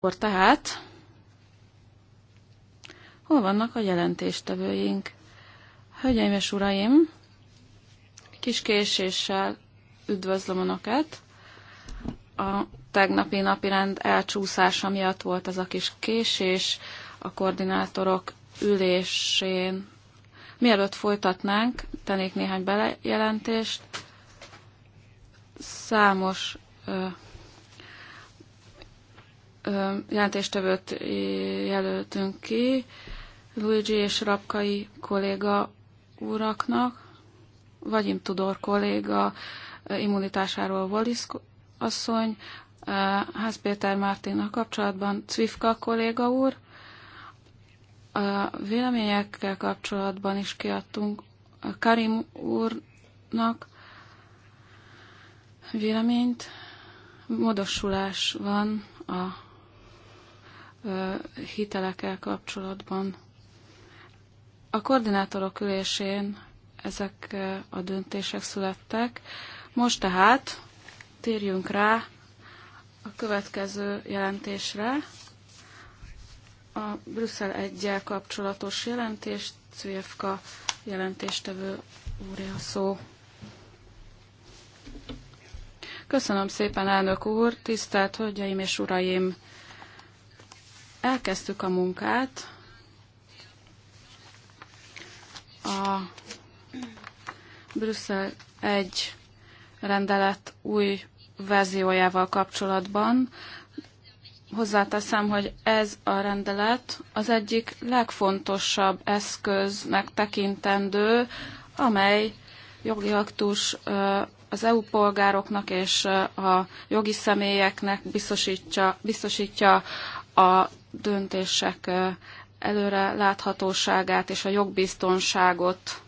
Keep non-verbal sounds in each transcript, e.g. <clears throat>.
Akkor tehát, hol vannak a jelentéstevőink? Hölgyeim és uraim, kis késéssel üdvözlöm Önöket. A tegnapi napirend elcsúszása miatt volt ez a kis késés a koordinátorok ülésén. Mielőtt folytatnánk, tennék néhány bejelentést. Számos jelentéstevőt jelöltünk ki, Luigi és Rapkai kolléga uraknak, Vagyim Tudor kolléga immunitásáról Wallis asszony, Ház Péter Mártinnal kapcsolatban Cvifka kolléga úr, a véleményekkel kapcsolatban is kiadtunk Karim úrnak véleményt, modosulás van a hitelekkel kapcsolatban. A koordinátorok ülésén ezek a döntések születtek. Most tehát térjünk rá a következő jelentésre, a Brüsszel 1 kapcsolatos jelentést, Cvjevka jelentéstevő a szó. Köszönöm szépen, elnök úr, tisztelt hölgyeim és uraim! elkezdtük a munkát. A Brüsszel egy rendelet új verziójával kapcsolatban. Hozzáteszem, hogy ez a rendelet az egyik legfontosabb eszköznek tekintendő, amely jogi aktus az EU polgároknak és a jogi személyeknek biztosítja, biztosítja a döntések előre láthatóságát és a jogbiztonságot.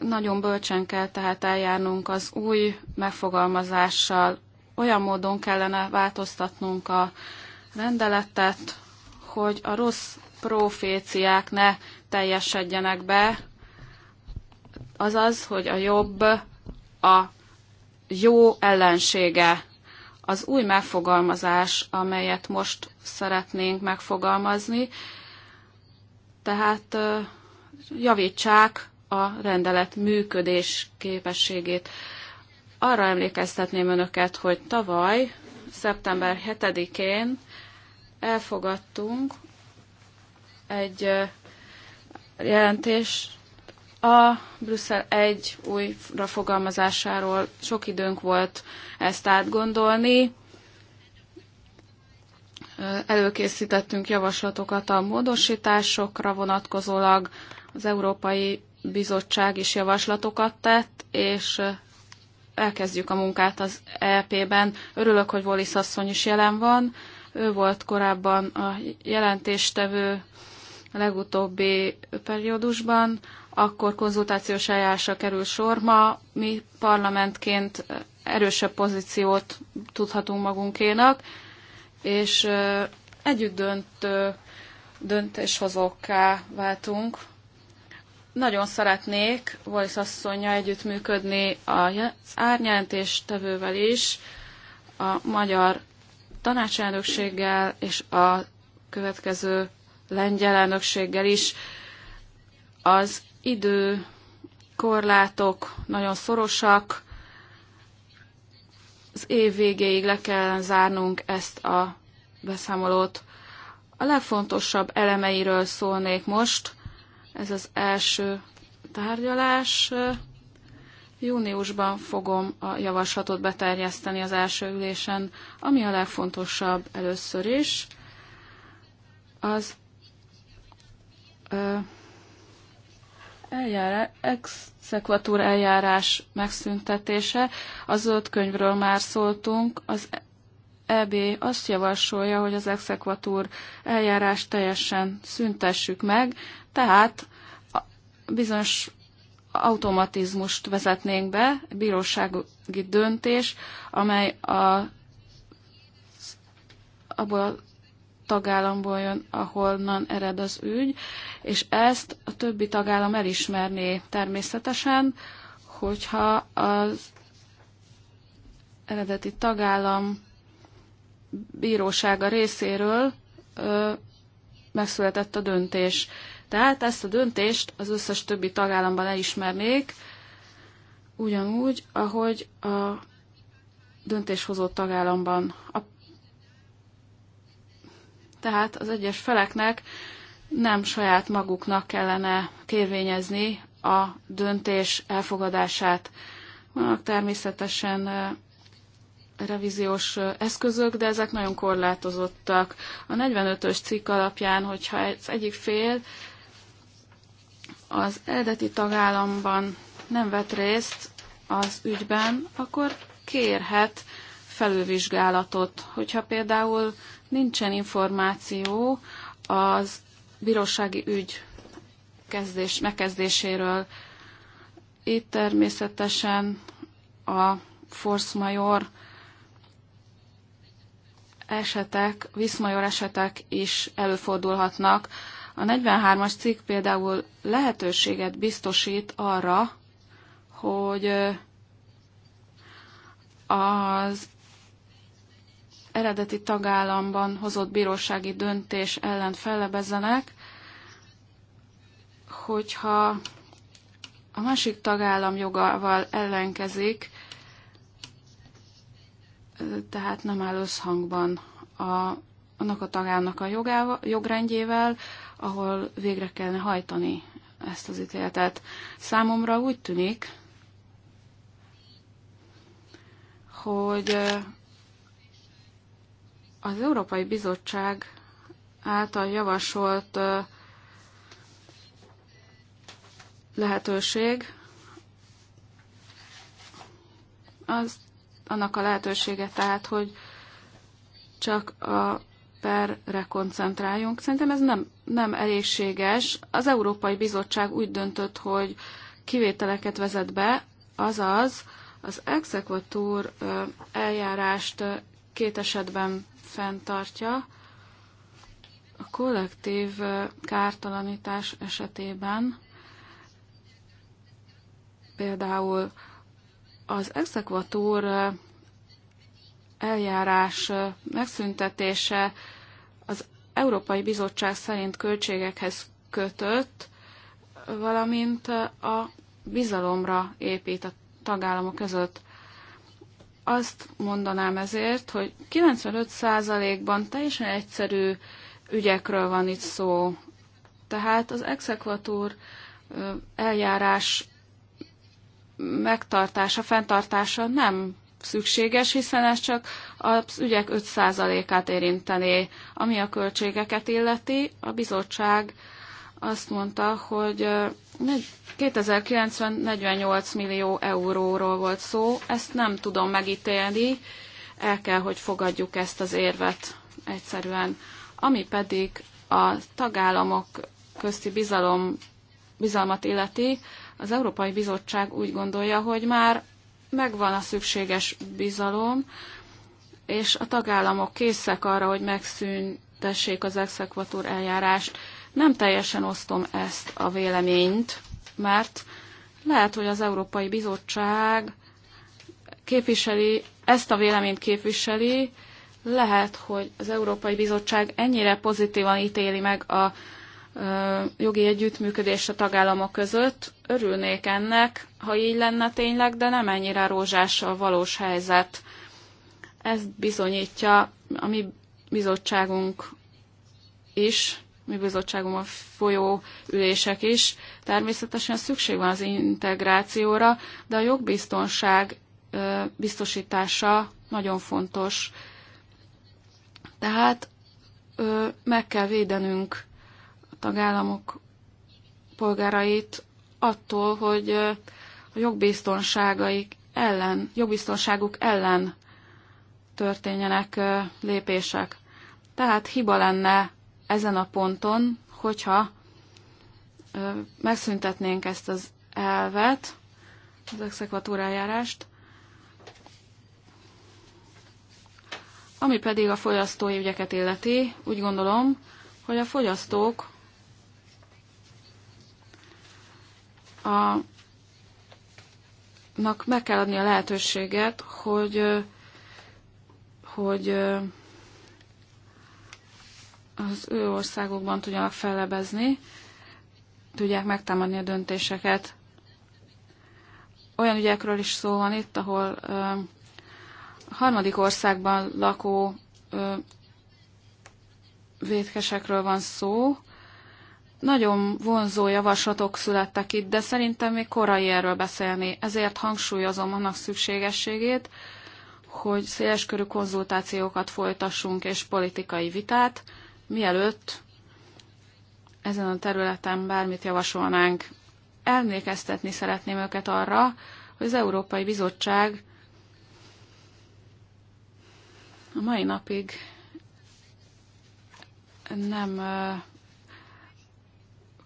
Nagyon bölcsen kell tehát eljárnunk az új megfogalmazással. Olyan módon kellene változtatnunk a rendeletet, hogy a rossz proféciák ne teljesedjenek be, azaz, hogy a jobb a jó ellensége az új megfogalmazás, amelyet most szeretnénk megfogalmazni, tehát javítsák a rendelet működés képességét. Arra emlékeztetném önöket, hogy tavaly, szeptember 7-én elfogadtunk egy jelentés a Brüsszel egy újra fogalmazásáról sok időnk volt ezt átgondolni. Előkészítettünk javaslatokat a módosításokra vonatkozólag. Az Európai Bizottság is javaslatokat tett, és elkezdjük a munkát az EP-ben. Örülök, hogy Volis asszony is jelen van. Ő volt korábban a jelentéstevő a legutóbbi periódusban akkor konzultációs eljárásra kerül sor. Ma mi parlamentként erősebb pozíciót tudhatunk magunkénak, és együtt döntő döntéshozókká váltunk. Nagyon szeretnék Wallis asszonya együttműködni az árnyántéstevővel is, a magyar tanácselnökséggel és a következő lengyel elnökséggel is. Az idő korlátok nagyon szorosak, az év végéig le kell zárnunk ezt a beszámolót. A legfontosabb elemeiről szólnék most. Ez az első tárgyalás. Júniusban fogom a javaslatot beterjeszteni az első ülésen, ami a legfontosabb először is. Az eljárás, exekvatúr eljárás megszüntetése. Az öt könyvről már szóltunk, az EB azt javasolja, hogy az exekvatúr eljárást teljesen szüntessük meg, tehát bizonyos automatizmust vezetnénk be, bírósági döntés, amely a, abból tagállamból jön, ahonnan ered az ügy, és ezt a többi tagállam elismerné természetesen, hogyha az eredeti tagállam bírósága részéről ö, megszületett a döntés. Tehát ezt a döntést az összes többi tagállamban elismernék, ugyanúgy, ahogy a döntéshozó tagállamban. A tehát az egyes feleknek nem saját maguknak kellene kérvényezni a döntés elfogadását. Vannak természetesen revíziós eszközök, de ezek nagyon korlátozottak. A 45-ös cikk alapján, hogyha az egyik fél az eredeti tagállamban nem vett részt az ügyben, akkor kérhet felülvizsgálatot. Hogyha például nincsen információ az bírósági ügy kezdés, megkezdéséről. Itt természetesen a force major esetek, viszmajor esetek is előfordulhatnak. A 43-as cikk például lehetőséget biztosít arra, hogy az eredeti tagállamban hozott bírósági döntés ellen fellebezzenek, hogyha a másik tagállam jogával ellenkezik, tehát nem áll összhangban a, annak a tagállamnak a jogával, jogrendjével, ahol végre kellene hajtani ezt az ítéletet. Számomra úgy tűnik, hogy az Európai Bizottság által javasolt lehetőség az annak a lehetősége tehát, hogy csak a perre koncentráljunk. Szerintem ez nem, nem elégséges. Az Európai Bizottság úgy döntött, hogy kivételeket vezet be, azaz az exekvatúr eljárást két esetben fenntartja. A kollektív kártalanítás esetében például az exekvatúr eljárás megszüntetése az Európai Bizottság szerint költségekhez kötött, valamint a bizalomra épít a tagállamok között azt mondanám ezért, hogy 95%-ban teljesen egyszerű ügyekről van itt szó. Tehát az exekvatúr eljárás megtartása, fenntartása nem szükséges, hiszen ez csak az ügyek 5%-át érintené. Ami a költségeket illeti, a bizottság azt mondta, hogy 2090 48 millió euróról volt szó, ezt nem tudom megítélni, el kell, hogy fogadjuk ezt az érvet egyszerűen. Ami pedig a tagállamok közti bizalom, bizalmat illeti, az Európai Bizottság úgy gondolja, hogy már megvan a szükséges bizalom, és a tagállamok készek arra, hogy megszűntessék az exekvatúr eljárást. Nem teljesen osztom ezt a véleményt, mert lehet, hogy az Európai Bizottság képviseli, ezt a véleményt képviseli, lehet, hogy az Európai Bizottság ennyire pozitívan ítéli meg a jogi együttműködés a tagállamok között. Örülnék ennek, ha így lenne tényleg, de nem ennyire rózsás a valós helyzet. Ez bizonyítja a mi bizottságunk is, mi bizottságunkon folyó ülések is. Természetesen szükség van az integrációra, de a jogbiztonság biztosítása nagyon fontos. Tehát meg kell védenünk a tagállamok polgárait attól, hogy a jogbiztonságaik ellen, jogbiztonságuk ellen történjenek lépések. Tehát hiba lenne ezen a ponton, hogyha megszüntetnénk ezt az elvet, az exekvatúrájárást, Ami pedig a fogyasztói ügyeket illeti, úgy gondolom, hogy a fogyasztók a nak meg kell adni a lehetőséget, hogy, hogy az ő országokban tudjanak fellebezni, tudják megtámadni a döntéseket. Olyan ügyekről is szó van itt, ahol ö, a harmadik országban lakó ö, vétkesekről van szó. Nagyon vonzó javaslatok születtek itt, de szerintem még korai erről beszélni. Ezért hangsúlyozom annak szükségességét, hogy széleskörű konzultációkat folytassunk és politikai vitát, mielőtt ezen a területen bármit javasolnánk. elmékeztetni szeretném őket arra, hogy az Európai Bizottság a mai napig nem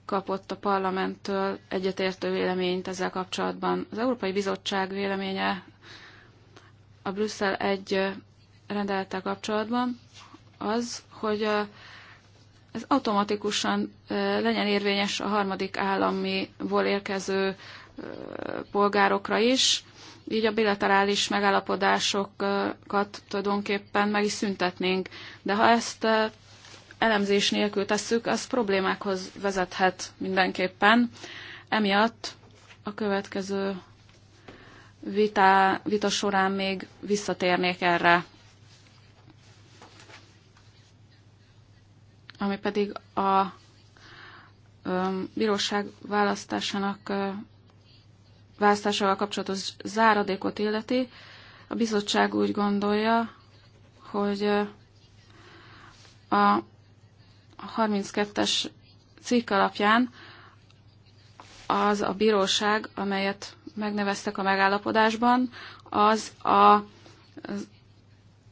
kapott a parlamenttől egyetértő véleményt ezzel kapcsolatban. Az Európai Bizottság véleménye a Brüsszel egy rendelettel kapcsolatban az, hogy ez automatikusan legyen érvényes a harmadik államiból érkező polgárokra is, így a bilaterális megállapodásokat tulajdonképpen meg is szüntetnénk. De ha ezt elemzés nélkül tesszük, az problémákhoz vezethet mindenképpen. Emiatt a következő vita, vita során még visszatérnék erre. ami pedig a bíróság választásának választásával kapcsolatos záradékot illeti. A bizottság úgy gondolja, hogy a 32-es cikk alapján az a bíróság, amelyet megneveztek a megállapodásban, az a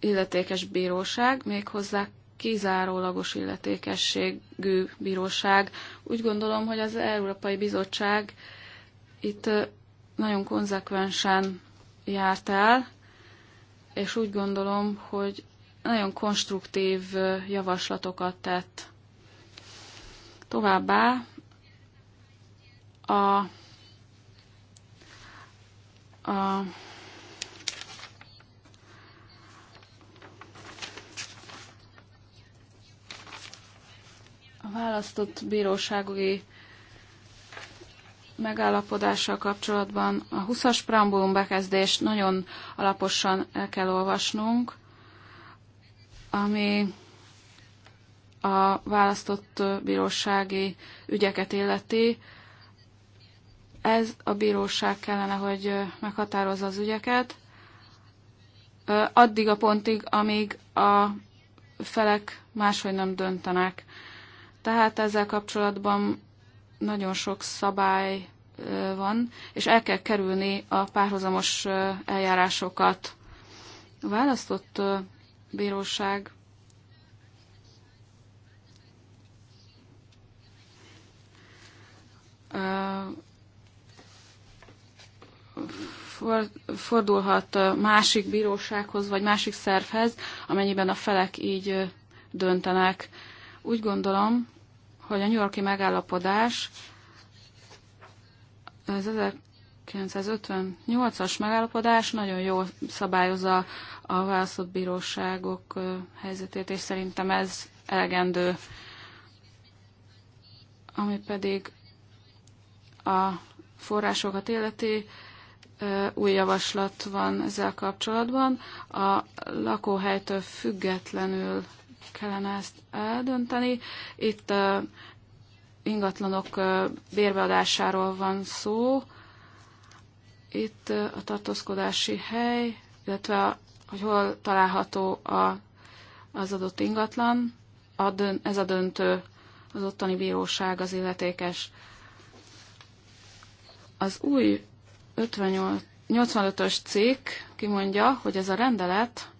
illetékes bíróság, méghozzá kizárólagos illetékességű bíróság. Úgy gondolom, hogy az Európai Bizottság itt nagyon konzekvensen járt el, és úgy gondolom, hogy nagyon konstruktív javaslatokat tett. Továbbá a, a választott bírósági megállapodással kapcsolatban a 20-as preambulum bekezdést nagyon alaposan el kell olvasnunk, ami a választott bírósági ügyeket illeti. Ez a bíróság kellene, hogy meghatározza az ügyeket. Addig a pontig, amíg a felek máshogy nem döntenek. Tehát ezzel kapcsolatban nagyon sok szabály van, és el kell kerülni a párhuzamos eljárásokat. A választott bíróság fordulhat másik bírósághoz, vagy másik szervhez, amennyiben a felek így döntenek. Úgy gondolom, hogy a New Yorki megállapodás az 1958-as megállapodás nagyon jól szabályozza a választott bíróságok helyzetét, és szerintem ez elegendő. Ami pedig a forrásokat illeti, új javaslat van ezzel kapcsolatban. A lakóhelytől függetlenül kellene ezt eldönteni. Itt uh, ingatlanok uh, bérbeadásáról van szó. Itt uh, a tartózkodási hely, illetve a, hogy hol található a, az adott ingatlan. A dön, ez a döntő, az ottani bíróság, az illetékes. Az új 58, 85-ös cikk kimondja, hogy ez a rendelet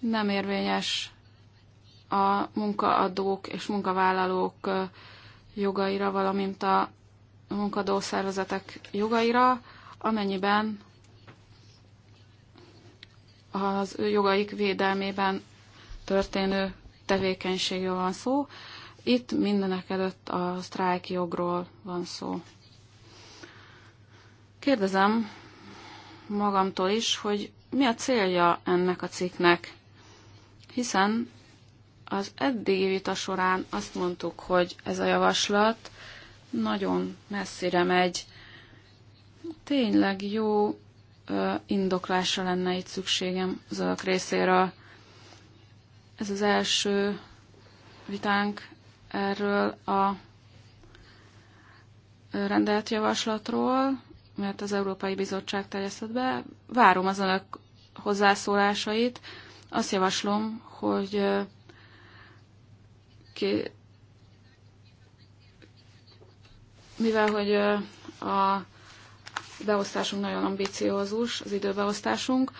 nem érvényes a munkaadók és munkavállalók jogaira, valamint a munkadó szervezetek jogaira, amennyiben az ő jogaik védelmében történő tevékenységről van szó. Itt mindenek előtt a sztrájk jogról van szó. Kérdezem magamtól is, hogy mi a célja ennek a cikknek? hiszen az eddigi vita során azt mondtuk, hogy ez a javaslat nagyon messzire megy. Tényleg jó indoklásra lenne itt szükségem az önök részéről. Ez az első vitánk erről a rendelt javaslatról, mert az Európai Bizottság terjesztett be. Várom az önök hozzászólásait. Azt javaslom, hogy ki, mivel hogy a beosztásunk nagyon ambiciózus, az időbeosztásunk,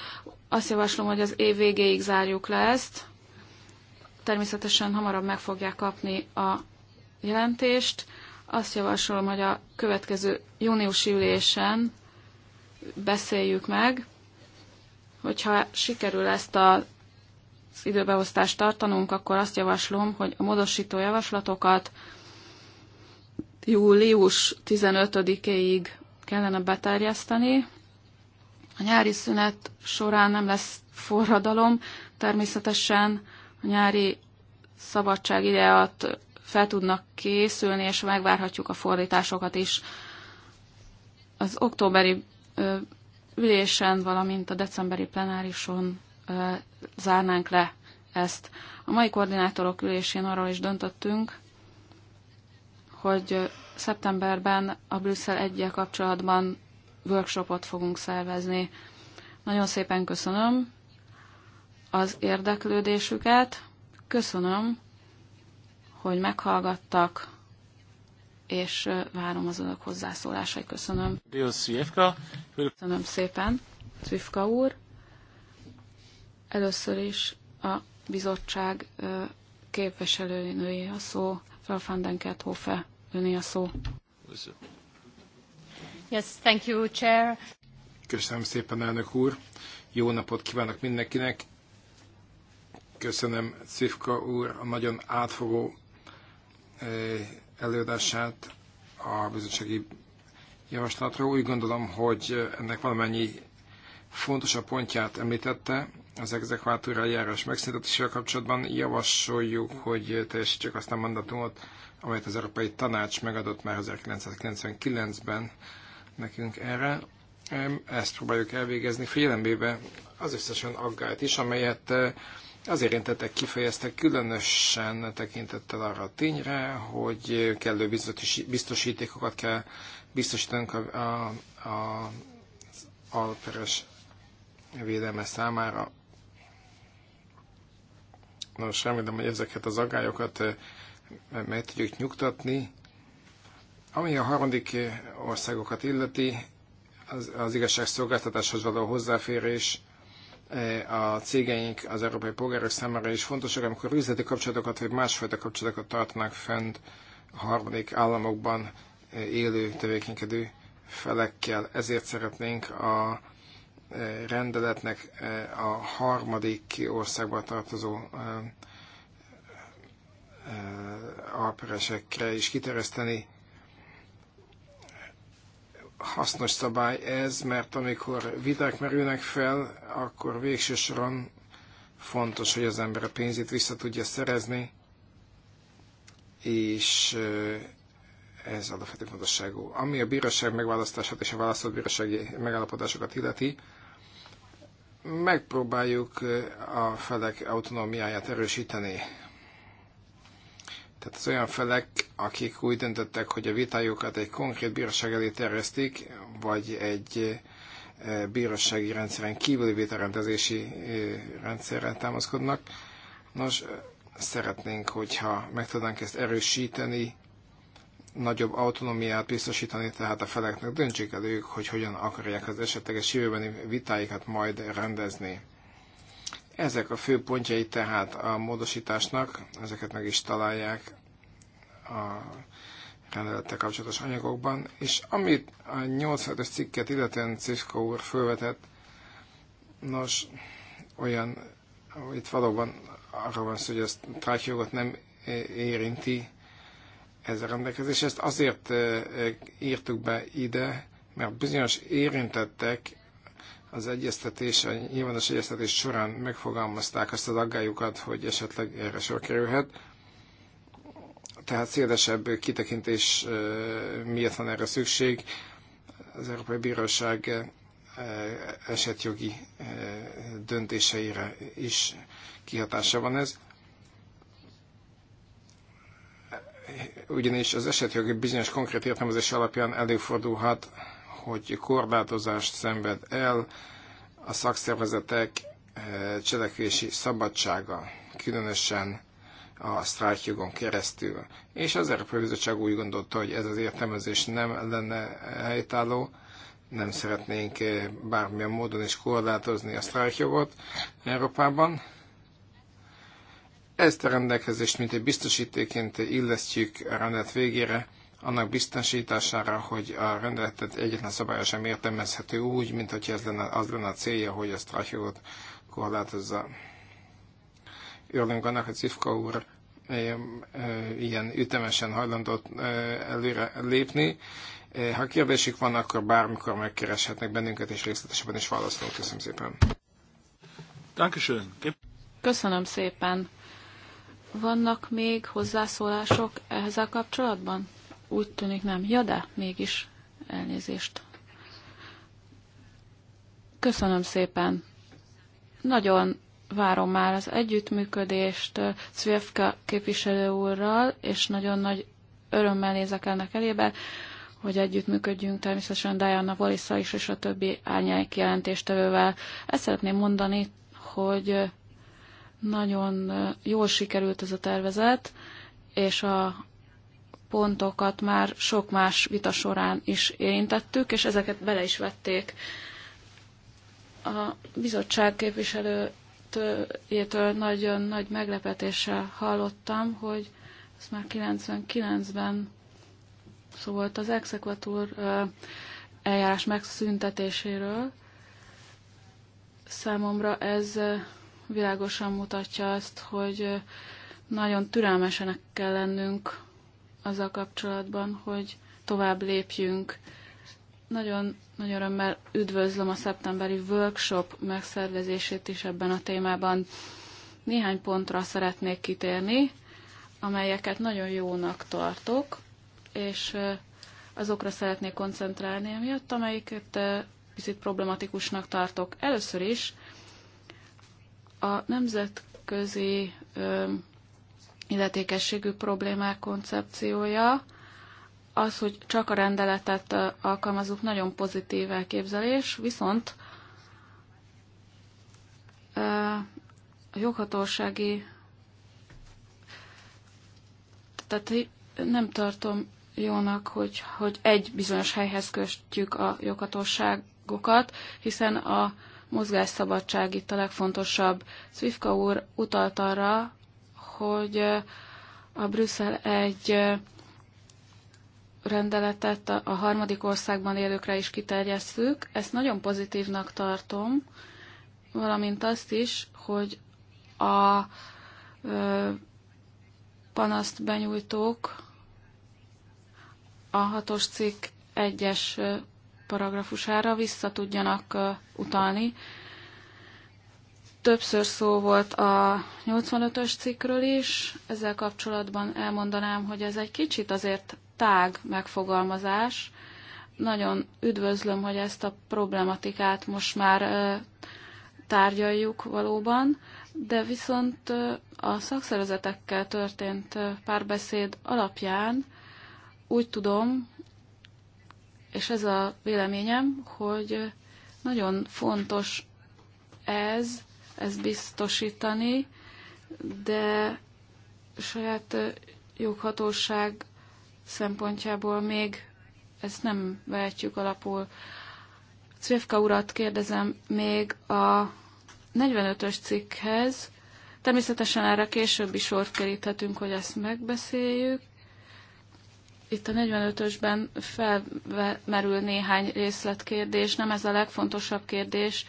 azt javaslom, hogy az év végéig zárjuk le ezt. Természetesen hamarabb meg fogják kapni a jelentést. Azt javaslom, hogy a következő júniusi ülésen beszéljük meg, hogyha sikerül ezt a időbeosztást tartanunk, akkor azt javaslom, hogy a módosító javaslatokat július 15-éig kellene beterjeszteni. A nyári szünet során nem lesz forradalom, természetesen a nyári szabadság ideat fel tudnak készülni, és megvárhatjuk a fordításokat is. Az októberi ülésen, valamint a decemberi plenárison zárnánk le ezt. A mai koordinátorok ülésén arról is döntöttünk, hogy szeptemberben a Brüsszel egyel kapcsolatban workshopot fogunk szervezni. Nagyon szépen köszönöm az érdeklődésüket, köszönöm, hogy meghallgattak, és várom az önök hozzászólásait. Köszönöm. Köszönöm szépen, Cvifka úr. Először is a bizottság képviselőnői a szó, den Hofe, öné a szó. Yes, thank you, Chair. Köszönöm szépen, elnök úr. Jó napot kívánok mindenkinek. Köszönöm Szifka úr a nagyon átfogó előadását a bizottsági javaslatról. Úgy gondolom, hogy ennek valamennyi fontosabb pontját említette, az exekvátor járás megszüntetésével kapcsolatban javasoljuk, hogy teljesítsük azt a mandatumot, amelyet az Európai Tanács megadott már 1999-ben nekünk erre. Ezt próbáljuk elvégezni figyelembébe az összesen aggályt is, amelyet eh, az érintettek kifejeztek különösen tekintettel arra a tényre, hogy kellő biztosítékokat kell biztosítanunk a, a, a, az alperes védelme számára. Nos, remélem, hogy ezeket az agályokat eh, meg tudjuk nyugtatni. Ami a harmadik eh, országokat illeti, az, az igazságszolgáltatáshoz való hozzáférés, eh, a cégeink az európai polgárok számára is fontosak, amikor üzleti kapcsolatokat vagy másfajta kapcsolatokat tartanak fent a harmadik államokban élő, tevékenykedő felekkel. Ezért szeretnénk a rendeletnek eh, a harmadik országba tartozó eh, eh, alperesekre is kiterjeszteni. Hasznos szabály ez, mert amikor viták merülnek fel, akkor végső soron fontos, hogy az ember a pénzét vissza tudja szerezni, és ez alapvető fontosságú. Ami a bíróság megválasztását és a választott bírósági megállapodásokat illeti, megpróbáljuk a felek autonómiáját erősíteni. Tehát az olyan felek, akik úgy döntöttek, hogy a vitájukat egy konkrét bíróság elé terjesztik, vagy egy bírósági rendszeren kívüli vitarendezési rendszerre támaszkodnak. Nos, szeretnénk, hogyha meg tudnánk ezt erősíteni, nagyobb autonómiát biztosítani, tehát a feleknek döntsék el ők, hogy hogyan akarják az esetleges jövőbeni vitáikat majd rendezni. Ezek a fő pontjai tehát a módosításnak, ezeket meg is találják a rendelettel kapcsolatos anyagokban, és amit a 85-ös cikket illetően Cisco úr felvetett, nos, olyan, itt valóban arra van szó, hogy ezt a nem érinti, ez a rendelkezés. Ezt azért írtuk be ide, mert bizonyos érintettek az egyeztetés, a nyilvános egyeztetés során megfogalmazták azt az aggályukat, hogy esetleg erre sor kerülhet. Tehát szélesebb kitekintés miért van erre szükség. Az Európai Bíróság esetjogi döntéseire is kihatása van ez. ugyanis az esetjogi bizonyos konkrét értelmezés alapján előfordulhat, hogy korlátozást szenved el a szakszervezetek eh, cselekvési szabadsága, különösen a sztrájkjogon keresztül. És az Európai Bizottság úgy gondolta, hogy ez az értelmezés nem lenne helytálló, nem szeretnénk eh, bármilyen módon is korlátozni a sztrájkjogot Európában, ezt a rendelkezést, mint egy biztosítéként illesztjük a rendelet végére, annak biztosítására, hogy a rendeletet egyetlen szabálya sem értelmezhető úgy, mint hogy ez lenne, az lenne a célja, hogy a sztrájkjogot korlátozza. Örülünk annak, hogy Cifka úr ilyen ütemesen hajlandó előre lépni. Ha kérdésük van, akkor bármikor megkereshetnek bennünket, és részletesebben is válaszolunk. Köszönöm szépen. Köszönöm szépen. Vannak még hozzászólások ehhez a kapcsolatban? Úgy tűnik nem. Ja, de mégis elnézést. Köszönöm szépen. Nagyon várom már az együttműködést Szvjevka eh, képviselő úrral, és nagyon nagy örömmel nézek ennek elébe, hogy együttműködjünk természetesen Diana Wallisza is és a többi árnyék jelentéstevővel. Ezt szeretném mondani, hogy eh, nagyon jól sikerült ez a tervezet, és a pontokat már sok más vita során is érintettük, és ezeket bele is vették. A bizottság képviselőjétől nagyon nagy meglepetéssel hallottam, hogy ez már 99-ben szó volt az exekvatúr eljárás megszüntetéséről. Számomra ez világosan mutatja azt, hogy nagyon türelmesenek kell lennünk azzal kapcsolatban, hogy tovább lépjünk. Nagyon nagyon örömmel üdvözlöm a szeptemberi workshop megszervezését is ebben a témában. Néhány pontra szeretnék kitérni, amelyeket nagyon jónak tartok, és azokra szeretnék koncentrálni, amiatt, amelyiket picit problematikusnak tartok. Először is a nemzetközi illetékességű problémák koncepciója az, hogy csak a rendeletet alkalmazunk, nagyon pozitív elképzelés, viszont a joghatósági tehát nem tartom jónak, hogy, hogy egy bizonyos helyhez köstjük a joghatóságokat, hiszen a mozgásszabadság itt a legfontosabb. Zwifka úr utalt arra, hogy a Brüsszel egy rendeletet a harmadik országban élőkre is kiterjesszük. Ezt nagyon pozitívnak tartom, valamint azt is, hogy a panaszt benyújtók a hatos cikk egyes paragrafusára vissza tudjanak utalni. Többször szó volt a 85-ös cikkről is, ezzel kapcsolatban elmondanám, hogy ez egy kicsit azért tág megfogalmazás. Nagyon üdvözlöm, hogy ezt a problematikát most már tárgyaljuk valóban, de viszont a szakszervezetekkel történt párbeszéd alapján úgy tudom, és ez a véleményem, hogy nagyon fontos ez, ez biztosítani, de saját joghatóság szempontjából még ezt nem vehetjük alapul. Cvifka urat kérdezem még a 45-ös cikkhez. Természetesen erre később is sort keríthetünk, hogy ezt megbeszéljük. Itt a 45-ösben felmerül néhány részletkérdés, nem ez a legfontosabb kérdés,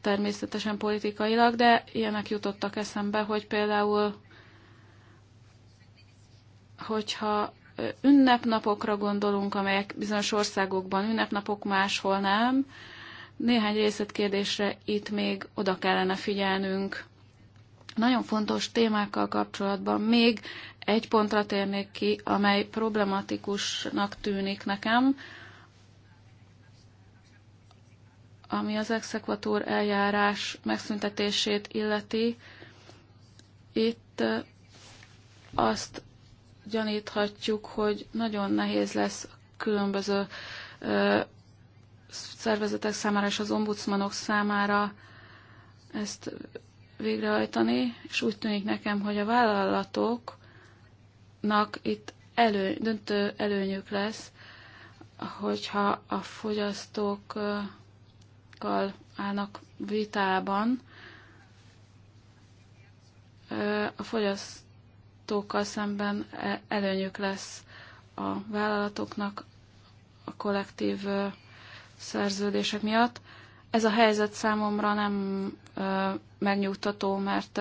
természetesen politikailag, de ilyenek jutottak eszembe, hogy például, hogyha ünnepnapokra gondolunk, amelyek bizonyos országokban ünnepnapok, máshol nem, néhány részletkérdésre itt még oda kellene figyelnünk. Nagyon fontos témákkal kapcsolatban még egy pontra térnék ki, amely problematikusnak tűnik nekem, ami az exekvatúr eljárás megszüntetését illeti. Itt azt gyaníthatjuk, hogy nagyon nehéz lesz különböző szervezetek számára és az ombudsmanok számára ezt végrehajtani, és úgy tűnik nekem, hogy a vállalatok nak itt elő, döntő előnyük lesz, hogyha a fogyasztókkal állnak vitában, a fogyasztókkal szemben e, előnyük lesz a vállalatoknak a kollektív szerződések miatt. Ez a helyzet számomra nem megnyugtató, mert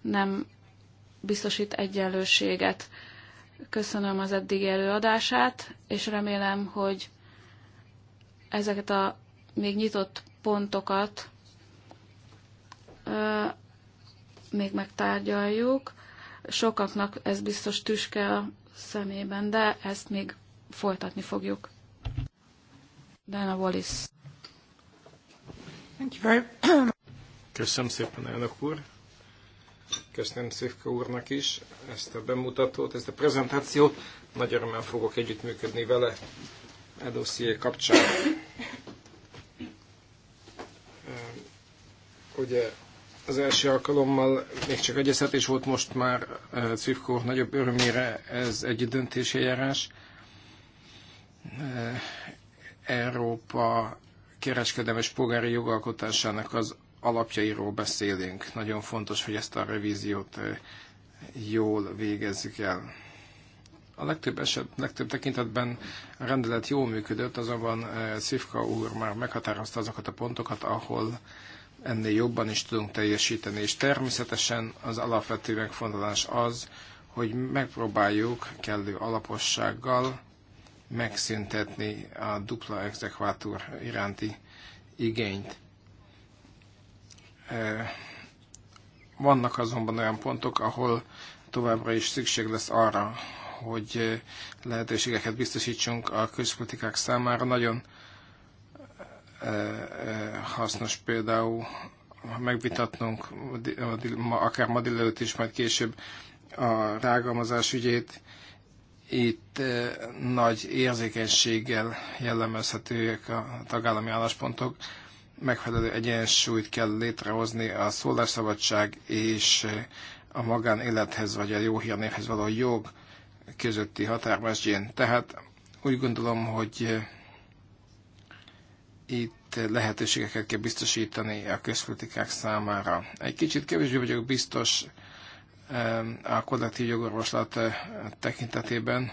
nem biztosít egyenlőséget. Köszönöm az eddigi előadását, és remélem, hogy ezeket a még nyitott pontokat ö, még megtárgyaljuk. Sokaknak ez biztos tüske a szemében, de ezt még folytatni fogjuk. Dana Wallis. <clears throat> Köszönöm szépen, elnök úr. Köszönöm Szívka úrnak is ezt a bemutatót, ezt a prezentációt. Nagy örömmel fogok együttműködni vele e dosszié kapcsán. Ugye az első alkalommal még csak egyeztetés volt, most már Cvivko úr nagyobb örömére ez egy döntési járás. Európa kereskedelmes polgári jogalkotásának az alapjairól beszélünk. Nagyon fontos, hogy ezt a revíziót jól végezzük el. A legtöbb, eset, legtöbb tekintetben a rendelet jól működött, azonban Szivka úr már meghatározta azokat a pontokat, ahol ennél jobban is tudunk teljesíteni, és természetesen az alapvető megfontolás az, hogy megpróbáljuk kellő alapossággal megszüntetni a dupla exekvátor iránti igényt. Eh, vannak azonban olyan pontok, ahol továbbra is szükség lesz arra, hogy eh, lehetőségeket biztosítsunk a közpolitikák számára. Nagyon eh, hasznos például megvitatnunk akár ma délelőtt is, majd később a rágalmazás ügyét. Itt nagy érzékenységgel jellemezhetőek a tagállami álláspontok megfelelő egyensúlyt kell létrehozni a szólásszabadság és a magánélethez vagy a jó hírnévhez való jog közötti határmesdjén. Tehát úgy gondolom, hogy itt lehetőségeket kell biztosítani a közpolitikák számára. Egy kicsit kevésbé vagyok biztos a kollektív jogorvoslat tekintetében,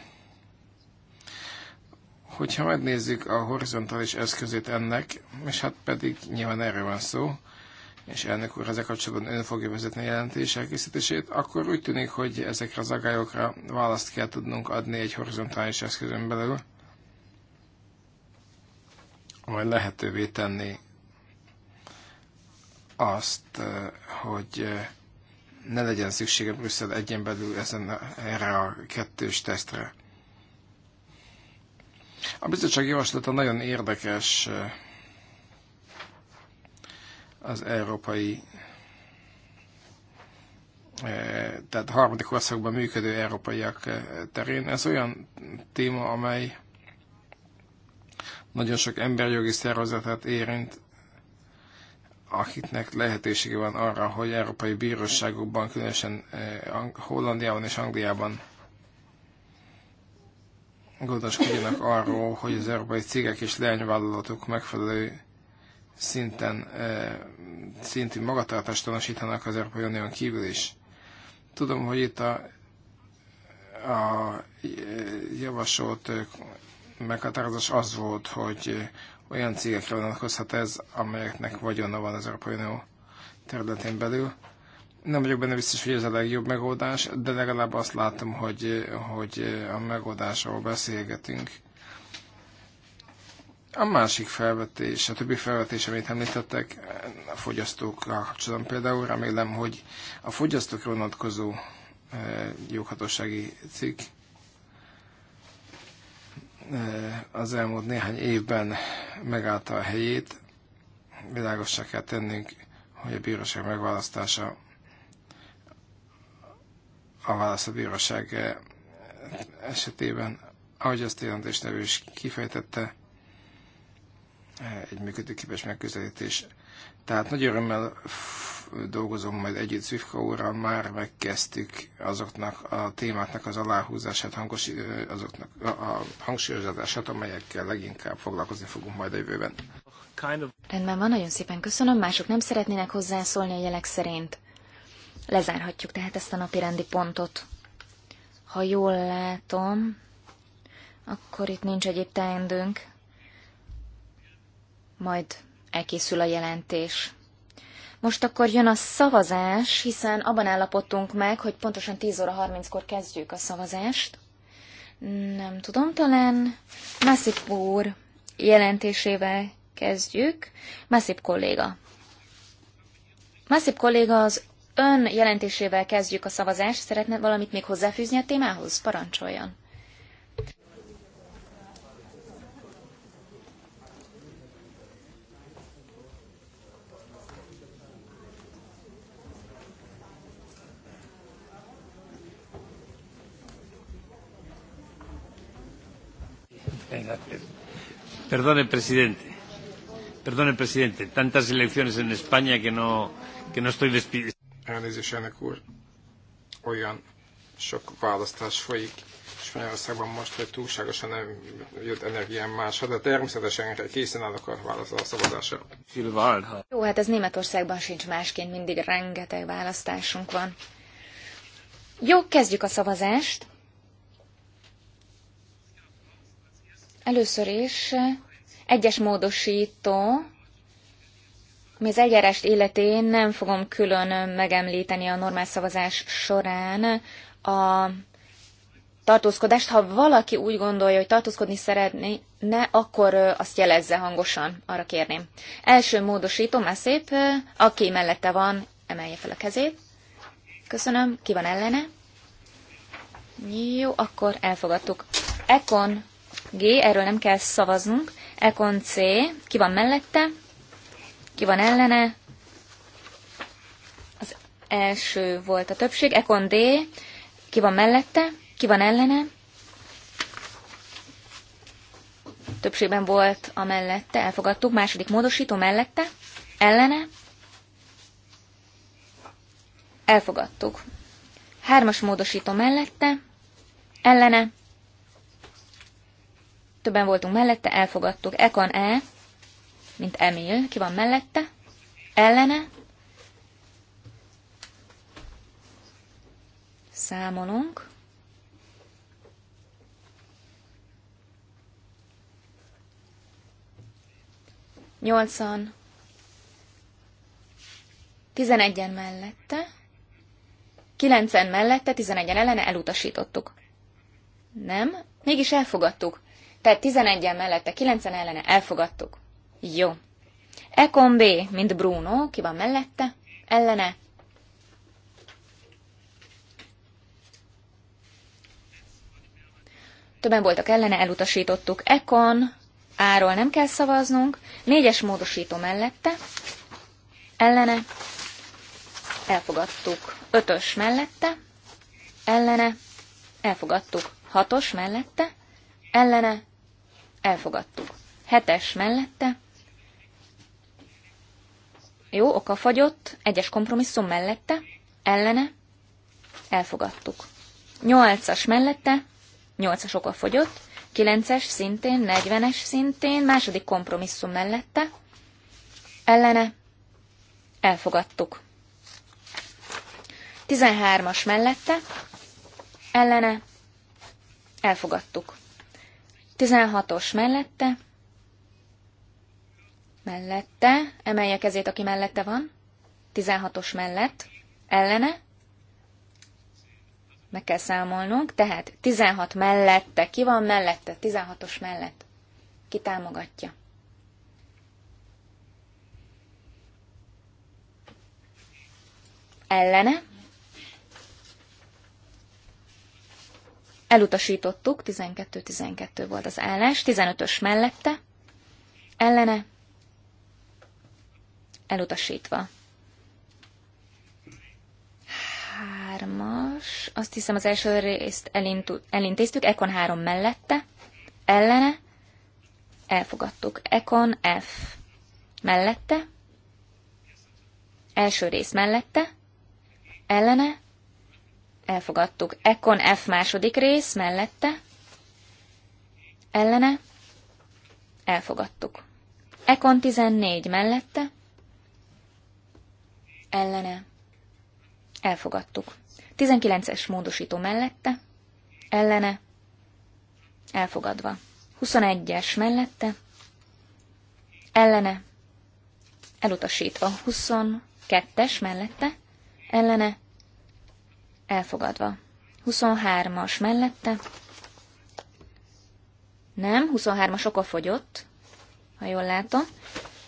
Hogyha megnézzük a horizontális eszközét ennek, és hát pedig nyilván erről van szó, és elnök úr ezzel kapcsolatban ön fogja vezetni a jelentés elkészítését, akkor úgy tűnik, hogy ezekre az agályokra választ kell tudnunk adni egy horizontális eszközön belül, majd lehetővé tenni azt, eh, hogy eh, ne legyen szüksége Brüsszel egyen belül ezen, erre a kettős tesztre. A bizottság javaslata nagyon érdekes eh, az európai eh, tehát harmadik országban működő európaiak eh, terén. Ez olyan téma, amely nagyon sok emberjogi szervezetet érint, akiknek lehetősége van arra, hogy európai bíróságokban, különösen Hollandiában és Angliában gondoskodjanak arról, hogy az európai cégek és leányvállalatok megfelelő szinten, eh, szintű magatartást tanúsítanak az Európai Unión kívül is. Tudom, hogy itt a, a eh, javasolt eh, meghatározás az volt, hogy olyan cégekre vonatkozhat ez, amelyeknek vagyona van az Európai Unió területén belül. Nem vagyok benne biztos, hogy ez a legjobb megoldás, de legalább azt látom, hogy, hogy a megoldásról beszélgetünk. A másik felvetés, a többi felvetés, amit említettek, a fogyasztókkal kapcsolatban például, remélem, hogy a fogyasztókra vonatkozó e, joghatósági cikk e, az elmúlt néhány évben megállta a helyét. Világosra kell tennünk, hogy a bíróság megválasztása a bíróság eh, esetében, ahogy azt a jelentéstevő is kifejtette, eh, egy működőképes megközelítés. Tehát nagy örömmel dolgozom majd együtt Zivka úrral, már megkezdtük azoknak a témáknak az aláhúzását, hangos, eh, azoknak a, hangsúlyozását, amelyekkel leginkább foglalkozni fogunk majd a jövőben. Rendben van, nagyon szépen köszönöm. Mások nem szeretnének hozzászólni a jelek szerint. Lezárhatjuk tehát ezt a napi rendi pontot. Ha jól látom, akkor itt nincs egyéb teendőnk. Majd elkészül a jelentés. Most akkor jön a szavazás, hiszen abban állapodtunk meg, hogy pontosan 10 óra 30-kor kezdjük a szavazást. Nem tudom, talán Massip úr jelentésével kezdjük. Massip kolléga. Massip kolléga az ön jelentésével kezdjük a szavazást. Szeretne valamit még hozzáfűzni a témához? Parancsoljon. Perdone, presidente. Perdone, presidente. Tantas elecciones en España que no, que no estoy despidiendo. Elnézést, ennek úr. Olyan sok választás folyik Spanyolországban most, hogy túlságosan nem jött energiám másra, hát de természetesen készen állok a választás szavazásra. Jó, hát ez Németországban sincs másként, mindig rengeteg választásunk van. Jó, kezdjük a szavazást. Először is eh, egyes módosító mi az eljárást életén nem fogom külön megemlíteni a normál szavazás során a tartózkodást. Ha valaki úgy gondolja, hogy tartózkodni szeretné, ne, akkor azt jelezze hangosan, arra kérném. Első módosító, már szép, aki mellette van, emelje fel a kezét. Köszönöm, ki van ellene? Jó, akkor elfogadtuk. Ekon G, erről nem kell szavaznunk. Ekon C, ki van mellette? Ki van ellene? Az első volt a többség. Ekon D. Ki van mellette? Ki van ellene? Többségben volt a mellette, elfogadtuk. Második módosító mellette, ellene. Elfogadtuk. Hármas módosító mellette, ellene. Többen voltunk mellette, elfogadtuk. Ekon E, mint Emil. Ki van mellette? Ellene? Számolunk. Nyolcan. Tizenegyen mellette. Kilencen mellette, tizenegyen ellene elutasítottuk. Nem, mégis elfogadtuk. Tehát tizenegyen mellette, kilencen ellene elfogadtuk. Jó. Ekon B, mint Bruno, ki van mellette, ellene. Többen voltak ellene, elutasítottuk. Ekon Áról nem kell szavaznunk. Négyes módosító mellette, ellene. Elfogadtuk. Ötös mellette, ellene. Elfogadtuk. Hatos mellette, ellene. Elfogadtuk. Hetes mellette, jó, oka fagyott, egyes kompromisszum mellette, ellene, elfogadtuk. Nyolcas mellette, nyolcas oka fogyott, kilences szintén, negyvenes szintén, második kompromisszum mellette, ellene, elfogadtuk. Tizenhármas mellette, ellene, elfogadtuk. Tizenhatos mellette, mellette, emelje kezét, aki mellette van, 16-os mellett, ellene, meg kell számolnunk, tehát 16 mellette, ki van mellette, 16-os mellett, ki támogatja. Ellene, elutasítottuk, 12-12 volt az állás, 15-ös mellette, ellene, elutasítva. Hármas, azt hiszem az első részt elintéztük, Ekon három mellette, ellene, elfogadtuk. Ekon F mellette, első rész mellette, ellene, elfogadtuk. Ekon F második rész mellette, ellene, elfogadtuk. Ekon 14 mellette, ellene, elfogadtuk. 19-es módosító mellette, ellene, elfogadva. 21-es mellette, ellene, elutasítva. 22-es mellette, ellene, elfogadva. 23-as mellette, nem, 23-as okafogyott, ha jól látom.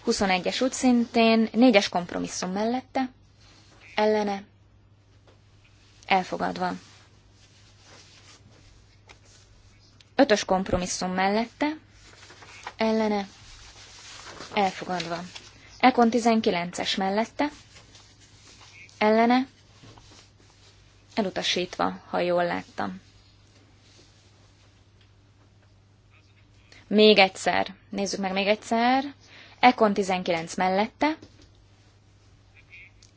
21-es úgy szintén, 4-es kompromisszum mellette, ellene, elfogadva. 5-ös kompromisszum mellette, ellene, elfogadva. Ekon 19-es mellette, ellene, elutasítva, ha jól láttam. Még egyszer, nézzük meg még egyszer, Ekon 19 mellette,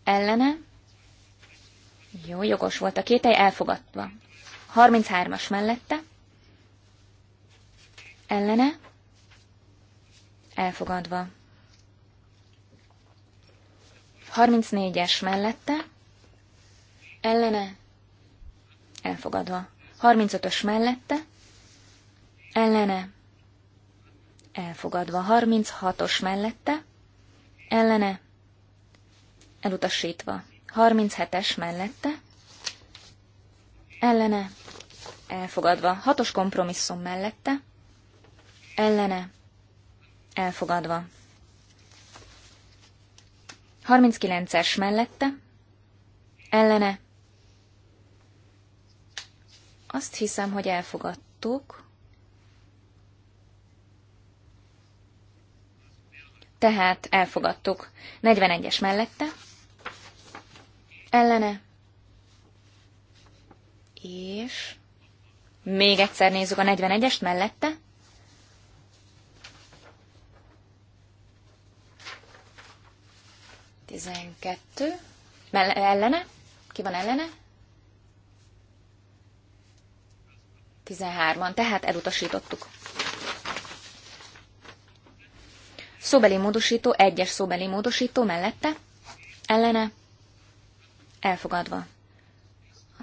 ellene, jó, jogos volt a kételj, elfogadva. 33-as mellette, ellene, elfogadva. 34-es mellette, ellene, elfogadva. 35-ös mellette, ellene, elfogadva. 36-os mellette, ellene, elutasítva. 37-es mellette, ellene, elfogadva. 6-os kompromisszum mellette, ellene, elfogadva. 39-es mellette, ellene, azt hiszem, hogy elfogadtuk. tehát elfogadtuk. 41-es mellette, ellene, és még egyszer nézzük a 41-est mellette. Tizenkettő. ellene? Ki van ellene? 13 tehát elutasítottuk. Szóbeli módosító, egyes szóbeli módosító mellette, ellene, elfogadva.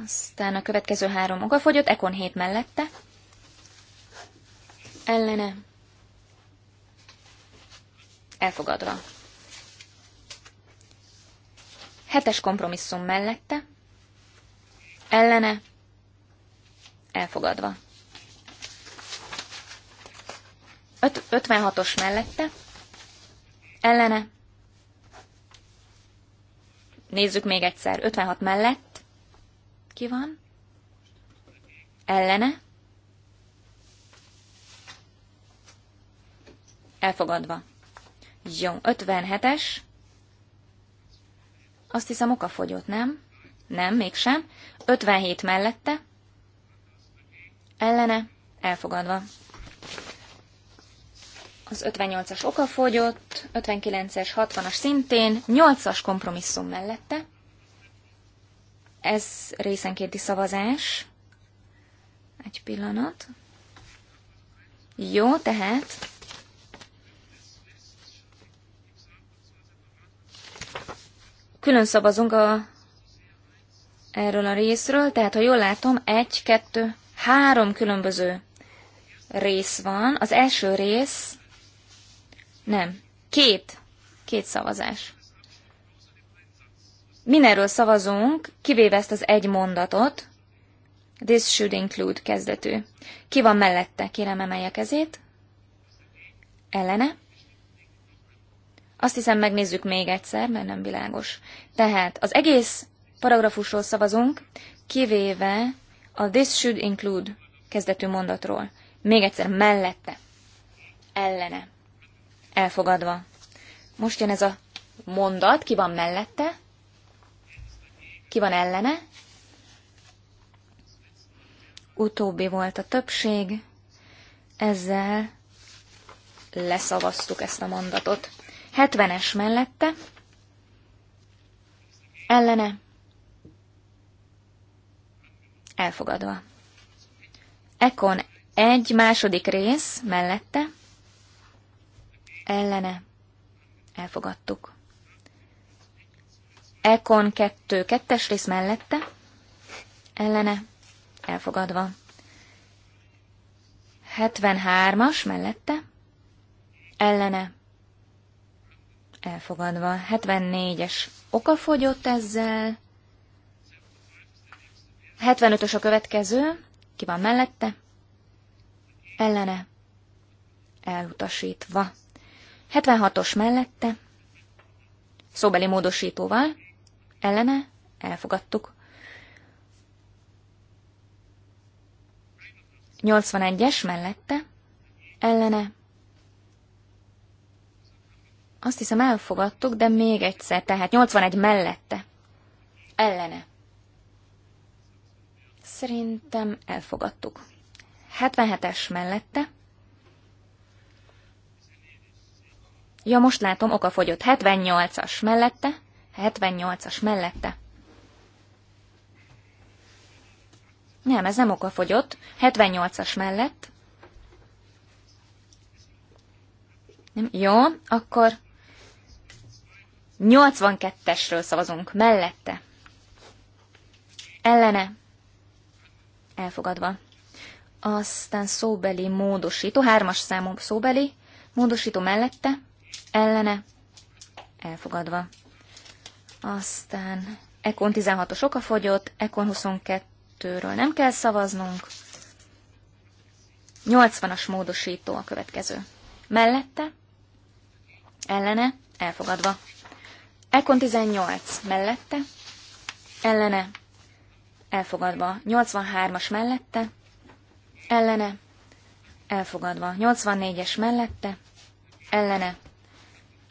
Aztán a következő három okafogyott, Ekon hét mellette, ellene, elfogadva. Hetes kompromisszum mellette, ellene, elfogadva. Öt, 56-os mellette, ellene. Nézzük még egyszer. 56 mellett. Ki van? Ellene. Elfogadva. Jó, 57-es. Azt hiszem fogyott, nem? Nem, mégsem. 57 mellette. Ellene. Elfogadva az 58-as okafogyott, 59-es, 60-as szintén, 8-as kompromisszum mellette. Ez részenkénti szavazás. Egy pillanat. Jó, tehát külön szavazunk a, erről a részről, tehát ha jól látom, egy, kettő, három különböző rész van. Az első rész nem. Két. Két szavazás. Mindenről szavazunk, kivéve ezt az egy mondatot. This should include kezdetű. Ki van mellette? Kérem emelje kezét. Ellene? Azt hiszem, megnézzük még egyszer, mert nem világos. Tehát az egész paragrafusról szavazunk, kivéve a this should include kezdetű mondatról. Még egyszer, mellette. Ellene. Elfogadva. Most jön ez a mondat, ki van mellette, ki van ellene. Utóbbi volt a többség, ezzel leszavaztuk ezt a mondatot. 70-es mellette, ellene, elfogadva. Ekon egy második rész mellette, ellene elfogadtuk. Ekon 2 kettes rész mellette, ellene elfogadva. 73-as mellette, ellene elfogadva. 74-es okafogyott ezzel. 75-ös a következő, ki van mellette, ellene elutasítva. 76-os mellette, szóbeli módosítóval, ellene elfogadtuk. 81-es mellette, ellene. Azt hiszem elfogadtuk, de még egyszer, tehát 81 mellette, ellene. Szerintem elfogadtuk. 77-es mellette, Ja, most látom, oka fogyott. 78-as mellette. 78-as mellette. Nem, ez nem oka fogyott. 78-as mellett. Nem, jó, akkor 82-esről szavazunk. Mellette. Ellene. Elfogadva. Aztán szóbeli módosító, hármas számú szóbeli módosító mellette ellene, elfogadva. Aztán Ekon 16-os oka fogyott, Ekon 22-ről nem kell szavaznunk. 80-as módosító a következő. Mellette, ellene, elfogadva. Ekon 18 mellette, ellene, elfogadva. 83-as mellette, ellene, elfogadva. 84-es mellette, ellene,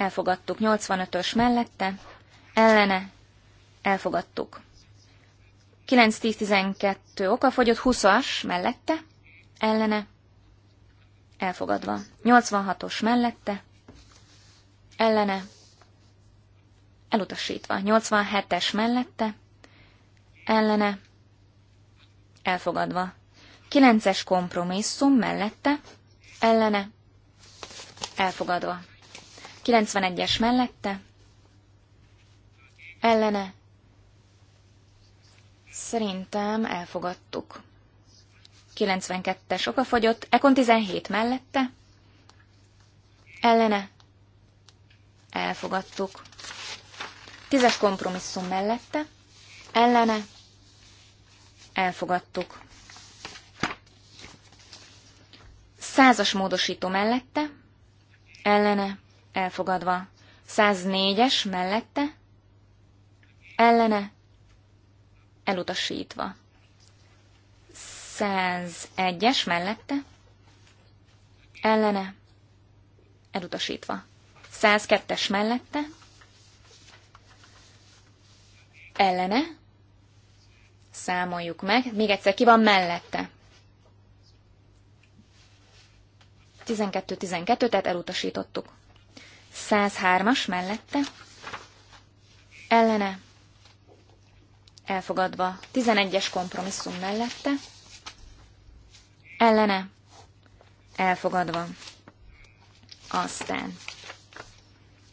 elfogadtuk. 85-ös mellette, ellene, elfogadtuk. 9-10-12 okafogyott, 20-as mellette, ellene, elfogadva. 86-os mellette, ellene, elutasítva. 87-es mellette, ellene, elfogadva. 9-es kompromisszum mellette, ellene, elfogadva. 91-es mellette, ellene. Szerintem elfogadtuk. 92-es okafogyott, Ekon 17 mellette, ellene. Elfogadtuk. 10-es kompromisszum mellette, ellene. Elfogadtuk. Százas módosító mellette, ellene elfogadva. 104-es mellette, ellene, elutasítva. 101-es mellette, ellene, elutasítva. 102-es mellette, ellene, számoljuk meg, még egyszer ki van mellette. 12-12, tehát elutasítottuk. 103-as mellette, ellene, elfogadva, 11-es kompromisszum mellette, ellene, elfogadva. Aztán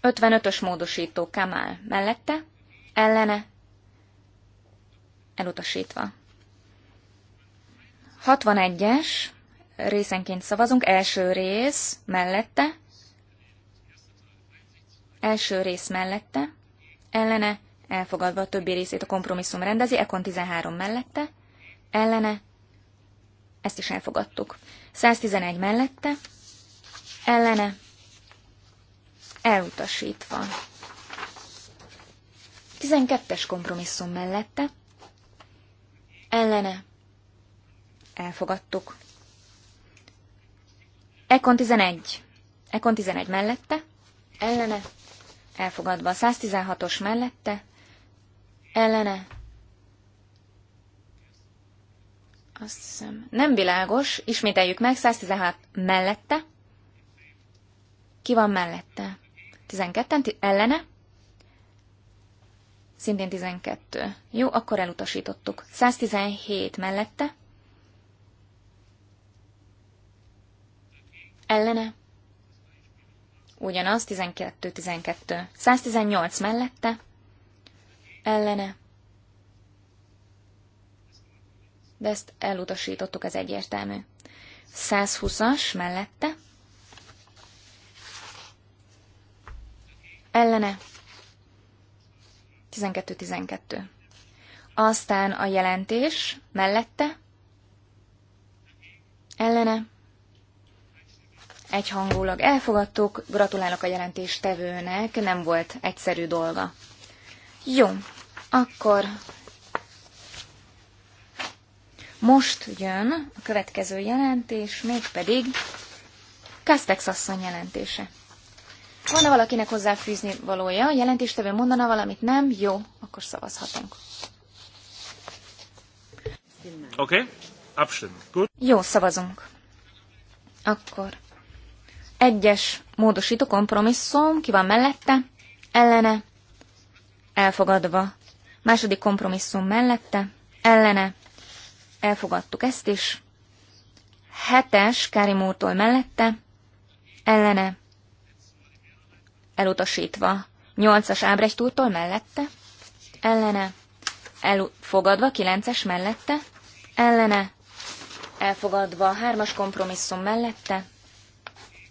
55-ös módosító Kamal mellette, ellene, elutasítva. 61-es részenként szavazunk, első rész mellette, Első rész mellette, ellene, elfogadva a többi részét a kompromisszum rendezi, Ekon 13 mellette, ellene, ezt is elfogadtuk. 111 mellette, ellene, elutasítva. 12-es kompromisszum mellette, ellene, elfogadtuk. Ekon 11, Ekon 11 mellette, ellene, elfogadva. 116-os mellette, ellene. Azt hiszem, nem világos, ismételjük meg, 116 mellette. Ki van mellette? 12 ellene? Szintén 12. Jó, akkor elutasítottuk. 117 mellette? Ellene? ugyanaz, 12-12. 118 mellette, ellene. De ezt elutasítottuk, ez egyértelmű. 120-as mellette, ellene. 12-12. Aztán a jelentés mellette, ellene egyhangulag elfogadtuk, gratulálok a jelentéstevőnek, nem volt egyszerű dolga. Jó, akkor most jön a következő jelentés, mégpedig Kastex asszony jelentése. Van-e valakinek hozzáfűzni valója? A jelentéstevő mondana valamit? Nem? Jó, akkor szavazhatunk. Oké, okay. Jó, szavazunk. Akkor egyes módosító kompromisszum, ki van mellette, ellene, elfogadva. Második kompromisszum mellette, ellene, elfogadtuk ezt is. Hetes Kárimótól mellette, ellene, elutasítva. Nyolcas Ábrecht úrtól mellette, ellene, elfogadva. Kilences mellette, ellene, elfogadva. Hármas kompromisszum mellette,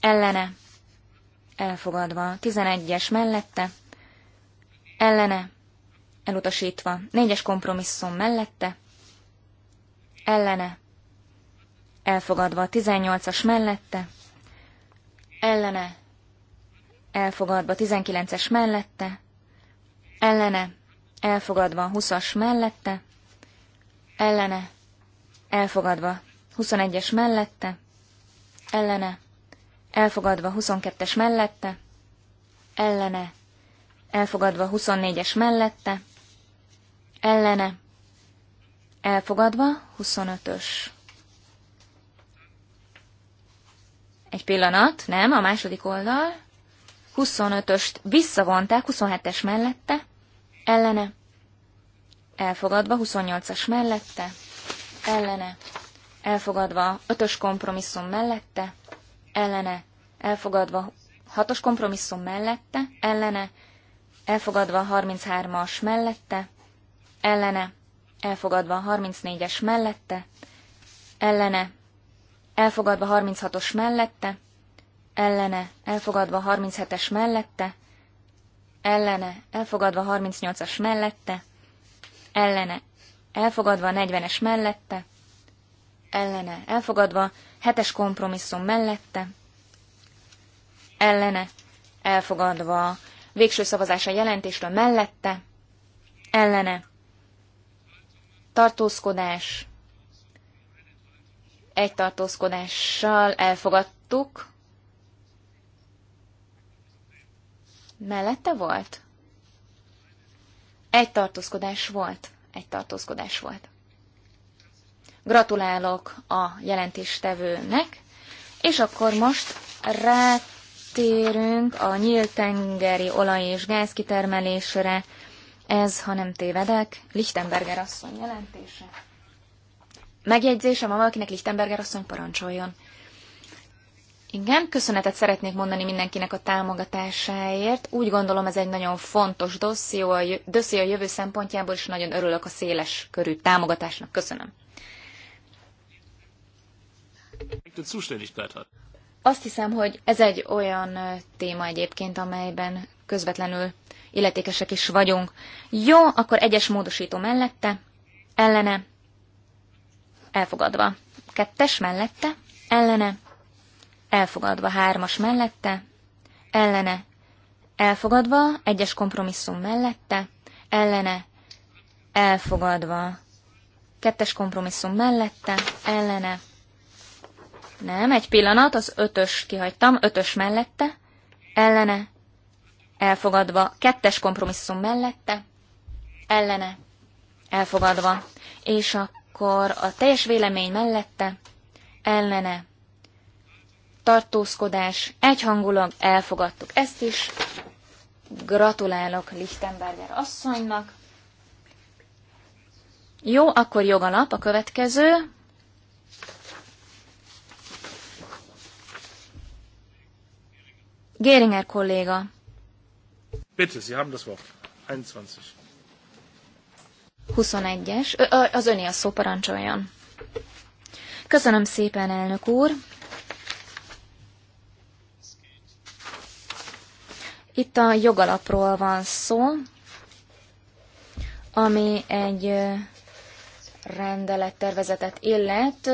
ellene, elfogadva. tizenegyes mellette, ellene, elutasítva. Négyes kompromisszum mellette, ellene, elfogadva. tizennyolcas mellette, ellene, elfogadva. tizenkilences mellette, ellene, elfogadva. Huszas mellette, ellene, elfogadva. Huszonegyes mellette, ellene, elfogadva 22-es mellette, ellene, elfogadva 24-es mellette, ellene, elfogadva 25-ös. Egy pillanat, nem, a második oldal. 25-öst visszavonták 27-es mellette, ellene, elfogadva 28-as mellette, ellene, elfogadva 5-ös kompromisszum mellette, ellene, elfogadva hatos kompromisszum mellette, ellene, elfogadva 33-as mellette, ellene, elfogadva 34-es mellette, ellene, elfogadva 36-os mellette, ellene, elfogadva 37-es mellette, ellene, elfogadva 38-as mellette, ellene, elfogadva 40-es mellette, ellene, elfogadva hetes kompromisszum mellette, ellene, elfogadva, végső szavazása jelentésről mellette, ellene, tartózkodás, egy tartózkodással elfogadtuk, mellette volt? Egy tartózkodás volt. Egy tartózkodás volt. Gratulálok a jelentéstevőnek, és akkor most rátérünk a nyílt tengeri olaj- és gázkitermelésre. Ez, ha nem tévedek, Lichtenberger asszony jelentése. Megjegyzésem, ha valakinek Lichtenberger asszony parancsoljon. Igen, köszönetet szeretnék mondani mindenkinek a támogatásáért. Úgy gondolom, ez egy nagyon fontos dosszió, a jövő szempontjából, és nagyon örülök a széles körű támogatásnak. Köszönöm. Azt hiszem, hogy ez egy olyan téma egyébként, amelyben közvetlenül illetékesek is vagyunk. Jó, akkor egyes módosító mellette, ellene, elfogadva. Kettes mellette, ellene, elfogadva. Hármas mellette, ellene, elfogadva. Egyes kompromisszum mellette, ellene, elfogadva. Kettes kompromisszum mellette, ellene, nem, egy pillanat, az ötös kihagytam, ötös mellette, ellene, elfogadva, kettes kompromisszum mellette, ellene, elfogadva, és akkor a teljes vélemény mellette, ellene, tartózkodás, egyhangulag elfogadtuk ezt is. Gratulálok Lichtenberger asszonynak. Jó, akkor jogalap a következő. Géringer kolléga. Bitte, Sie haben das Wort. 21. 21-es. Az öné a szó, parancsoljon. Köszönöm szépen, elnök úr. Itt a jogalapról van szó, ami egy rendelettervezetet illet.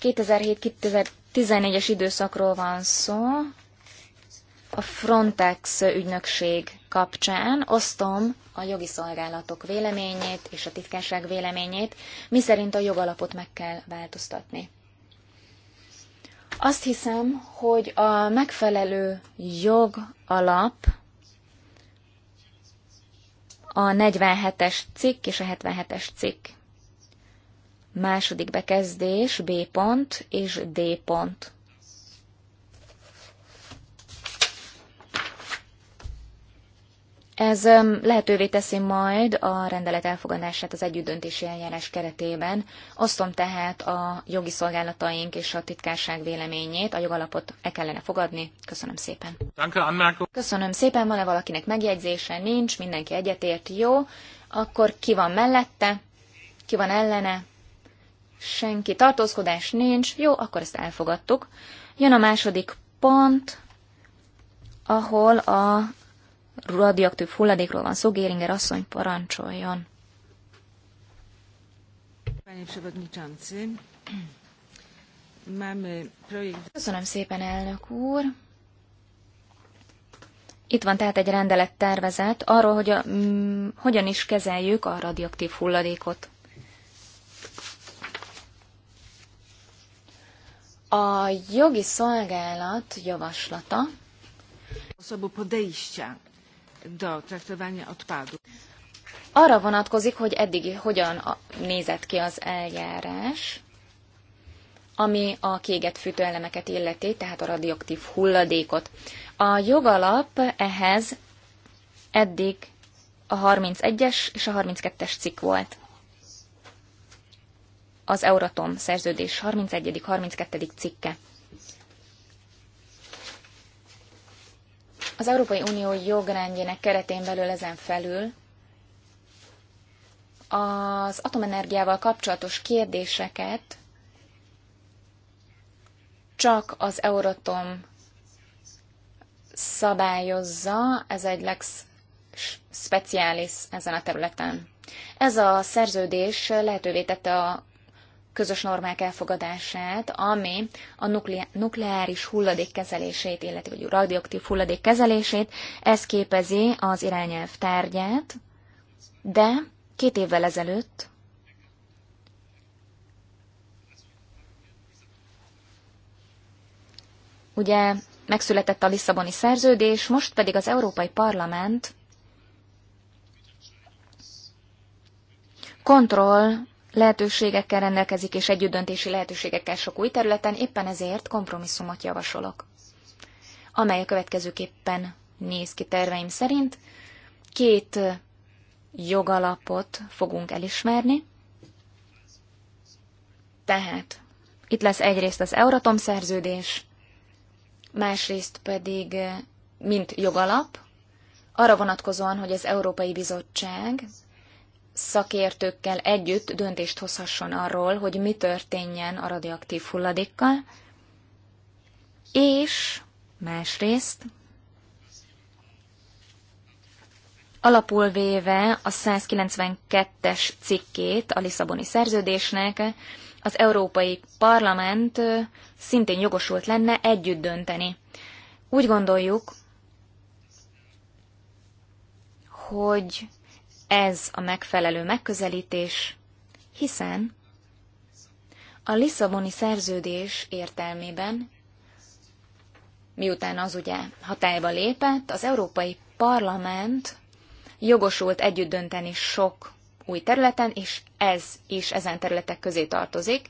2007-2014-es időszakról van szó, a Frontex ügynökség kapcsán osztom a jogi szolgálatok véleményét és a titkárság véleményét, miszerint a jogalapot meg kell változtatni. Azt hiszem, hogy a megfelelő jogalap a 47-es cikk és a 77-es cikk. Második bekezdés B pont és D pont. Ez lehetővé teszi majd a rendelet elfogadását az együttdöntési eljárás keretében. Osztom tehát a jogi szolgálataink és a titkárság véleményét, a jogalapot e kellene fogadni. Köszönöm szépen. Köszönöm szépen, van-e valakinek megjegyzése? Nincs, mindenki egyetért, jó. Akkor ki van mellette? Ki van ellene? Senki. Tartózkodás nincs. Jó, akkor ezt elfogadtuk. Jön a második pont, ahol a radioaktív hulladékról van szó, Géringer asszony parancsoljon. Köszönöm szépen, elnök úr. Itt van tehát egy rendelet tervezet arról, hogy a, mm, hogyan is kezeljük a radioaktív hulladékot. A jogi szolgálat javaslata do traktowania odpadów. Arra vonatkozik, hogy eddig hogyan nézett ki az eljárás, ami a kéget fűtőelemeket illeti, tehát a radioaktív hulladékot. A jogalap ehhez eddig a 31-es és a 32-es cikk volt. Az Euratom szerződés 31. 32. cikke. Az Európai Unió jogrendjének keretén belül ezen felül az atomenergiával kapcsolatos kérdéseket csak az Euratom szabályozza, ez egy lex speciális ezen a területen. Ez a szerződés lehetővé tette a közös normák elfogadását, ami a nukleáris hulladék kezelését, illetve a radioaktív hulladék kezelését, ez képezi az irányelv tárgyát, de két évvel ezelőtt ugye megszületett a Lisszaboni szerződés, most pedig az Európai Parlament kontroll lehetőségekkel rendelkezik, és együttdöntési lehetőségekkel sok új területen, éppen ezért kompromisszumot javasolok, amely a következőképpen néz ki terveim szerint. Két jogalapot fogunk elismerni, tehát itt lesz egyrészt az Euratom szerződés, másrészt pedig, mint jogalap, arra vonatkozóan, hogy az Európai Bizottság szakértőkkel együtt döntést hozhasson arról, hogy mi történjen a radioaktív hulladékkal, és másrészt alapul véve a 192-es cikkét a Lisszaboni szerződésnek, az Európai Parlament szintén jogosult lenne együtt dönteni. Úgy gondoljuk, hogy ez a megfelelő megközelítés, hiszen a Lisszaboni szerződés értelmében, miután az ugye hatályba lépett, az Európai Parlament jogosult együtt dönteni sok új területen, és ez is ezen területek közé tartozik,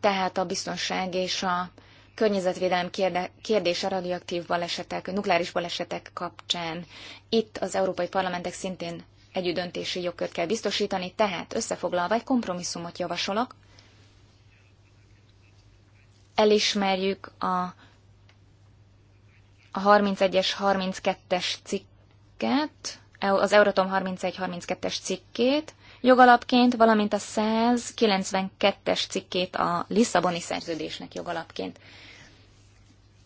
tehát a biztonság és a környezetvédelem kérdése radioaktív balesetek, nukleáris balesetek kapcsán. Itt az európai parlamentek szintén együttdöntési jogkört kell biztosítani, tehát összefoglalva egy kompromisszumot javasolok. Elismerjük a, a 31-es, 32-es cikket, az Euratom 31-32-es cikkét jogalapként, valamint a 192-es cikkét a Lisszaboni szerződésnek jogalapként.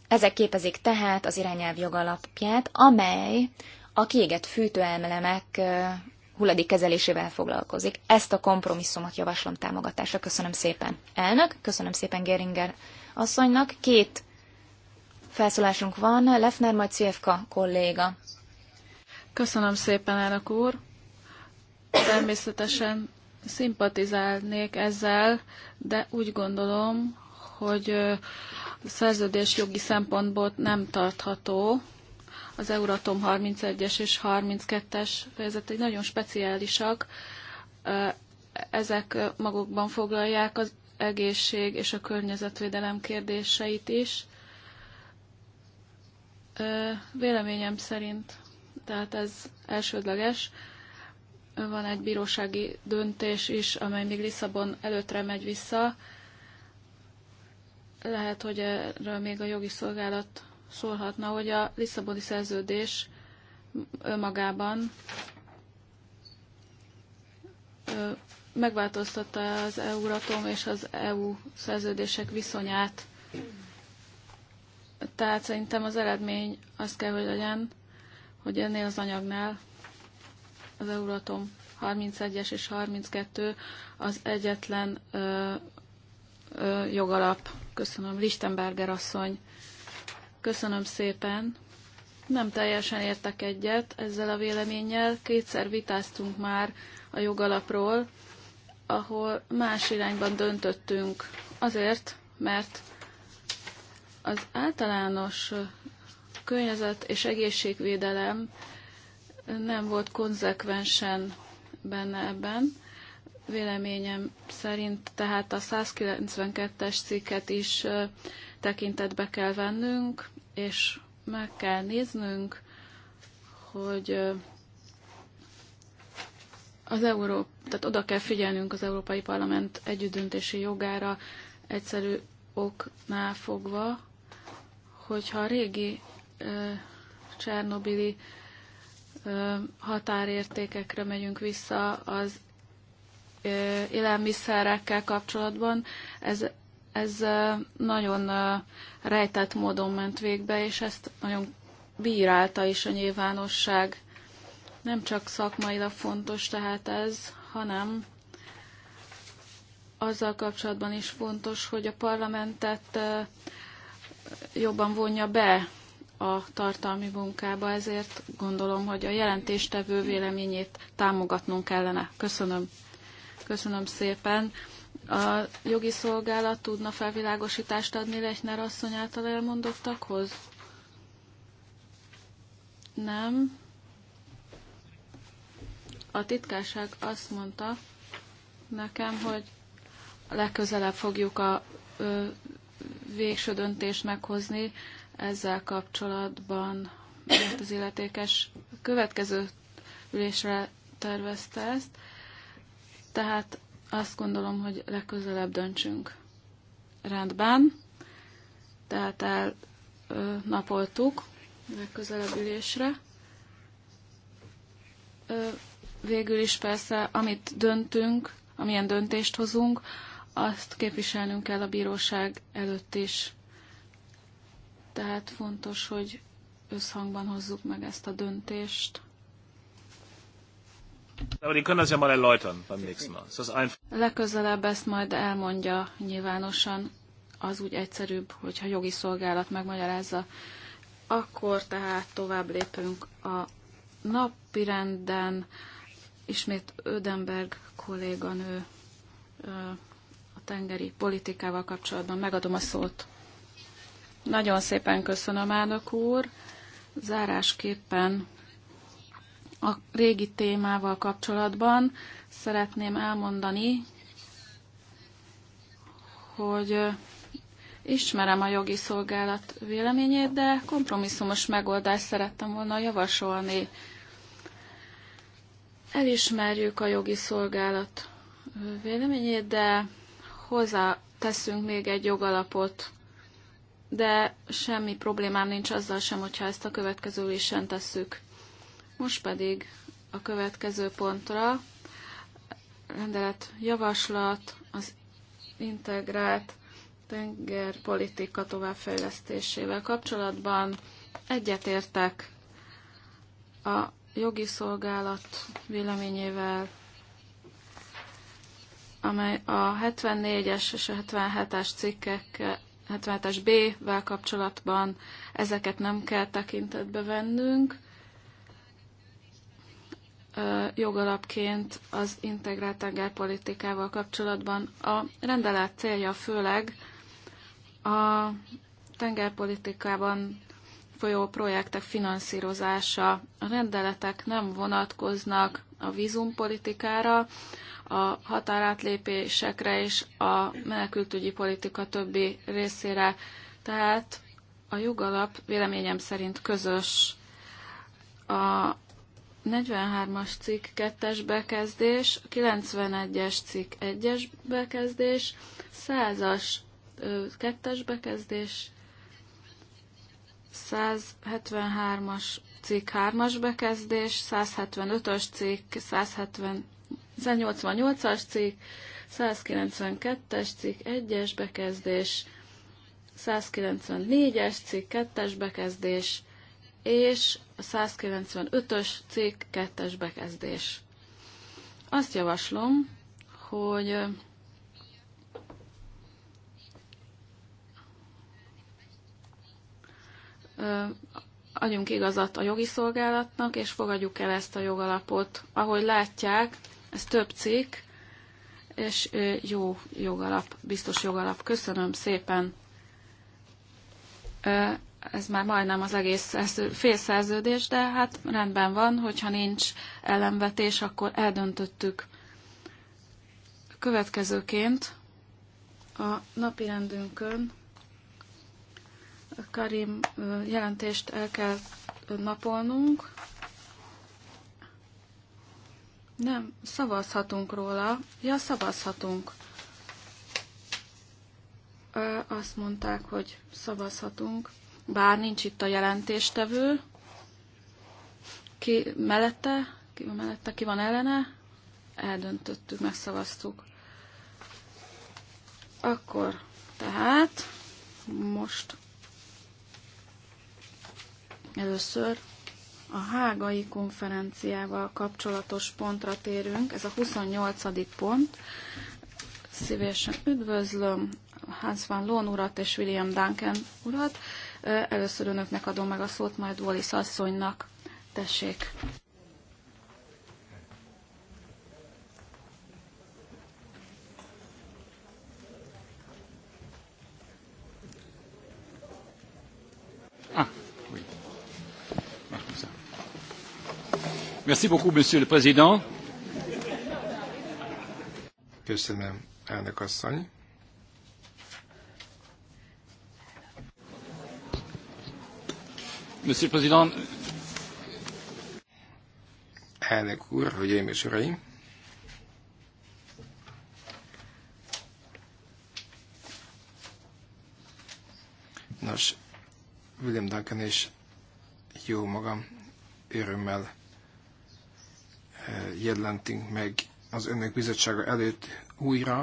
Ezek képezik tehát az irányelv jogalapját, amely a kiégett fűtőelmelemek hulladék kezelésével foglalkozik. Ezt a kompromisszumot javaslom támogatásra. Köszönöm szépen elnök, köszönöm szépen Geringer asszonynak. Két felszólásunk van, Lefner, majd CFK kolléga. Köszönöm szépen, elnök úr. Természetesen szimpatizálnék ezzel, de úgy gondolom, hogy a szerződés jogi szempontból nem tartható, az Euratom 31-es és 32-es egy nagyon speciálisak. Ezek magukban foglalják az egészség és a környezetvédelem kérdéseit is. Véleményem szerint, tehát ez elsődleges, van egy bírósági döntés is, amely még Lisszabon előttre megy vissza. Lehet, hogy erről még a jogi szolgálat szólhatna, hogy a Lisszaboni szerződés önmagában megváltoztatta az Euratom és az EU szerződések viszonyát. Tehát szerintem az eredmény az kell, hogy legyen, hogy ennél az anyagnál az Euratom 31-es és 32 az egyetlen ö, ö, jogalap. Köszönöm, Lichtenberger asszony. Köszönöm szépen. Nem teljesen értek egyet ezzel a véleménnyel. Kétszer vitáztunk már a jogalapról, ahol más irányban döntöttünk. Azért, mert az általános környezet és egészségvédelem nem volt konzekvensen benne ebben. Véleményem szerint tehát a 192-es cikket is tekintetbe kell vennünk, és meg kell néznünk, hogy az Európa, tehát oda kell figyelnünk az Európai Parlament együttdöntési jogára egyszerű oknál fogva, hogyha a régi e, Csernobili e, határértékekre megyünk vissza az e, élelmiszerekkel kapcsolatban, ez ez nagyon rejtett módon ment végbe, és ezt nagyon bírálta is a nyilvánosság. Nem csak szakmailag fontos tehát ez, hanem azzal kapcsolatban is fontos, hogy a parlamentet jobban vonja be a tartalmi munkába, ezért gondolom, hogy a jelentéstevő véleményét támogatnunk kellene. Köszönöm. Köszönöm szépen. A jogi szolgálat tudna felvilágosítást adni Lechner asszony által elmondottakhoz? Nem. A titkárság azt mondta nekem, hogy legközelebb fogjuk a ö, végső döntést meghozni ezzel kapcsolatban, mert az illetékes következő ülésre tervezte ezt. Tehát azt gondolom, hogy legközelebb döntsünk. Rendben. Tehát el napoltuk legközelebb ülésre. Ö, végül is persze, amit döntünk, amilyen döntést hozunk, azt képviselnünk kell a bíróság előtt is. Tehát fontos, hogy összhangban hozzuk meg ezt a döntést. Legközelebb ezt majd elmondja nyilvánosan. Az úgy egyszerűbb, hogyha jogi szolgálat megmagyarázza. Akkor tehát tovább lépünk a napirenden. Ismét Ödenberg kolléganő a tengeri politikával kapcsolatban. Megadom a szót. Nagyon szépen köszönöm, elnök úr. Zárásképpen a régi témával kapcsolatban szeretném elmondani, hogy ismerem a jogi szolgálat véleményét, de kompromisszumos megoldást szerettem volna javasolni. Elismerjük a jogi szolgálat véleményét, de hozzá teszünk még egy jogalapot, de semmi problémám nincs azzal sem, hogyha ezt a következő ülésen tesszük. Most pedig a következő pontra rendelet javaslat az integrált tengerpolitika továbbfejlesztésével kapcsolatban. Egyetértek a jogi szolgálat véleményével, amely a 74-es és a 77-es cikkek 77-es B-vel kapcsolatban ezeket nem kell tekintetbe vennünk jogalapként az integrált tengerpolitikával kapcsolatban. A rendelet célja főleg a tengerpolitikában folyó projektek finanszírozása. A rendeletek nem vonatkoznak a vízumpolitikára, a határátlépésekre és a menekültügyi politika többi részére. Tehát a jogalap véleményem szerint közös a 43-as cikk 2-es bekezdés, 91-es cikk 1-es bekezdés, 100-as 2-es bekezdés, 173-as cikk 3-as bekezdés, 175 as cikk, 188-as cikk, 192-es cikk 1-es bekezdés, 194-es cikk 2-es bekezdés, és a 195-ös cég 2 bekezdés. Azt javaslom, hogy adjunk igazat a jogi szolgálatnak, és fogadjuk el ezt a jogalapot. Ahogy látják, ez több cikk, és jó jogalap, biztos jogalap. Köszönöm szépen ez már majdnem az egész félszerződés, de hát rendben van, hogyha nincs ellenvetés, akkor eldöntöttük. Következőként a napi rendünkön Karim jelentést el kell napolnunk. Nem, szavazhatunk róla. Ja, szavazhatunk. Azt mondták, hogy szavazhatunk bár nincs itt a jelentéstevő. Ki mellette? Ki van mellette? Ki van ellene? Eldöntöttük, megszavaztuk. Akkor tehát most először a hágai konferenciával kapcsolatos pontra térünk. Ez a 28. pont. Szívesen üdvözlöm Hans van Loon urat és William Duncan urat. Először önöknek adom meg a szót, majd Wallis asszonynak. Tessék! Ah, Merci beaucoup, Monsieur le Président. Köszönöm, elnök asszony. Monsieur le Président. Elnök úr, hölgyeim és uraim! Nos, William Duncan és jó magam örömmel eh, jelentünk meg az önök bizottsága előtt újra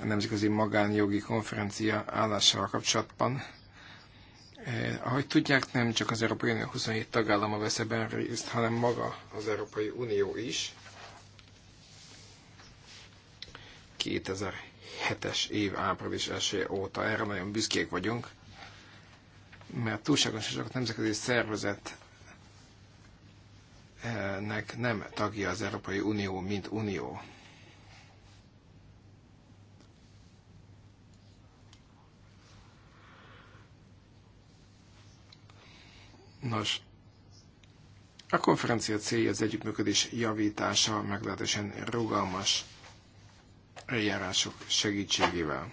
a Nemzetközi Magánjogi Konferencia állásával kapcsolatban Eh, ahogy tudják, nem csak az Európai Unió 27 tagállama vesz ebben részt, hanem maga az Európai Unió is. 2007-es év április első óta erre nagyon büszkék vagyunk, mert túlságosan sok nemzetközi szervezet nem tagja az Európai Unió, mint unió. Nos, a konferencia célja az együttműködés javítása meglehetősen rugalmas eljárások segítségével.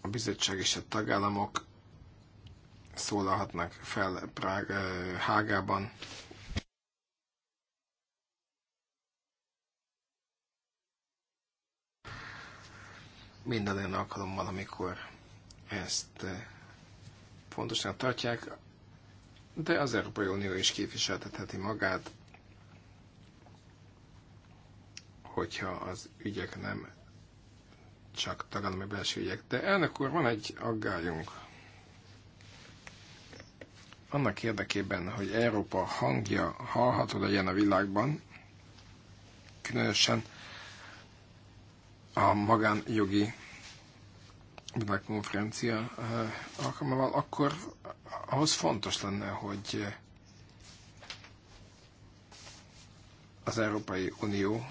A bizottság és a tagállamok szólalhatnak fel Prág, eh, Hágában. Minden olyan alkalommal, amikor ezt eh, fontosnak tartják, de az Európai Unió is képviseltetheti magát, hogyha az ügyek nem csak tagállami belső ügyek. De elnök úr, van egy aggályunk. Annak érdekében, hogy Európa hangja hallható legyen a világban, különösen a magánjogi konferencia eh, alkalmával, akkor ahhoz fontos lenne, hogy eh, az Európai Unió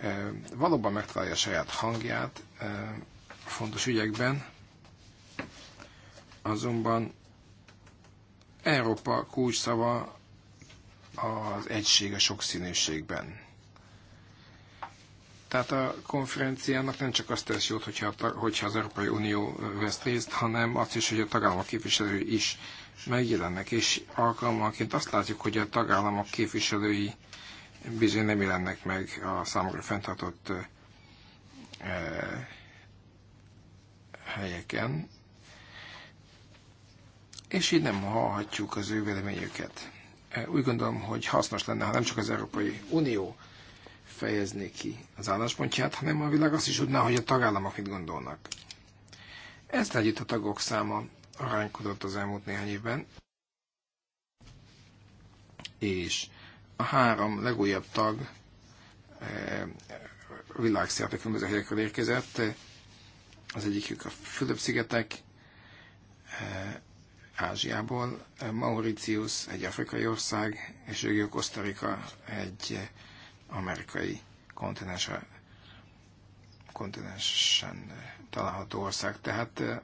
eh, valóban megtalálja a saját hangját fontos ügyekben, azonban Európa kulcs szava az egység a sokszínűségben. Tehát a konferenciának nem csak azt tesz jót, hogyha, hogyha az Európai Unió vesz részt, hanem azt is, hogy a tagállamok képviselői is megjelennek, és alkalmanként azt látjuk, hogy a tagállamok képviselői bizony nem jelennek meg a számokra fenntartott helyeken, és így nem hallhatjuk az ő véleményüket. Úgy gondolom, hogy hasznos lenne, ha nem csak az Európai Unió, fejezné ki az álláspontját, hanem a világ azt is tudná, hogy a tagállamok mit gondolnak. Ez együtt a tagok száma aránykodott az elmúlt néhány évben, és a három legújabb tag eh, világszerte különböző helyekről érkezett. Az egyikük a Fülöp-szigetek, eh, Ázsiából, Mauritius, egy afrikai ország, és ők Costa Rica, egy amerikai kontinensen, kontinensen eh, található ország. Tehát eh,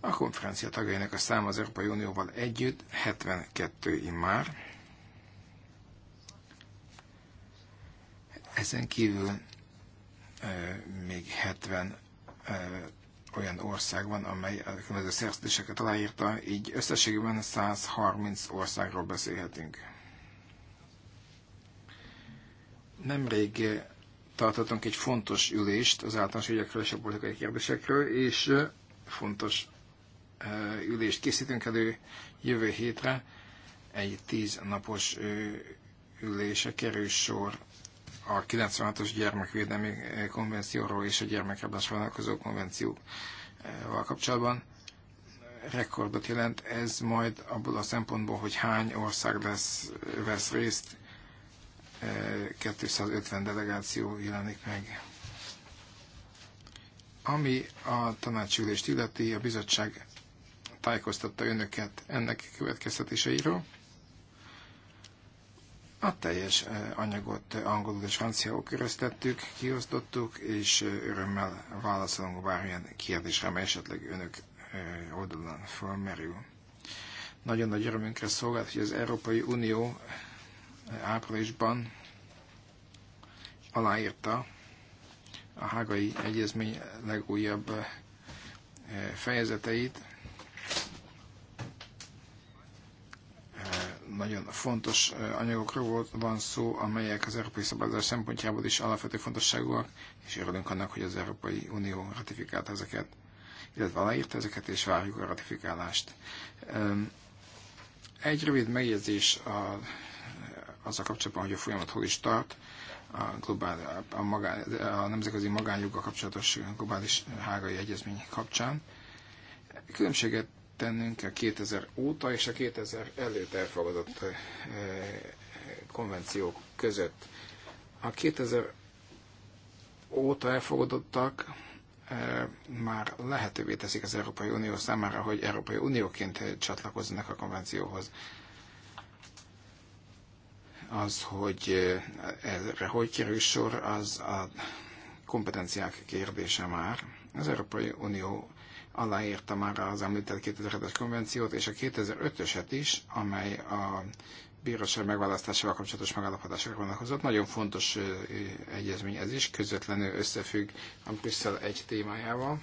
a konferencia tagjainak a száma az Európai Unióval együtt 72 immár. Ezen kívül eh, még 70 olyan ország van, amely a különböző szerződéseket aláírta, így összességében 130 országról beszélhetünk. Nemrég eh, tartottunk egy fontos ülést az általános ügyekről és a politikai kérdésekről, és eh, fontos eh, ülést készítünk elő jövő hétre. Egy tíz napos ülése kerül sor a 96-os gyermekvédelmi konvencióról és a gyermekrablás vonalkozó konvencióval kapcsolatban rekordot jelent ez majd abból a szempontból, hogy hány ország lesz, vesz részt 250 delegáció jelenik meg. Ami a tanácsülést illeti, a bizottság tájékoztatta önöket ennek következtetéseiről. A teljes eh, anyagot angolul és franciául köröztettük, kiosztottuk, és örömmel válaszolunk bármilyen kérdésre, amely esetleg önök eh, oldalán fölmerül. Nagyon nagy örömünkre szolgált, hogy az Európai Unió áprilisban aláírta a hágai egyezmény legújabb eh, fejezeteit. Eh, nagyon fontos eh, anyagokról volt, van szó, amelyek az európai szabályozás szempontjából is alapvető fontosságúak, és örülünk annak, hogy az Európai Unió ratifikált ezeket, illetve aláírta ezeket, és várjuk a ratifikálást. Egy rövid megjegyzés a az a kapcsolatban, hogy a folyamat hol is tart, a, globál, a, magán, a nemzetközi magánjoggal kapcsolatos globális hágai egyezmény kapcsán. Különbséget tennünk a 2000 óta és a 2000 előtt elfogadott eh, konvenciók között. A 2000 óta elfogadottak eh, már lehetővé teszik az Európai Unió számára, hogy Európai Unióként csatlakozzanak a konvencióhoz. Az, hogy eh, erre hogy kerül sor, az a kompetenciák kérdése már. Az Európai Unió aláírta már az említett 2007 es konvenciót, és a 2005-öset is, amely a bíróság megválasztásával kapcsolatos megállapodásokra vonatkozott. Nagyon fontos eh, egyezmény ez is, közvetlenül összefügg a Brüsszel egy témájával.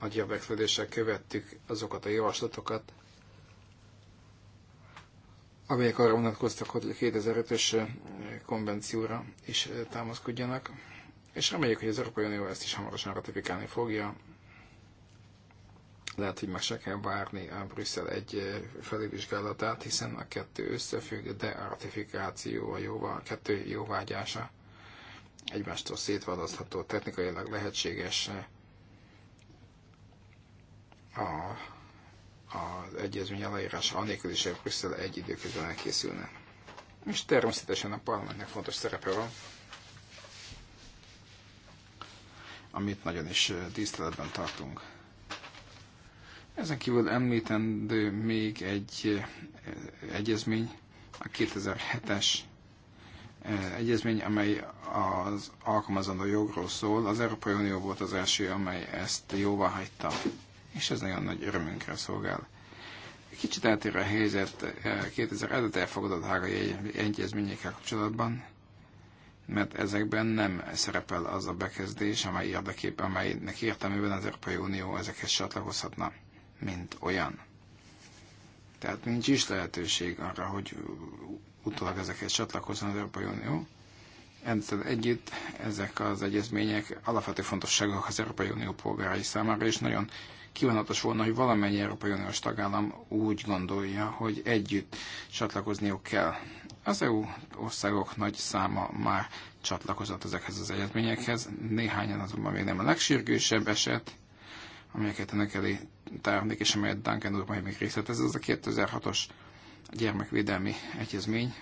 Nagy érdeklődéssel követtük azokat a javaslatokat, amelyek arra vonatkoztak, hogy a 2005-ös eh, konvencióra is eh, támaszkodjanak, és reméljük, hogy az Európai Unió ezt is hamarosan ratifikálni fogja. Lehet, hogy meg se kell várni a Brüsszel egy eh, felülvizsgálatát, hiszen a kettő összefügg, de a ratifikáció, a, jóvá, a kettő jóvágyása egymástól szétválasztható, technikailag lehetséges a az egyezmény aláírása anélkül is, hogy Brüsszel egy időközben elkészülne. És természetesen a parlamentnek fontos szerepe van, amit nagyon is tiszteletben tartunk. Ezen kívül említendő még egy egyezmény, a 2007-es egyezmény, amely az alkalmazandó jogról szól. Az Európai Unió volt az első, amely ezt jóvá hagyta és ez nagyon nagy örömünkre szolgál. Kicsit eltér a helyzet 2000 eh, előtt elfogadott hágai egyezményekkel kapcsolatban, mert ezekben nem szerepel az a bekezdés, amely érdekében, amelynek értelmében az Európai Unió ezekhez csatlakozhatna, mint olyan. Tehát nincs is lehetőség arra, hogy utólag ezekhez csatlakozzon az Európai Unió. Ezzel együtt ezek az egyezmények alapvető fontosságok az Európai Unió polgárai számára, és nagyon kívánatos volna, hogy valamennyi Európai Uniós tagállam úgy gondolja, hogy együtt csatlakozniuk kell. Az EU országok nagy száma már csatlakozott ezekhez az egyezményekhez, néhányan azonban még nem a legsürgősebb eset, amelyeket ennek elé tárnék, és amelyet Duncan úr majd még részletez, ez a 2006-os gyermekvédelmi egyezmény,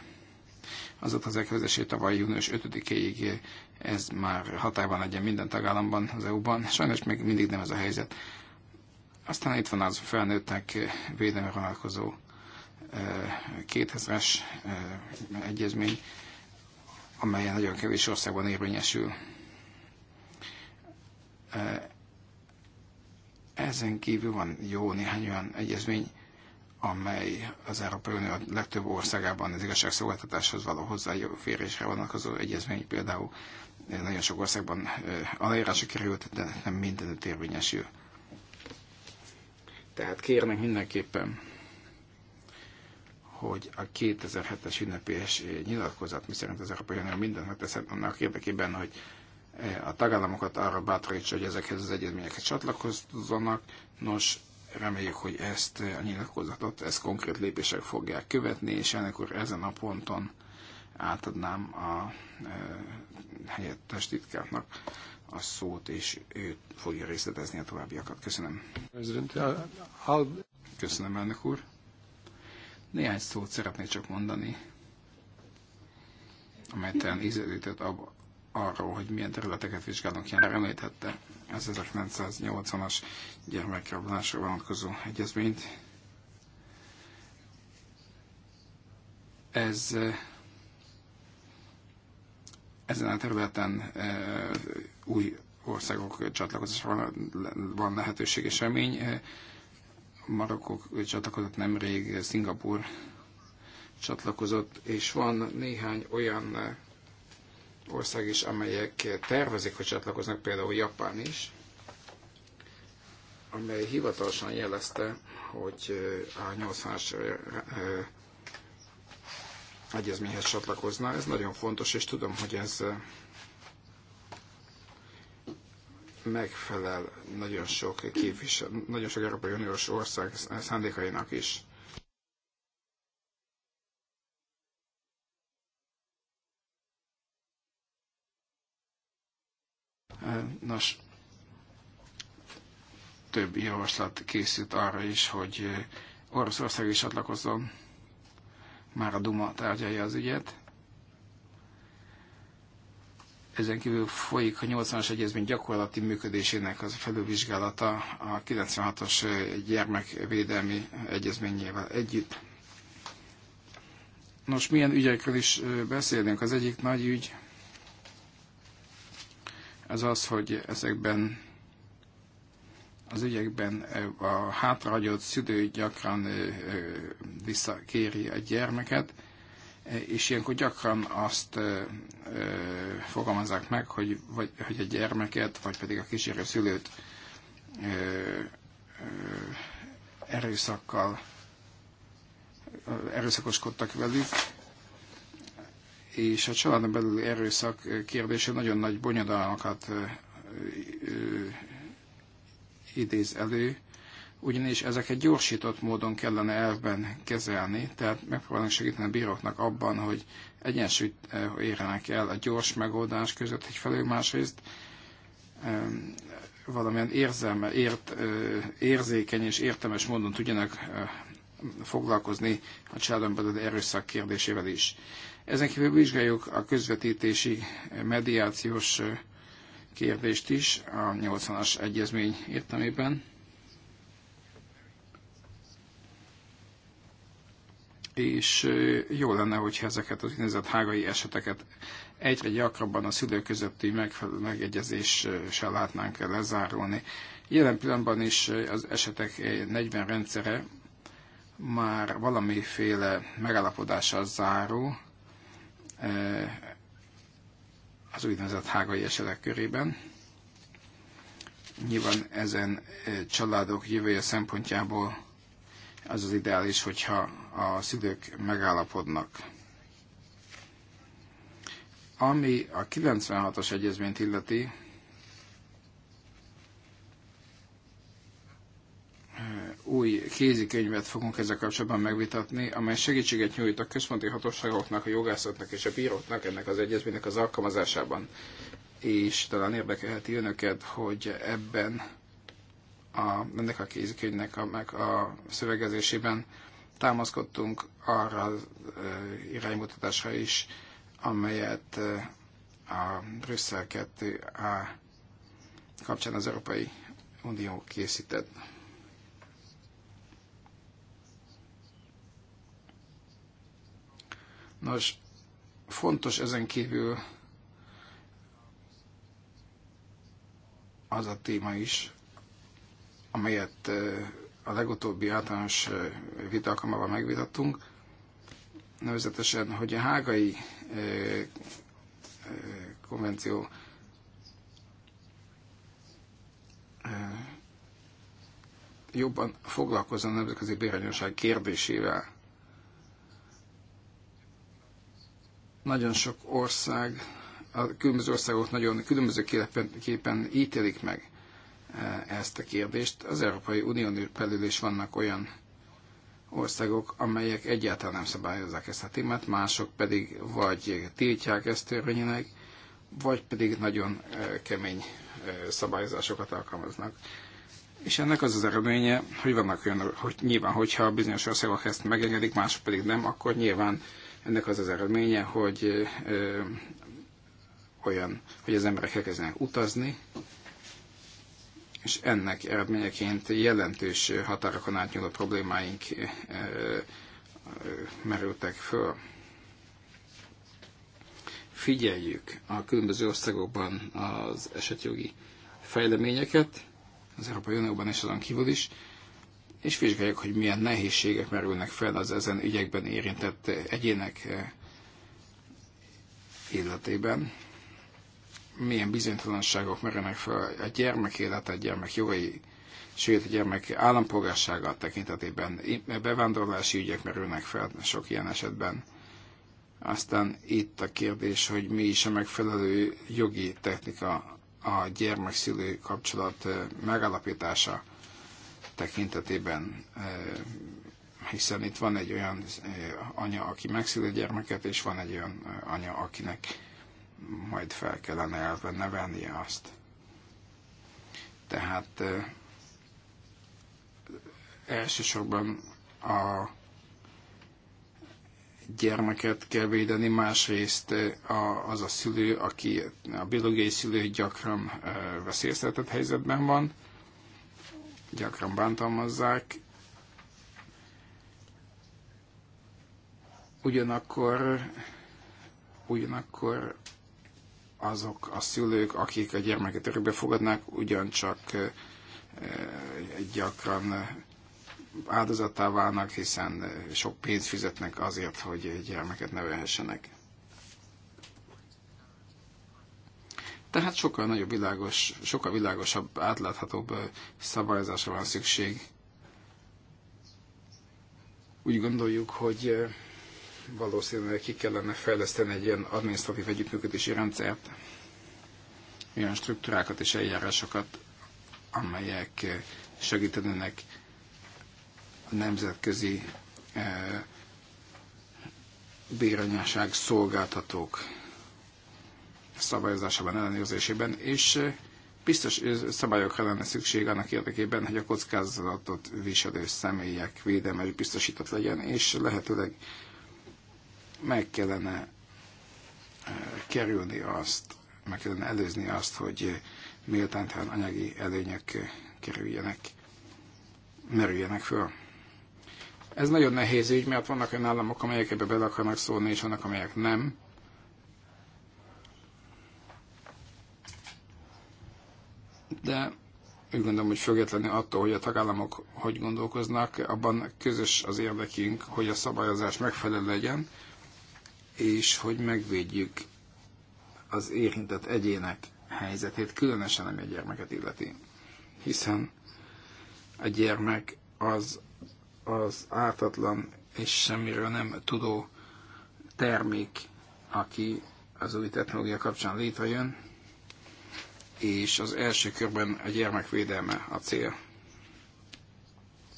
Az ott az elkövetésé tavaly június 5-ig ez már hatályban legyen minden tagállamban, az EU-ban. Sajnos még mindig nem ez a helyzet. Aztán itt van az a felnőttek védelme vonatkozó 2000-es eh, eh, egyezmény, amely nagyon kevés országban érvényesül. Eh, ezen kívül van jó néhány olyan egyezmény, amely az Európai Unió legtöbb országában az igazságszolgáltatáshoz való hozzáférésre vonatkozó egyezmény például nagyon sok országban aláírásra került, de nem mindenütt érvényesül. Tehát kérnek mindenképpen, hogy a 2007-es ünnepés nyilatkozat, miszerint az Európai Unió mindent megtesz annak érdekében, hogy eh, a tagállamokat arra bátorítsa, hogy ezekhez az egyezményeket csatlakozzanak. Nos, reméljük, hogy ezt eh, a nyilatkozatot, ezt konkrét lépések fogják követni, és ennek úr ezen a ponton átadnám a eh, helyettes titkárnak a szót, és ő fogja részletezni a továbbiakat. Köszönöm. Köszönöm, elnök úr. Néhány szót szeretnék csak mondani, amely talán ízelített ab, arról, hogy milyen területeket vizsgálunk jelenleg említette az 1980-as gyermekrablásra vonatkozó egyezményt. Ez ezen a területen e, új országok csatlakozásra van lehetőség és remény. E, Marokkó csatlakozott nemrég, Szingapur csatlakozott, és van néhány olyan ország is, amelyek tervezik, hogy csatlakoznak, például Japán is, amely hivatalosan jelezte, hogy a 80-as egyezményhez csatlakozna. Ez nagyon fontos, és tudom, hogy ez eh, megfelel nagyon sok képvisel, nagyon sok Európai Uniós ország szándékainak is. Eh, nos, több javaslat készült arra is, hogy eh, Oroszország is csatlakozzon már a Duma tárgyalja az ügyet. Ezen kívül folyik a 80-as egyezmény gyakorlati működésének az felülvizsgálata a 96-os gyermekvédelmi egyezményével együtt. Nos, milyen ügyekről is beszélünk? Az egyik nagy ügy az az, hogy ezekben az ügyekben a hátrahagyott szülő gyakran visszakéri a gyermeket, és ilyenkor gyakran azt fogalmazzák meg, hogy, vagy, hogy a gyermeket, vagy pedig a kísérő szülőt erőszakkal erőszakoskodtak velük, és a családon belül erőszak kérdése nagyon nagy bonyodalmakat idéz elő, ugyanis ezeket gyorsított módon kellene elvben kezelni, tehát megpróbálunk segíteni a bíróknak abban, hogy egyensúlyt eh, érjenek el a gyors megoldás között felül másrészt valamilyen érzelme, ért, eh, érzékeny és értelmes módon tudjanak eh, foglalkozni a családon belül erőszak kérdésével is. Ezen kívül vizsgáljuk a közvetítési mediációs kérdést is a 80-as egyezmény értelmében. És jó lenne, hogyha ezeket az úgynevezett hágai eseteket egyre gyakrabban a szülők közötti megegyezéssel látnánk lezárulni. Jelen pillanatban is az esetek 40 rendszere már valamiféle megállapodással záró, az úgynevezett hágai esetek körében. Nyilván ezen e, családok jövője szempontjából az az ideális, hogyha a szülők megállapodnak. Ami a 96-os egyezményt illeti, új kézikönyvet fogunk ezzel kapcsolatban megvitatni, amely segítséget nyújt a központi hatóságoknak, a jogászoknak és a bíróknak ennek az egyezménynek az alkalmazásában. És talán érdekelheti önöket, hogy ebben a, ennek a kézikönyvnek a, meg a szövegezésében támaszkodtunk arra az iránymutatásra is, amelyet a Brüsszel 2 a kapcsán az Európai Unió készített. Nos, fontos ezen kívül az a téma is, amelyet a legutóbbi általános vita megvitattunk, nevezetesen, hogy a hágai konvenció jobban foglalkozzon a nemzetközi béranyagság kérdésével. Nagyon sok ország, a különböző országok nagyon különbözőképpen ítélik meg e, ezt a kérdést. Az Európai Unión belül is vannak olyan országok, amelyek egyáltalán nem szabályozzák ezt a témát, mások pedig vagy tiltják ezt törvényének, vagy pedig nagyon e, kemény e, szabályozásokat alkalmaznak. És ennek az az eredménye, hogy vannak olyan, hogy nyilván, hogyha bizonyos országok ezt megengedik, mások pedig nem, akkor nyilván ennek az az eredménye, hogy ö, olyan, hogy az emberek elkezdenek utazni, és ennek eredményeként jelentős határokon átnyúló problémáink ö, ö, merültek föl. Figyeljük a különböző országokban az esetjogi fejleményeket, az Európai Unióban és azon kívül is, és vizsgáljuk, hogy milyen nehézségek merülnek fel az ezen ügyekben érintett egyének eh, életében, milyen bizonytalanságok merülnek fel a gyermek élete, a gyermek jogai, sőt a gyermek állampolgársága tekintetében bevándorlási ügyek merülnek fel sok ilyen esetben. Aztán itt a kérdés, hogy mi is a megfelelő jogi technika a gyermekszülő kapcsolat eh, megalapítása tekintetében, hiszen itt van egy olyan anya, aki megszül gyermeket, és van egy olyan anya, akinek majd fel kellene elve nevelnie azt. Tehát elsősorban a gyermeket kell védeni, másrészt a, az a szülő, aki a biológiai szülő gyakran veszélyeztetett helyzetben van, gyakran bántalmazzák. Ugyanakkor, ugyanakkor azok a szülők, akik a gyermeket örökbe fogadnák, ugyancsak gyakran áldozattá válnak, hiszen sok pénzt fizetnek azért, hogy gyermeket nevelhessenek. Tehát sokkal nagyobb világos, sokkal világosabb, átláthatóbb szabályozásra van szükség. Úgy gondoljuk, hogy valószínűleg ki kellene fejleszteni egy ilyen adminisztratív együttműködési rendszert, olyan struktúrákat és eljárásokat, amelyek segítenének a nemzetközi bíranyáság szolgáltatók szabályozásában, ellenőrzésében, és eh, biztos eh, szabályokra lenne szükség annak érdekében, hogy a kockázatot viselő személyek védelme biztosított legyen, és lehetőleg meg kellene eh, kerülni azt, meg kellene előzni azt, hogy méltánytalan anyagi előnyök kerüljenek, merüljenek föl. Ez nagyon nehéz ügy, mert vannak olyan államok, amelyek ebbe bele akarnak szólni, és vannak, amelyek nem. de úgy gondolom, hogy függetlenül attól, hogy a tagállamok hogy gondolkoznak, abban közös az érdekünk, hogy a szabályozás megfelelő legyen, és hogy megvédjük az érintett egyének helyzetét, különösen ami a gyermeket illeti. Hiszen a gyermek az, az ártatlan és semmiről nem tudó termék, aki az új technológia kapcsán létrejön, és az első körben a védelme a cél.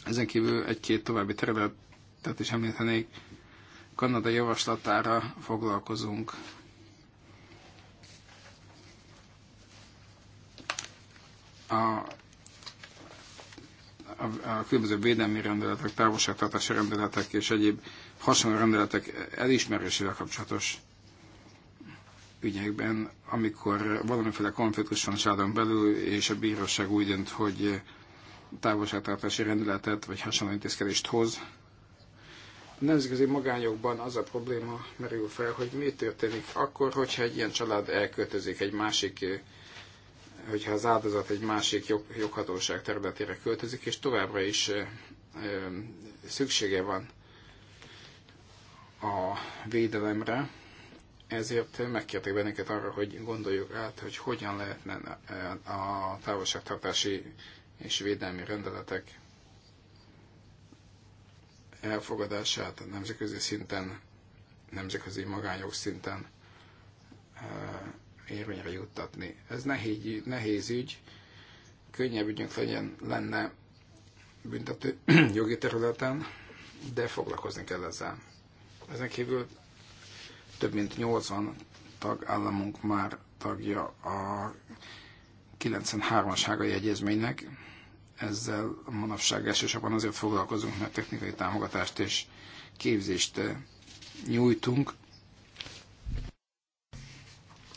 Ezen kívül egy-két további területet is említenék. Kanada javaslatára foglalkozunk a, a, a különböző védelmi rendeletek, távolságtartási rendeletek és egyéb hasonló rendeletek elismerésével kapcsolatos ügyekben, amikor valamiféle konfliktus van családon belül, és a bíróság úgy dönt, hogy távolságtartási rendeletet vagy hasonló intézkedést hoz. A nemzetközi magányokban az a probléma merül fel, hogy mi történik akkor, hogyha egy ilyen család elköltözik egy másik, hogyha az áldozat egy másik jog, joghatóság területére költözik, és továbbra is ö, szüksége van a védelemre, ezért megkérték bennünket arra, hogy gondoljuk át, hogy hogyan lehetne a távolságtartási és védelmi rendeletek elfogadását nemzetközi szinten, nemzetközi magányok szinten eh, érvényre juttatni. Ez nehéz, nehéz ügy, könnyebb ügyünk legyen, lenne büntető <clears throat> jogi területen, de foglalkozni kell ezzel. Ezen kívül több mint 80 tagállamunk már tagja a 93-as hágai egyezménynek. Ezzel manapság elsősorban azért foglalkozunk, mert technikai támogatást és képzést eh, nyújtunk,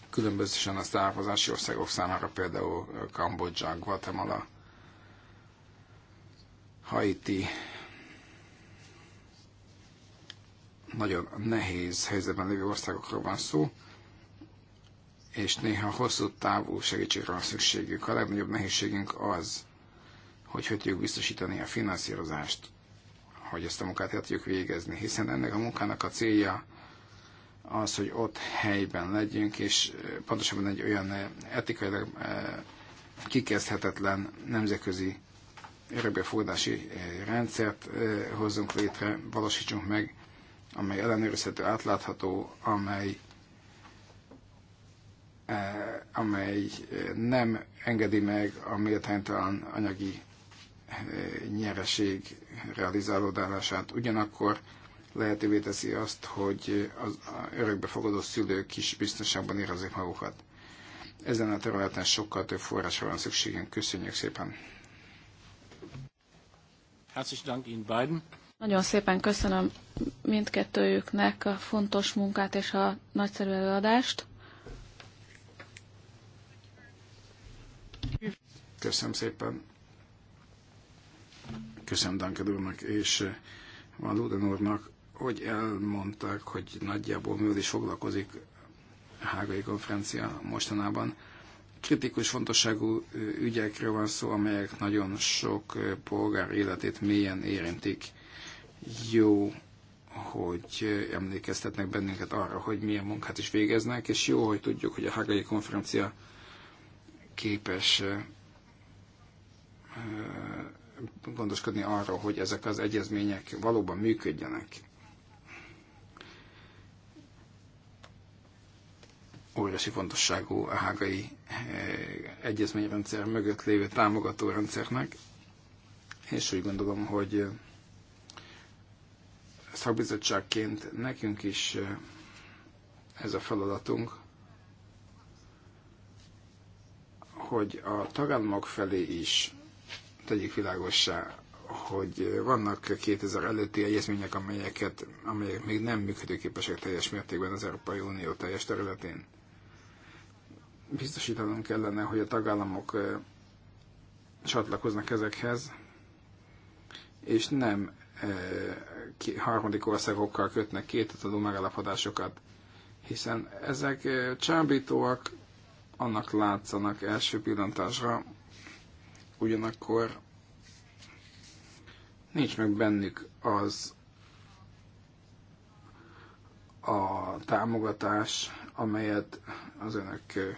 különbözően a származási országok számára, például Kambodzsa, Guatemala, Haiti, nagyon nehéz helyzetben lévő országokról van szó, és néha hosszú távú segítségre van szükségük. A legnagyobb nehézségünk az, hogy hogy tudjuk biztosítani a finanszírozást, hogy ezt a munkát el tudjuk végezni, hiszen ennek a munkának a célja az, hogy ott helyben legyünk, és eh, pontosabban egy olyan eh, etikailag eh, kikezdhetetlen nemzetközi örökbefogadási rendszert hozzunk létre, valósítsunk meg, amely ellenőrizhető, átlátható, amely eh, amely nem engedi meg a méltánytalan anyagi eh, nyereség realizálódását. Ugyanakkor lehetővé teszi azt, hogy az örökbefogadó szülők is biztonságban érezzék magukat. Ezen a területen sokkal több forrásra van szükségünk. Köszönjük szépen! Herzlichen Dank Ihnen beiden. Nagyon szépen köszönöm mindkettőjüknek a fontos munkát és a nagyszerű előadást. Köszönöm szépen. Köszönöm Duncan úrnak és eh, Van Luden úrnak, hogy elmondták, hogy nagyjából mivel is foglalkozik a hágai konferencia mostanában. Kritikus fontosságú eh, ügyekről van szó, amelyek nagyon sok eh, polgár életét mélyen érintik jó, hogy emlékeztetnek bennünket arra, hogy milyen munkát is végeznek, és jó, hogy tudjuk, hogy a Hagai konferencia képes gondoskodni arról, hogy ezek az egyezmények valóban működjenek. Óriási fontosságú a hágai egyezményrendszer mögött lévő támogató rendszernek, és úgy gondolom, hogy szakbizottságként nekünk is ez a feladatunk, hogy a tagállamok felé is tegyük világossá, hogy vannak 2000 előtti egyezmények, amelyeket, amelyek még nem működőképesek teljes mértékben az Európai Unió teljes területén. Biztosítanunk kellene, hogy a tagállamok csatlakoznak ezekhez, és nem harmadik országokkal kötnek kétadó megállapodásokat, hiszen ezek csábítóak, annak látszanak első pillantásra, ugyanakkor nincs meg bennük az a támogatás, amelyet az önök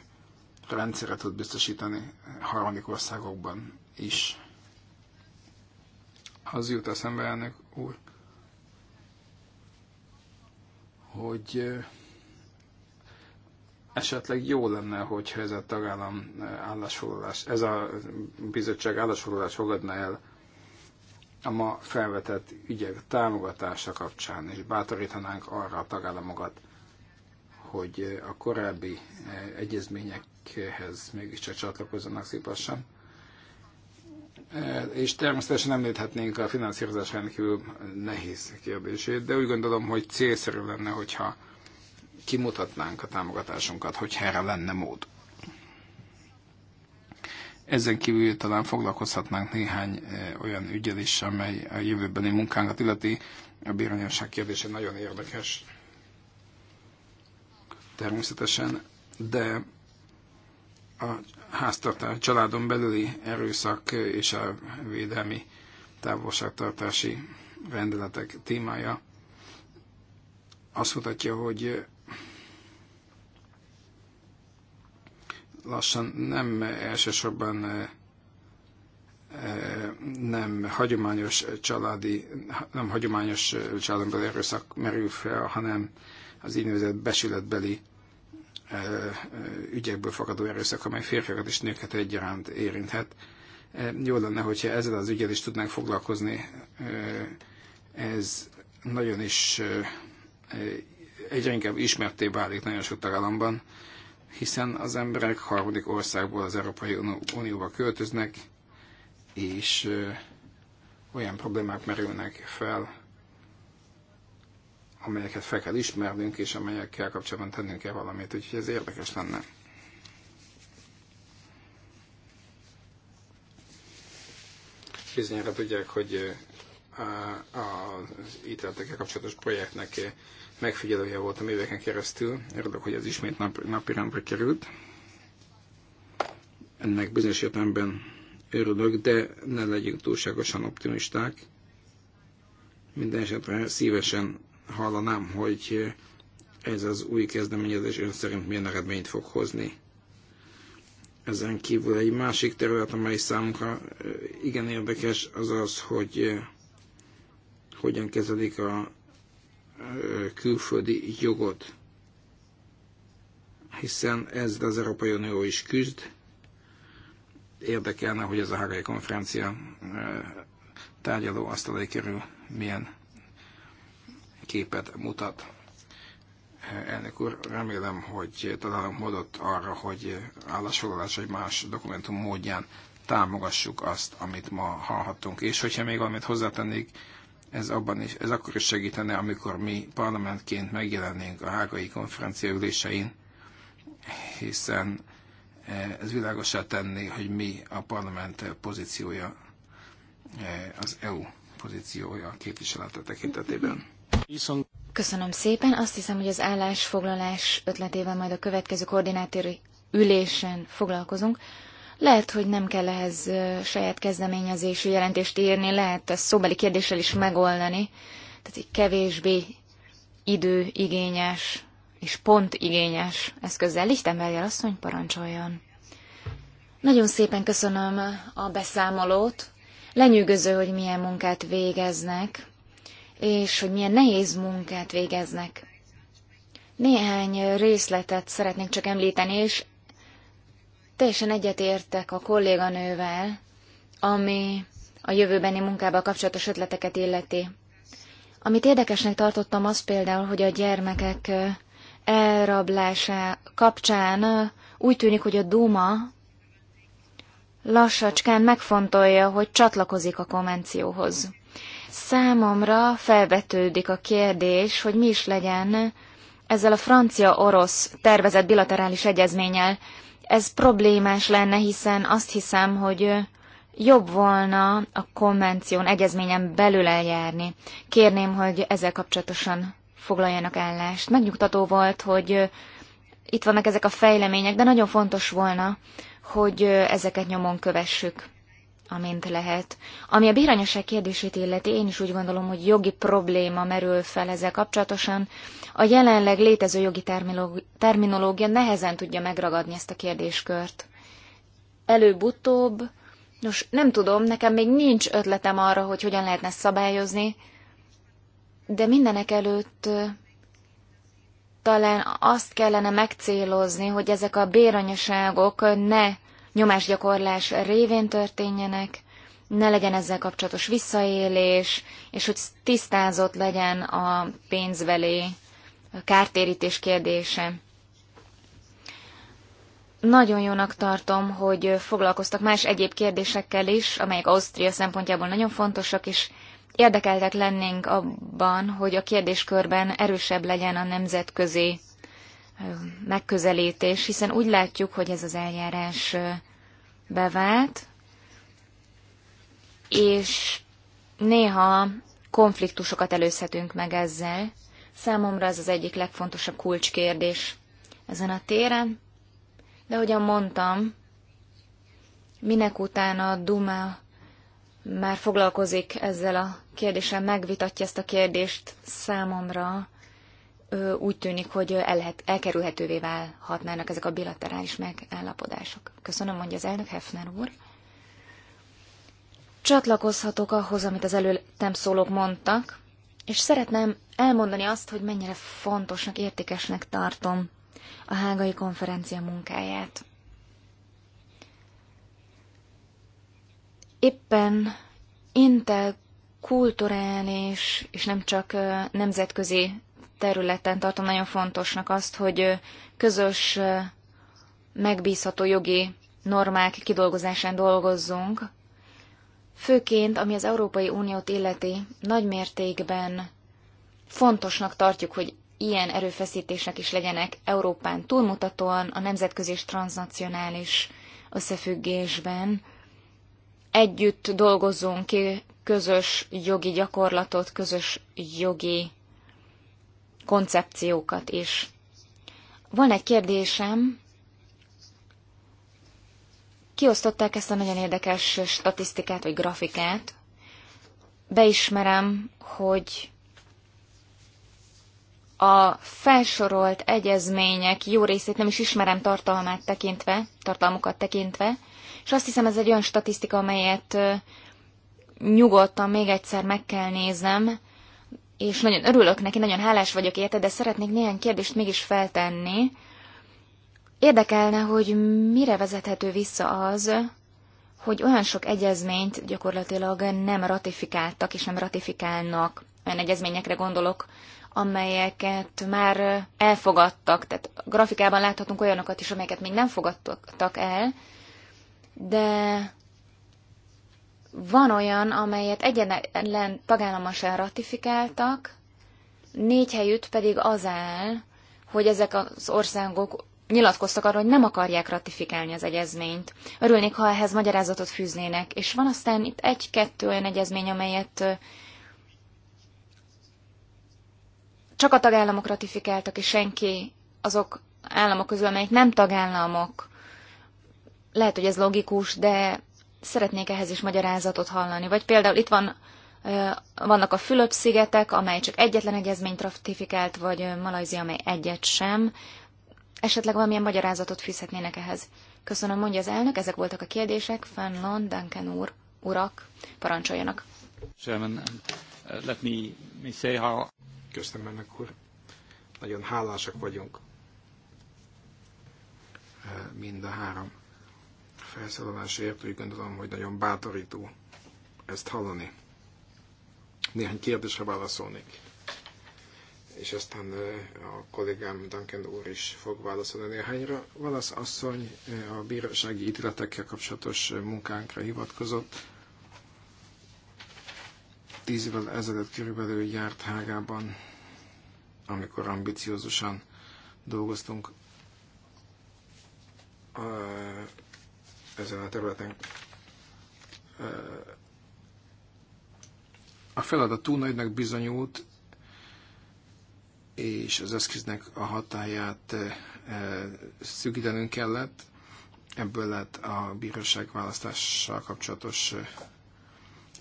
rendszere tud biztosítani harmadik országokban is az jut eszembe, elnök úr, hogy esetleg jó lenne, hogyha ez a tagállam állásfoglalás, ez a bizottság állásfoglalás fogadna el a ma felvetett ügyek támogatása kapcsán, és bátorítanánk arra a tagállamokat, hogy a korábbi egyezményekhez mégiscsak csatlakozzanak szívesen Eh, és természetesen nem léthetnénk a finanszírozás rendkívül nehéz kérdését, de úgy gondolom, hogy célszerű lenne, hogyha kimutatnánk a támogatásunkat, hogy erre lenne mód. Ezen kívül talán foglalkozhatnánk néhány eh, olyan ügyel is, amely a jövőbeni munkánkat illeti. A bíranyosság kérdése nagyon érdekes. Természetesen, de a háztartás, családon belüli erőszak és a védelmi távolságtartási rendeletek témája azt mutatja, hogy lassan nem elsősorban eh, eh, nem hagyományos családi, nem hagyományos családon belüli erőszak merül fel, hanem az úgynevezett besületbeli ügyekből fakadó erőszak, amely férfiakat és nőket egyaránt érinthet. Jó lenne, hogyha ezzel az ügyel is tudnánk foglalkozni. Ez nagyon is egyre inkább ismerté válik nagyon sok tagállamban, hiszen az emberek harmadik országból az Európai Unióba költöznek, és olyan problémák merülnek fel, amelyeket fel kell ismernünk, és amelyekkel kapcsolatban tennünk kell valamit, úgyhogy ez érdekes lenne. Bizonyára tudják, hogy az ítéletekkel kapcsolatos projektnek megfigyelője voltam éveken keresztül. Örülök, hogy ez ismét nap, napirendre került. Ennek bizonyos értelemben örülök, de ne legyünk túlságosan optimisták. Minden esetre szívesen hallanám, hogy ez az új kezdeményezés ön szerint milyen eredményt fog hozni. Ezen kívül egy másik terület, amely számunkra igen érdekes, az az, hogy hogyan kezelik a külföldi jogot. Hiszen ez az Európai Unió is küzd. Érdekelne, hogy ez a Hágai konferencia tárgyaló asztalai kerül milyen képet mutat. Elnök úr, remélem, hogy találunk módot arra, hogy állásfoglalás vagy más dokumentum módján támogassuk azt, amit ma hallhattunk. És hogyha még valamit hozzátennék, ez, abban is, ez akkor is segítene, amikor mi parlamentként megjelennénk a hágai konferencia ülésein, hiszen eh, ez világosá tenni, hogy mi a parlament pozíciója, eh, az EU pozíciója a képviselete tekintetében. Köszönöm szépen. Azt hiszem, hogy az állásfoglalás ötletével majd a következő koordinátori ülésen foglalkozunk. Lehet, hogy nem kell ehhez saját kezdeményezésű jelentést írni, lehet ezt szóbeli kérdéssel is megoldani. Tehát egy kevésbé időigényes és pontigényes eszközzel. Lichtenberger asszony parancsoljon. Nagyon szépen köszönöm a beszámolót. Lenyűgöző, hogy milyen munkát végeznek és hogy milyen nehéz munkát végeznek. Néhány részletet szeretnék csak említeni, és teljesen egyetértek a kolléganővel, ami a jövőbeni munkával kapcsolatos ötleteket illeti. Amit érdekesnek tartottam az például, hogy a gyermekek elrablása kapcsán úgy tűnik, hogy a Duma lassacskán megfontolja, hogy csatlakozik a konvencióhoz. Számomra felvetődik a kérdés, hogy mi is legyen ezzel a francia-orosz tervezett bilaterális egyezménnyel. Ez problémás lenne, hiszen azt hiszem, hogy jobb volna a konvención, egyezményen belül eljárni. Kérném, hogy ezzel kapcsolatosan foglaljanak állást. Megnyugtató volt, hogy itt vannak ezek a fejlemények, de nagyon fontos volna, hogy ezeket nyomon kövessük amint lehet. Ami a bírányosság kérdését illeti, én is úgy gondolom, hogy jogi probléma merül fel ezzel kapcsolatosan. A jelenleg létező jogi terminológia nehezen tudja megragadni ezt a kérdéskört. Előbb-utóbb, nos nem tudom, nekem még nincs ötletem arra, hogy hogyan lehetne szabályozni, de mindenek előtt talán azt kellene megcélozni, hogy ezek a béranyaságok ne nyomásgyakorlás révén történjenek, ne legyen ezzel kapcsolatos visszaélés, és hogy tisztázott legyen a pénzbeli kártérítés kérdése. Nagyon jónak tartom, hogy foglalkoztak más egyéb kérdésekkel is, amelyek Ausztria szempontjából nagyon fontosak, és érdekeltek lennénk abban, hogy a kérdéskörben erősebb legyen a nemzetközi megközelítés, hiszen úgy látjuk, hogy ez az eljárás bevált, és néha konfliktusokat előzhetünk meg ezzel. Számomra ez az egyik legfontosabb kulcskérdés ezen a téren, de ahogyan mondtam, minek utána a Duma már foglalkozik ezzel a kérdéssel, megvitatja ezt a kérdést számomra, úgy tűnik, hogy el lehet, elkerülhetővé válhatnának ezek a bilaterális megállapodások. Köszönöm, mondja az elnök Hefner úr. Csatlakozhatok ahhoz, amit az előttem szólók mondtak, és szeretném elmondani azt, hogy mennyire fontosnak, értékesnek tartom a hágai konferencia munkáját. Éppen interkulturális és nem csak nemzetközi területen tartom nagyon fontosnak azt, hogy közös, megbízható jogi normák kidolgozásán dolgozzunk, főként ami az Európai Uniót illeti, nagy mértékben fontosnak tartjuk, hogy ilyen erőfeszítések is legyenek Európán túlmutatóan a nemzetközi és transnacionális összefüggésben. Együtt dolgozzunk ki közös jogi gyakorlatot, közös jogi koncepciókat is. Van egy kérdésem. Kiosztották ezt a nagyon érdekes statisztikát vagy grafikát. Beismerem, hogy a felsorolt egyezmények jó részét nem is ismerem tartalmát tekintve, tartalmukat tekintve, és azt hiszem ez egy olyan statisztika, amelyet nyugodtan még egyszer meg kell néznem, és nagyon örülök neki, nagyon hálás vagyok érte, de szeretnék néhány kérdést mégis feltenni. Érdekelne, hogy mire vezethető vissza az, hogy olyan sok egyezményt gyakorlatilag nem ratifikáltak és nem ratifikálnak. Olyan egyezményekre gondolok, amelyeket már elfogadtak. Tehát grafikában láthatunk olyanokat is, amelyeket még nem fogadtak el, de van olyan, amelyet egyenlen tagállama sem ratifikáltak, négy helyütt pedig az áll, hogy ezek az országok nyilatkoztak arról, hogy nem akarják ratifikálni az egyezményt. Örülnék, ha ehhez magyarázatot fűznének. És van aztán itt egy-kettő olyan egyezmény, amelyet csak a tagállamok ratifikáltak, és senki azok államok közül, amelyek nem tagállamok. Lehet, hogy ez logikus, de szeretnék ehhez is magyarázatot hallani. Vagy például itt van, vannak a Fülöp-szigetek, amely csak egyetlen egyezményt ratifikált, vagy Malajzia, amely egyet sem. Esetleg valamilyen magyarázatot fűzhetnének ehhez. Köszönöm, mondja az elnök, ezek voltak a kérdések. Fenlon, Duncan úr, urak, parancsoljanak. Chairman, uh, let me, me say how... Köszönöm, ennek úr. Nagyon hálásak vagyunk uh, mind a három felszólalásért. Úgy gondolom, hogy nagyon bátorító ezt hallani. Néhány kérdésre válaszolnék. És aztán a kollégám Duncan úr is fog válaszolni néhányra. Valasz asszony a bírósági ítéletekkel kapcsolatos munkánkra hivatkozott. Tíz évvel ezelőtt körülbelül járt Hágában, amikor ambiciózusan dolgoztunk ezen a területen. A feladat túl nagynak bizonyult, és az eszköznek a hatáját szűkítenünk kellett. Ebből lett a bíróság választással kapcsolatos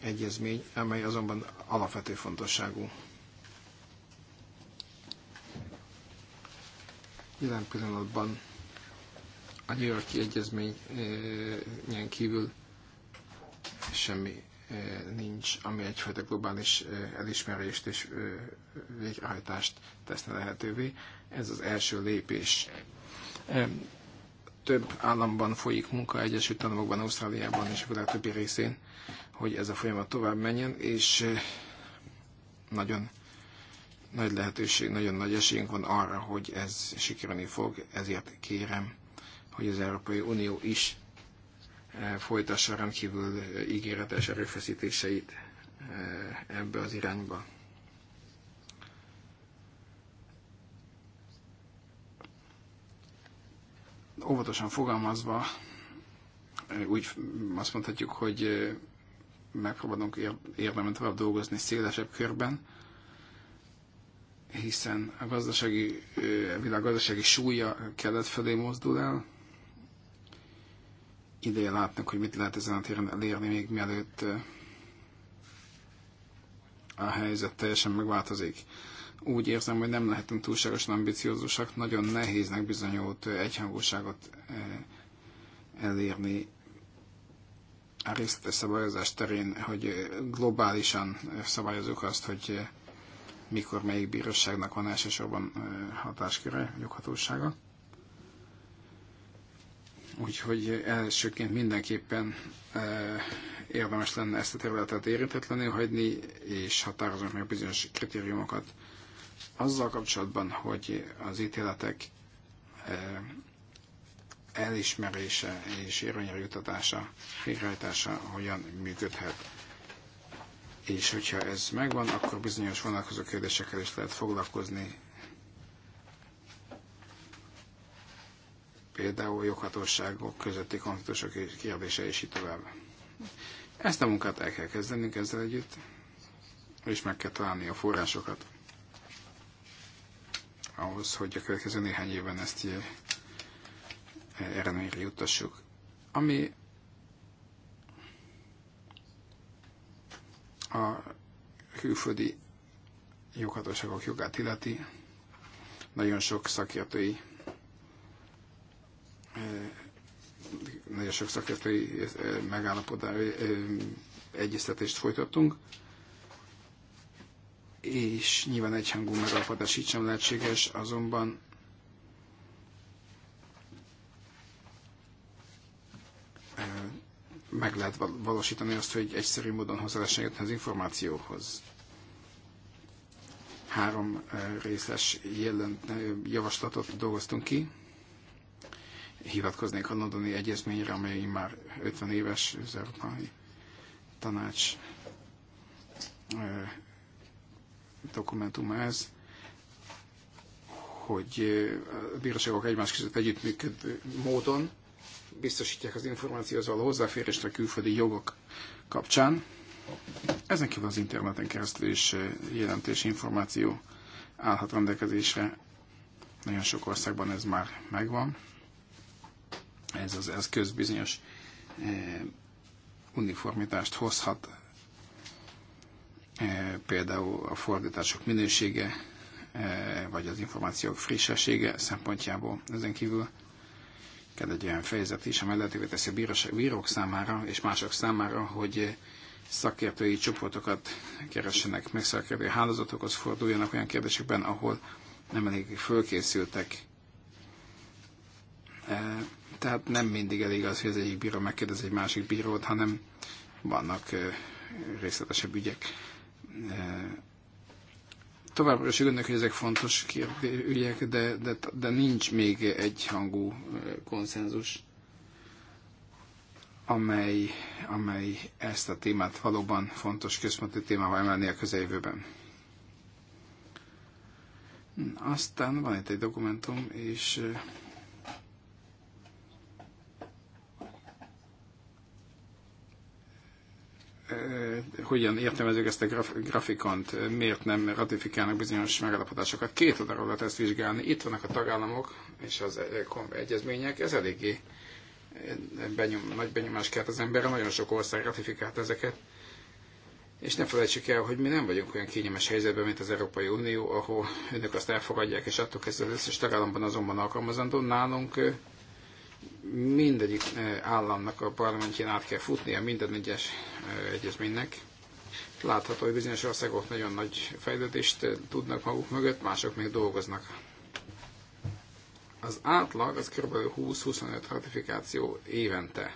egyezmény, amely azonban alapvető fontosságú. Jelen pillanatban a New Yorki egyezményen kívül semmi nincs, ami egyfajta globális elismerést és végrehajtást teszne lehetővé. Ez az első lépés. Több államban folyik munka, Egyesült Államokban, Ausztráliában és a világ többi részén, hogy ez a folyamat tovább menjen, és nagyon nagy lehetőség, nagyon nagy esélyünk van arra, hogy ez sikerülni fog, ezért kérem hogy az Európai Unió is eh, folytassa rendkívül eh, ígéretes erőfeszítéseit eh, ebbe az irányba. Óvatosan fogalmazva, úgy azt mondhatjuk, hogy megpróbálunk érdemben tovább dolgozni szélesebb körben, hiszen a gazdasági, a világ gazdasági súlya kelet felé mozdul el, ideje látnak, hogy mit lehet ezen a téren elérni, még mielőtt a helyzet teljesen megváltozik. Úgy érzem, hogy nem lehetünk túlságosan ambiciózusak, nagyon nehéznek bizonyult egyhangúságot elérni a részletes szabályozás terén, hogy globálisan szabályozunk azt, hogy mikor melyik bíróságnak van elsősorban hatásköre, joghatósága. Úgyhogy elsőként mindenképpen eh, érdemes lenne ezt a területet érintetlenül hagyni, és határozunk meg bizonyos kritériumokat azzal kapcsolatban, hogy az ítéletek eh, elismerése és érvényre jutatása, végrehajtása hogyan működhet. És hogyha ez megvan, akkor bizonyos vonatkozó kérdésekkel is lehet foglalkozni, például joghatóságok közötti konfliktusok kiadása és így tovább. Ezt a munkát el kell kezdenünk ezzel együtt, és meg kell találni a forrásokat ahhoz, hogy a következő néhány évben ezt eredményre juttassuk. Ami a külföldi joghatóságok jogát illeti, nagyon sok szakértői nagyon sok szakértői megállapodás, egyeztetést folytattunk, és nyilván egyhangú megállapodás így sem lehetséges, azonban meg lehet valósítani azt, hogy egyszerű módon hozzá lehessen az információhoz. Három részes jelent, javaslatot dolgoztunk ki hivatkoznék a Londoni Egyezményre, amely már 50 éves az Európai Tanács dokumentuma ez, hogy a bíróságok egymás között együttműködő módon biztosítják az információhoz való hozzáférést a külföldi jogok kapcsán. Ezen kívül az interneten keresztül is jelentés információ állhat rendelkezésre. Nagyon sok országban ez már megvan ez az eszköz bizonyos eh, uniformitást hozhat, eh, például a fordítások minősége, eh, vagy az információk frissessége szempontjából. Ezen kívül kell egy olyan fejezet is, amely lehetővé teszi a bírók számára és mások számára, hogy szakértői csoportokat keressenek, megszakértői hálózatokhoz forduljanak olyan kérdésekben, ahol nem elég fölkészültek tehát nem mindig elég az, hogy az egyik bíró megkérdez egy másik bírót, hanem vannak részletesebb ügyek. Továbbra is gondolok, hogy ezek fontos ügyek, de, de, de nincs még egyhangú konszenzus, amely, amely ezt a témát valóban fontos központi témává emelni a közeljövőben. Aztán van itt egy dokumentum, és Eh, hogyan értelmezik ezt a graf grafikont, miért nem ratifikálnak bizonyos megállapodásokat. Két oldalról lehet ezt vizsgálni. Itt vannak a tagállamok és az eh, egyezmények, ez eléggé eh, benyom, nagy benyomás kelt az emberre, nagyon sok ország ratifikált ezeket. És ne felejtsük el, hogy mi nem vagyunk olyan kényelmes helyzetben, mint az Európai Unió, ahol önök azt elfogadják, és attól kezdve az összes tagállamban azonban alkalmazandó. Nálunk mindegyik eh, államnak a parlamentjén át kell futnia minden egyes eh, egyezménynek. Látható, hogy bizonyos országok nagyon nagy fejlődést eh, tudnak maguk mögött, mások még dolgoznak. Az átlag az kb. 20-25 ratifikáció évente,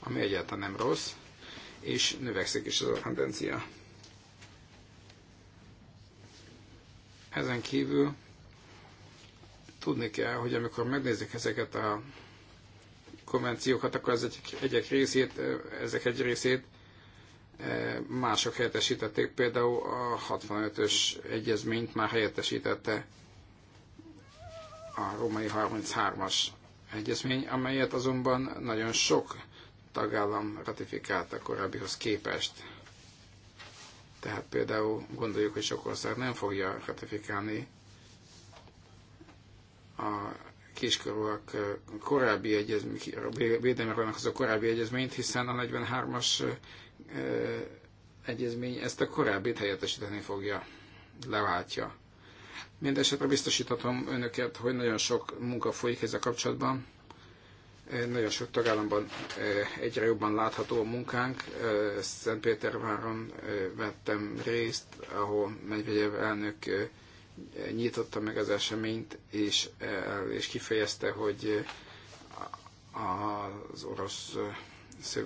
ami egyáltalán nem rossz, és növekszik is az a tendencia. Ezen kívül tudni kell, hogy amikor megnézzük ezeket a konvenciókat, akkor az egy, egyek részét, eh, ezek egy részét eh, mások helyettesítették, például a 65-ös egyezményt már helyettesítette a római 33-as egyezmény, amelyet azonban nagyon sok tagállam ratifikált a korábbihoz képest. Tehát például gondoljuk, hogy sok ország nem fogja ratifikálni a kiskorúak eh, korábbi egyezmény, védelme vannak az a korábbi egyezményt, hiszen a 43-as eh, egyezmény ezt a korábbit helyettesíteni fogja, leváltja. Mindenesetre biztosíthatom önöket, hogy nagyon sok munka folyik ezzel kapcsolatban. Eh, nagyon sok tagállamban egyre jobban látható a munkánk. Szentpéterváron vettem részt, ahol Medvegyev elnök nyitotta meg az eseményt, és, és kifejezte, hogy az Orosz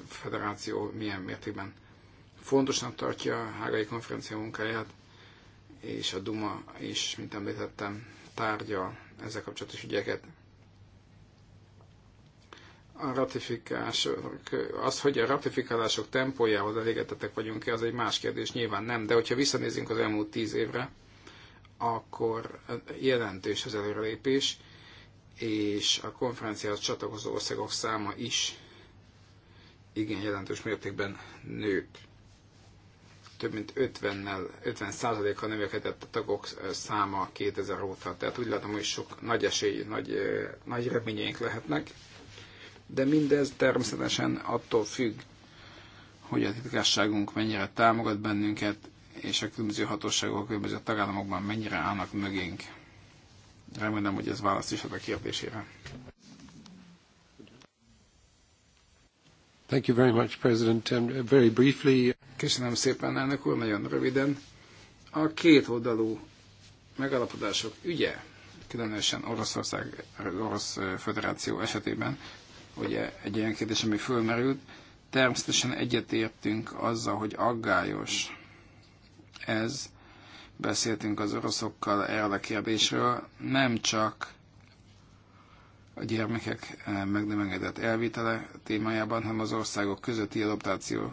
Federáció milyen mértékben fontosnak tartja a Hágai konferencia munkáját, és a Duma is, mint említettem, tárgya ezzel kapcsolatos ügyeket. A ratifikások, az, hogy a ratifikálások tempójához elégedettek vagyunk-e, az egy más kérdés, nyilván nem, de hogyha visszanézünk az elmúlt tíz évre, akkor jelentős az előrelépés, és a konferenciához csatlakozó országok száma is igen jelentős mértékben nőtt. Több mint 50-nel, 50 százalékkal növekedett a tagok száma 2000 óta. Tehát úgy látom, hogy sok nagy esély, nagy, nagy reményeink lehetnek. De mindez természetesen attól függ, hogy a titkásságunk mennyire támogat bennünket, és a különböző hatóságok a különböző tagállamokban mennyire állnak mögénk. Remélem, hogy ez választ is ad a kérdésére. Thank you very much, President. Um, very briefly... Köszönöm szépen, elnök úr, nagyon röviden. A két oldalú megalapodások ügye, különösen Oroszország, Orosz Föderáció esetében, ugye egy ilyen kérdés, ami fölmerült, természetesen egyetértünk azzal, hogy aggályos ez. Beszéltünk az oroszokkal erről a kérdésről. Nem csak a gyermekek eh, meg nem engedett elvitele témájában, hanem az országok közötti adoptáció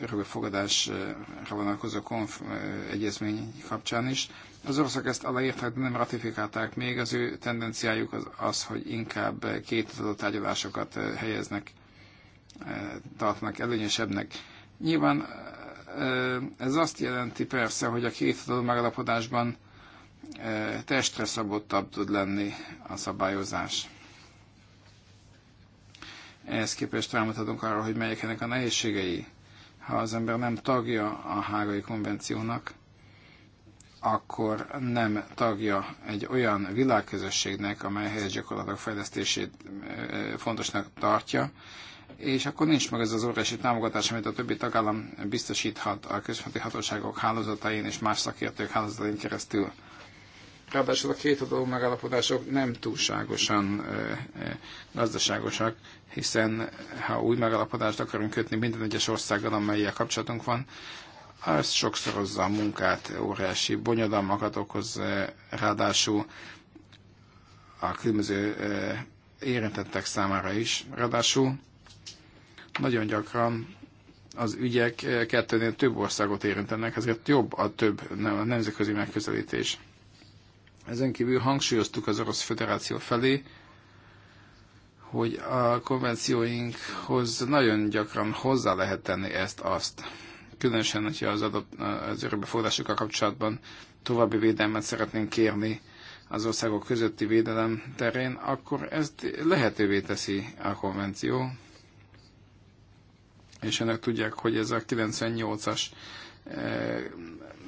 örökbefogadásra vonatkozó konf eh, egyezmény kapcsán is. Az országok ezt aláírták, de nem ratifikálták még. Az ő tendenciájuk az, az hogy inkább két tárgyalásokat eh, helyeznek, tartnak előnyösebbnek. Nyilván ez azt jelenti persze, hogy a két adó megalapodásban testre szabottabb tud lenni a szabályozás. Ehhez képest rámutatunk arra, hogy melyek ennek a nehézségei. Ha az ember nem tagja a hágai konvenciónak, akkor nem tagja egy olyan világközösségnek, amely helyes gyakorlatok fejlesztését fontosnak tartja, és akkor nincs meg ez az óriási támogatás, amit a többi tagállam biztosíthat a központi hatóságok hálózatain és más szakértők hálózatain keresztül. Ráadásul a két adó megállapodások nem túlságosan gazdaságosak, hiszen ha új megállapodást akarunk kötni minden egyes országgal, amelyel kapcsolatunk van, az sokszorozza a munkát, óriási bonyodalmakat okoz, ráadásul a különböző érintettek számára is. Ráadásul nagyon gyakran az ügyek kettőnél több országot érintenek, ezért jobb a több a nemzetközi megközelítés. Ezen kívül hangsúlyoztuk az Orosz Föderáció felé, hogy a konvencióinkhoz nagyon gyakran hozzá lehet tenni ezt-azt. Különösen, hogyha az, adott, az örökbefogadásokkal kapcsolatban további védelmet szeretnénk kérni az országok közötti védelem terén, akkor ezt lehetővé teszi a konvenció, és önök tudják, hogy ez a 98-as eh,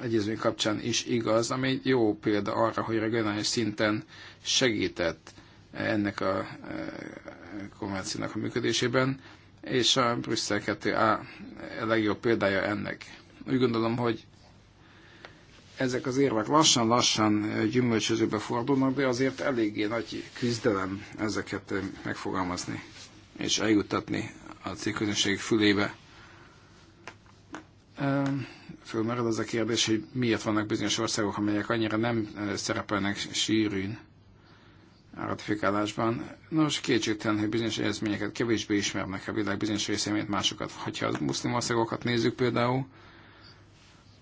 egyezmény kapcsán is igaz, ami egy jó példa arra, hogy regionális szinten segített ennek a eh, konvenciónak a működésében, és a Brüsszel 2A legjobb példája ennek. Úgy gondolom, hogy ezek az érvek lassan-lassan gyümölcsözőbe fordulnak, de azért eléggé nagy küzdelem ezeket megfogalmazni és eljuttatni a cégközönség fülébe. Fölmerül az a kérdés, hogy miért vannak bizonyos országok, amelyek annyira nem szerepelnek sűrűn a ratifikálásban. Nos, kétségtelen, hogy bizonyos egyezményeket kevésbé ismernek a világ bizonyos része, mint másokat. Ha a muszlim országokat nézzük például,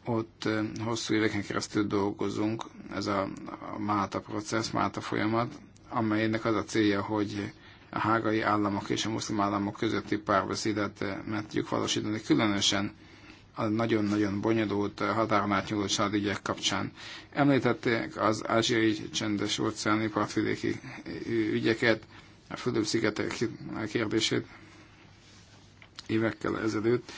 ott hosszú éveken keresztül dolgozunk, ez a, a Máta processz, Máta folyamat, amelynek az a célja, hogy a hágai államok és a muszlim államok közötti párbeszédet eh, meg tudjuk valósítani, különösen a nagyon-nagyon bonyolult eh, határon átnyúló családügyek kapcsán. Említették az ázsiai csendes óceáni partvidéki eh, ügyeket, a Fülöp-szigetek kérdését évekkel ezelőtt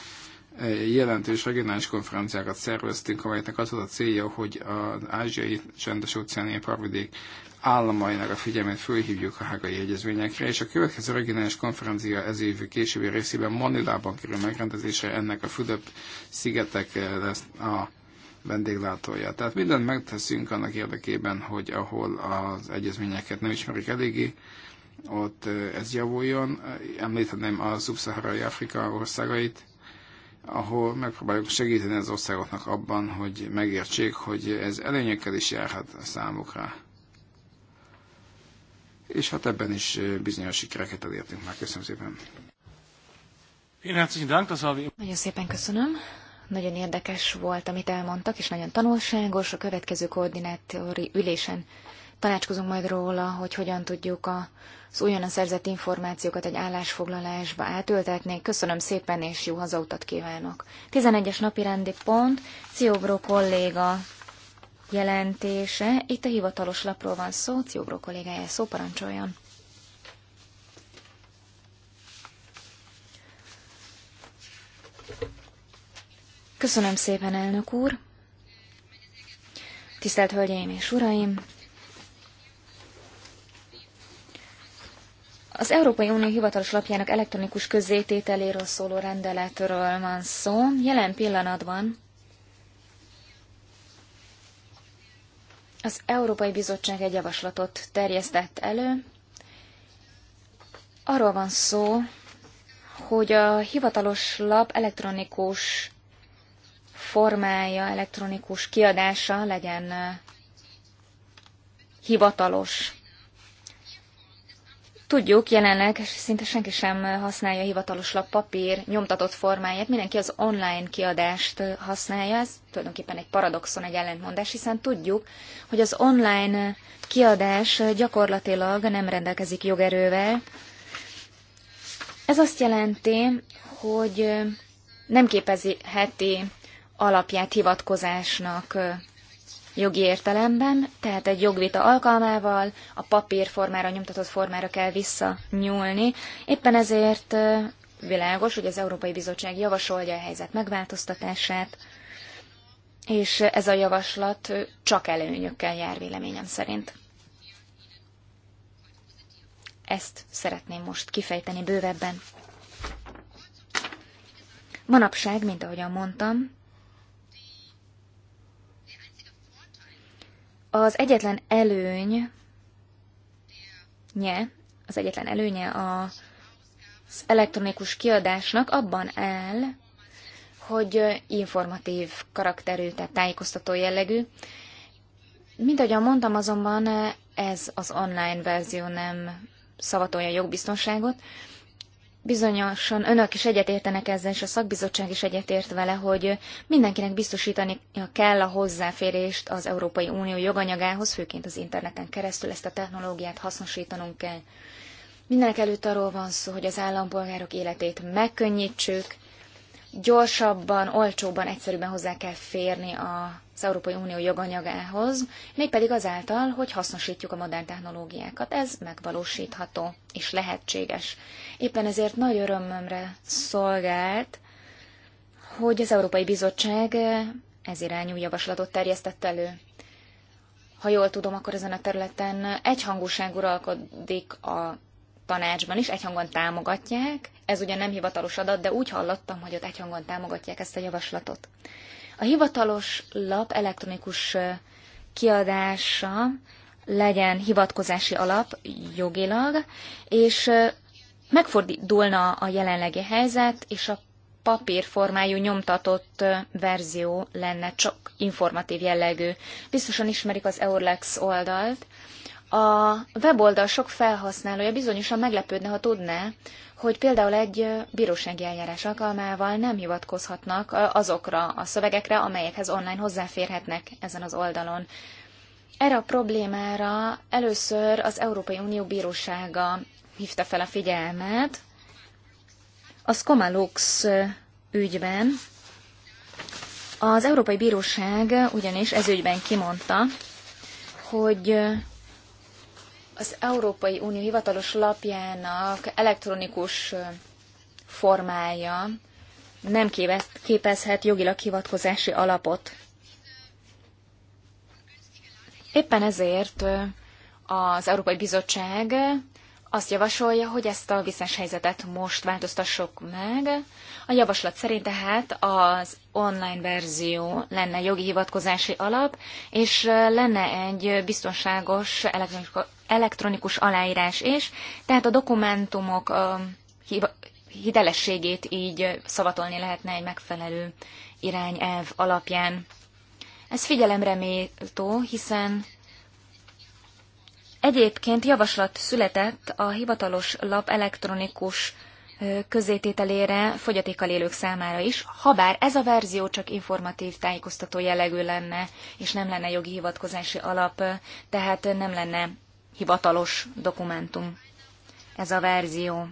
jelentős regionális konferenciákat szerveztünk, amelynek az volt a célja, hogy az ázsiai csendes óceáni parvidék államainak a figyelmét fölhívjuk a hágai egyezményekre, és a következő regionális konferencia ez év későbbi részében Manilában kerül megrendezésre, ennek a Fülöp-szigetek eh, lesz a vendéglátója. Tehát mindent megteszünk annak érdekében, hogy ahol az egyezményeket nem ismerik eléggé, ott eh, ez javuljon. Említeném a szubszaharai Afrika országait, ahol megpróbáljuk segíteni az országoknak abban, hogy megértsék, hogy ez előnyekkel is járhat a számukra. És hát ebben is bizonyos sikereket elértünk már. Köszönöm szépen. Nagyon szépen köszönöm. Nagyon érdekes volt, amit elmondtak, és nagyon tanulságos. A következő koordinátori ülésen Tanácskozunk majd róla, hogy hogyan tudjuk az újonnan szerzett információkat egy állásfoglalásba átültetni. Köszönöm szépen, és jó hazautat kívánok. 11-es napi rendi pont, Ciobro kolléga jelentése. Itt a hivatalos lapról van szó, Ciobro kollégája szó, parancsoljon. Köszönöm szépen, elnök úr! Tisztelt Hölgyeim és Uraim! Az Európai Unió hivatalos lapjának elektronikus közzétételéről szóló rendeletről van szó. Jelen pillanatban az Európai Bizottság egy javaslatot terjesztett elő. Arról van szó, hogy a hivatalos lap elektronikus formája, elektronikus kiadása legyen hivatalos Tudjuk, jelenleg szinte senki sem használja lap papír nyomtatott formáját, mindenki az online kiadást használja, ez tulajdonképpen egy paradoxon, egy ellentmondás, hiszen tudjuk, hogy az online kiadás gyakorlatilag nem rendelkezik jogerővel. Ez azt jelenti, hogy nem képezheti alapját hivatkozásnak jogi értelemben, tehát egy jogvita alkalmával a papírformára, a nyomtatott formára kell visszanyúlni. Éppen ezért világos, hogy az Európai Bizottság javasolja a helyzet megváltoztatását, és ez a javaslat csak előnyökkel jár véleményem szerint. Ezt szeretném most kifejteni bővebben. Manapság, mint ahogyan mondtam, Az egyetlen előny, nye, az egyetlen előnye a az elektronikus kiadásnak abban áll, hogy informatív karakterű, tehát tájékoztató jellegű. Mint ahogyan mondtam, azonban ez az online verzió nem szavatolja jogbiztonságot. Bizonyosan önök is egyetértenek ezzel, és a szakbizottság is egyetért vele, hogy mindenkinek biztosítani kell a hozzáférést az Európai Unió joganyagához, főként az interneten keresztül ezt a technológiát hasznosítanunk kell. Mindenek előtt arról van szó, hogy az állampolgárok életét megkönnyítsük, gyorsabban, olcsóbban, egyszerűbben hozzá kell férni a az Európai Unió joganyagához, mégpedig azáltal, hogy hasznosítjuk a modern technológiákat. Ez megvalósítható és lehetséges. Éppen ezért nagy örömömre szolgált, hogy az Európai Bizottság ez irányú javaslatot terjesztett elő. Ha jól tudom, akkor ezen a területen egyhangúság uralkodik a tanácsban is egyhangon támogatják, ez ugye nem hivatalos adat, de úgy hallottam, hogy ott egyhangon támogatják ezt a javaslatot. A hivatalos lap elektronikus kiadása legyen hivatkozási alap jogilag, és megfordulna a jelenlegi helyzet, és a papírformájú nyomtatott verzió lenne csak informatív jellegű. Biztosan ismerik az Eurlex oldalt, a weboldal sok felhasználója bizonyosan meglepődne, ha tudná, hogy például egy bírósági eljárás alkalmával nem hivatkozhatnak azokra a szövegekre, amelyekhez online hozzáférhetnek ezen az oldalon. Erre a problémára először az Európai Unió Bírósága hívta fel a figyelmet. A Skomalux ügyben az Európai Bíróság ugyanis ez ügyben kimondta, hogy az Európai Unió hivatalos lapjának elektronikus formája nem képezhet jogilag hivatkozási alapot. Éppen ezért az Európai Bizottság azt javasolja, hogy ezt a helyzetet most változtassuk meg. A javaslat szerint tehát az online verzió lenne jogi hivatkozási alap, és lenne egy biztonságos elektronikus aláírás is, tehát a dokumentumok hitelességét így szavatolni lehetne egy megfelelő irányelv alapján. Ez figyelemre méltó, hiszen Egyébként javaslat született a hivatalos lap elektronikus közétételére fogyatékkal élők számára is, habár ez a verzió csak informatív, tájékoztató jellegű lenne, és nem lenne jogi hivatkozási alap, tehát nem lenne hivatalos dokumentum ez a verzió.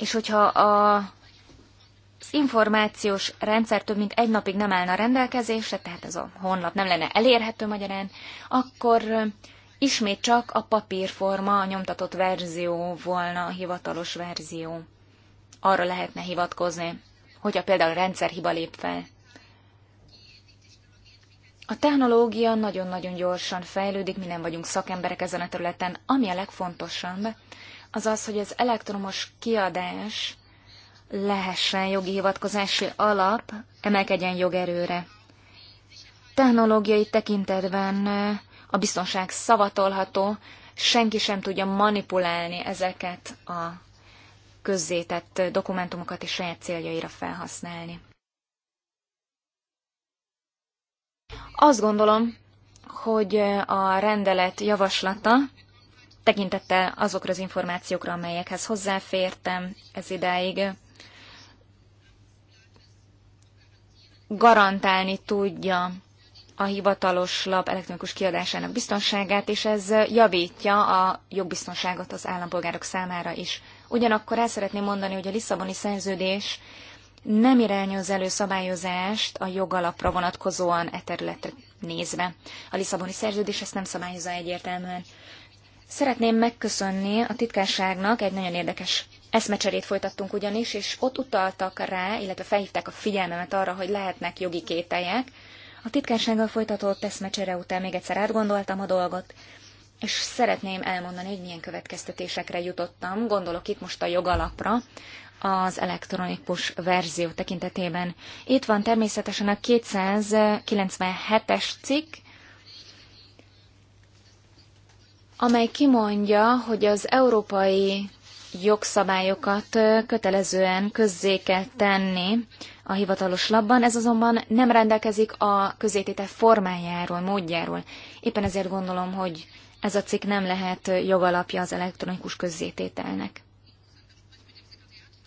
És hogyha a, az információs rendszer több mint egy napig nem állna rendelkezésre, tehát ez a honlap nem lenne elérhető magyarán, akkor ismét csak a papírforma, a nyomtatott verzió volna a hivatalos verzió. Arra lehetne hivatkozni, hogyha például a hiba lép fel. A technológia nagyon-nagyon gyorsan fejlődik, mi nem vagyunk szakemberek ezen a területen. Ami a legfontosabb, az az, hogy az elektromos kiadás lehessen jogi hivatkozási alap, emelkedjen jogerőre. Technológiai tekintetben a biztonság szavatolható, senki sem tudja manipulálni ezeket a közzétett dokumentumokat és saját céljaira felhasználni. Azt gondolom, hogy a rendelet javaslata tekintettel azokra az információkra, amelyekhez hozzáfértem ez idáig, garantálni tudja a hivatalos lap elektronikus kiadásának biztonságát, és ez javítja a jogbiztonságot az állampolgárok számára is. Ugyanakkor el szeretném mondani, hogy a Lisszaboni szerződés nem irányoz elő szabályozást a jogalapra vonatkozóan e területre nézve. A Lisszaboni szerződés ezt nem szabályozza egyértelműen. Szeretném megköszönni a titkárságnak, egy nagyon érdekes eszmecserét folytattunk ugyanis, és ott utaltak rá, illetve felhívták a figyelmemet arra, hogy lehetnek jogi kételjek, a titkársággal folytatott eszmecsere után még egyszer átgondoltam a dolgot, és szeretném elmondani, hogy milyen következtetésekre jutottam. Gondolok itt most a jogalapra, az elektronikus verzió tekintetében. Itt van természetesen a 297-es cikk, amely kimondja, hogy az európai jogszabályokat kötelezően közzé kell tenni a hivatalos labban, ez azonban nem rendelkezik a közététe formájáról, módjáról. Éppen ezért gondolom, hogy ez a cikk nem lehet jogalapja az elektronikus közzétételnek.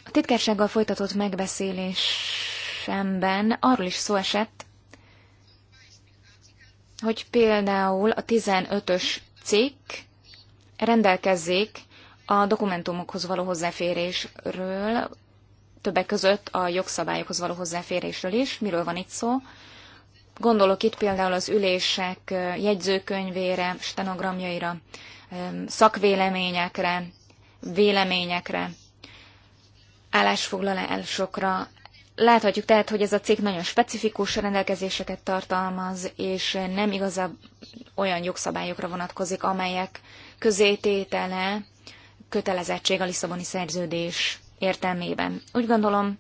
A titkársággal folytatott megbeszélésemben arról is szó esett, hogy például a 15-ös cikk rendelkezzék a dokumentumokhoz való hozzáférésről, többek között a jogszabályokhoz való hozzáférésről is. Miről van itt szó? Gondolok itt például az ülések jegyzőkönyvére, stenogramjaira, szakvéleményekre, véleményekre, állásfoglalásokra. Láthatjuk tehát, hogy ez a cég nagyon specifikus rendelkezéseket tartalmaz, és nem igazából olyan jogszabályokra vonatkozik, amelyek közététele kötelezettség a Lisszaboni szerződés értelmében. Úgy gondolom,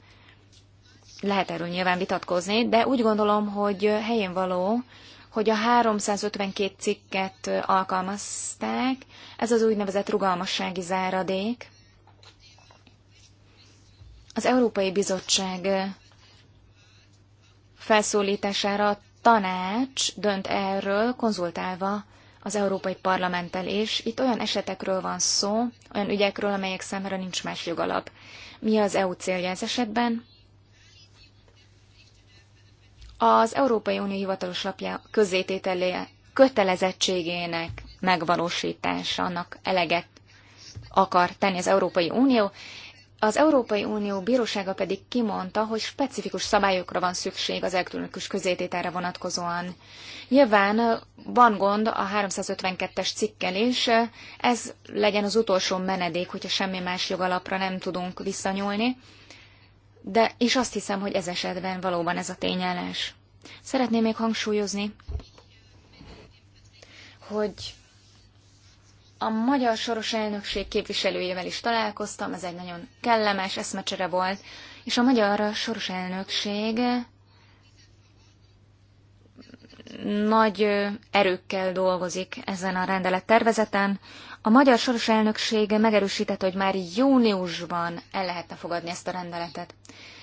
lehet erről nyilván vitatkozni, de úgy gondolom, hogy helyén való, hogy a 352 cikket alkalmazták, ez az úgynevezett rugalmassági záradék. Az Európai Bizottság felszólítására a tanács dönt erről, konzultálva az Európai Parlamenttel és Itt olyan esetekről van szó, olyan ügyekről, amelyek számára nincs más jogalap. Mi az EU célja ez esetben? Az Európai Unió hivatalos lapja közzétételé kötelezettségének megvalósítása, annak eleget akar tenni az Európai Unió, az Európai Unió bírósága pedig kimondta, hogy specifikus szabályokra van szükség az elektronikus közétételre vonatkozóan. Nyilván van gond a 352-es cikkel is, ez legyen az utolsó menedék, hogyha semmi más jogalapra nem tudunk visszanyúlni, de és azt hiszem, hogy ez esetben valóban ez a tényállás. Szeretném még hangsúlyozni, hogy a magyar soros elnökség képviselőjével is találkoztam, ez egy nagyon kellemes eszmecsere volt, és a magyar soros elnökség nagy erőkkel dolgozik ezen a rendelettervezeten. A magyar soros elnökség megerősítette, hogy már júniusban el lehetne fogadni ezt a rendeletet.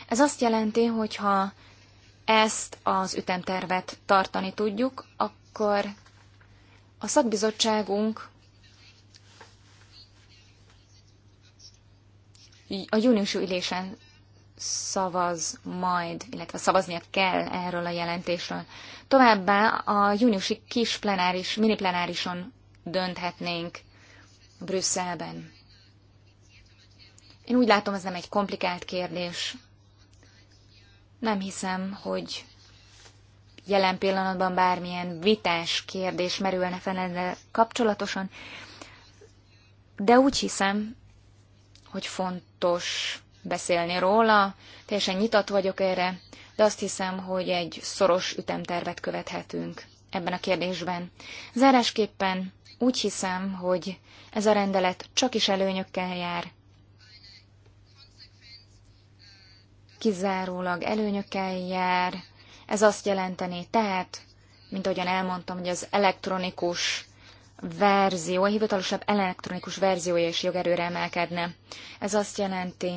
Ez azt jelenti, hogy ha ezt az ütemtervet tartani tudjuk, akkor a szakbizottságunk a júniusi ülésen szavaz majd, illetve szavaznia kell erről a jelentésről. Továbbá a júniusi kis plenáris, mini plenárison dönthetnénk Brüsszelben. Én úgy látom, ez nem egy komplikált kérdés. Nem hiszem, hogy jelen pillanatban bármilyen vitás kérdés merülne fel ezzel kapcsolatosan, de úgy hiszem, hogy fontos beszélni róla, teljesen nyitott vagyok erre, de azt hiszem, hogy egy szoros ütemtervet követhetünk ebben a kérdésben. Zárásképpen úgy hiszem, hogy ez a rendelet csak is előnyökkel jár. Kizárólag előnyökkel jár. Ez azt jelenteni, tehát, mint ahogyan elmondtam, hogy az elektronikus verzió, a hivatalosabb elektronikus verziója is jogerőre emelkedne. Ez azt jelenti,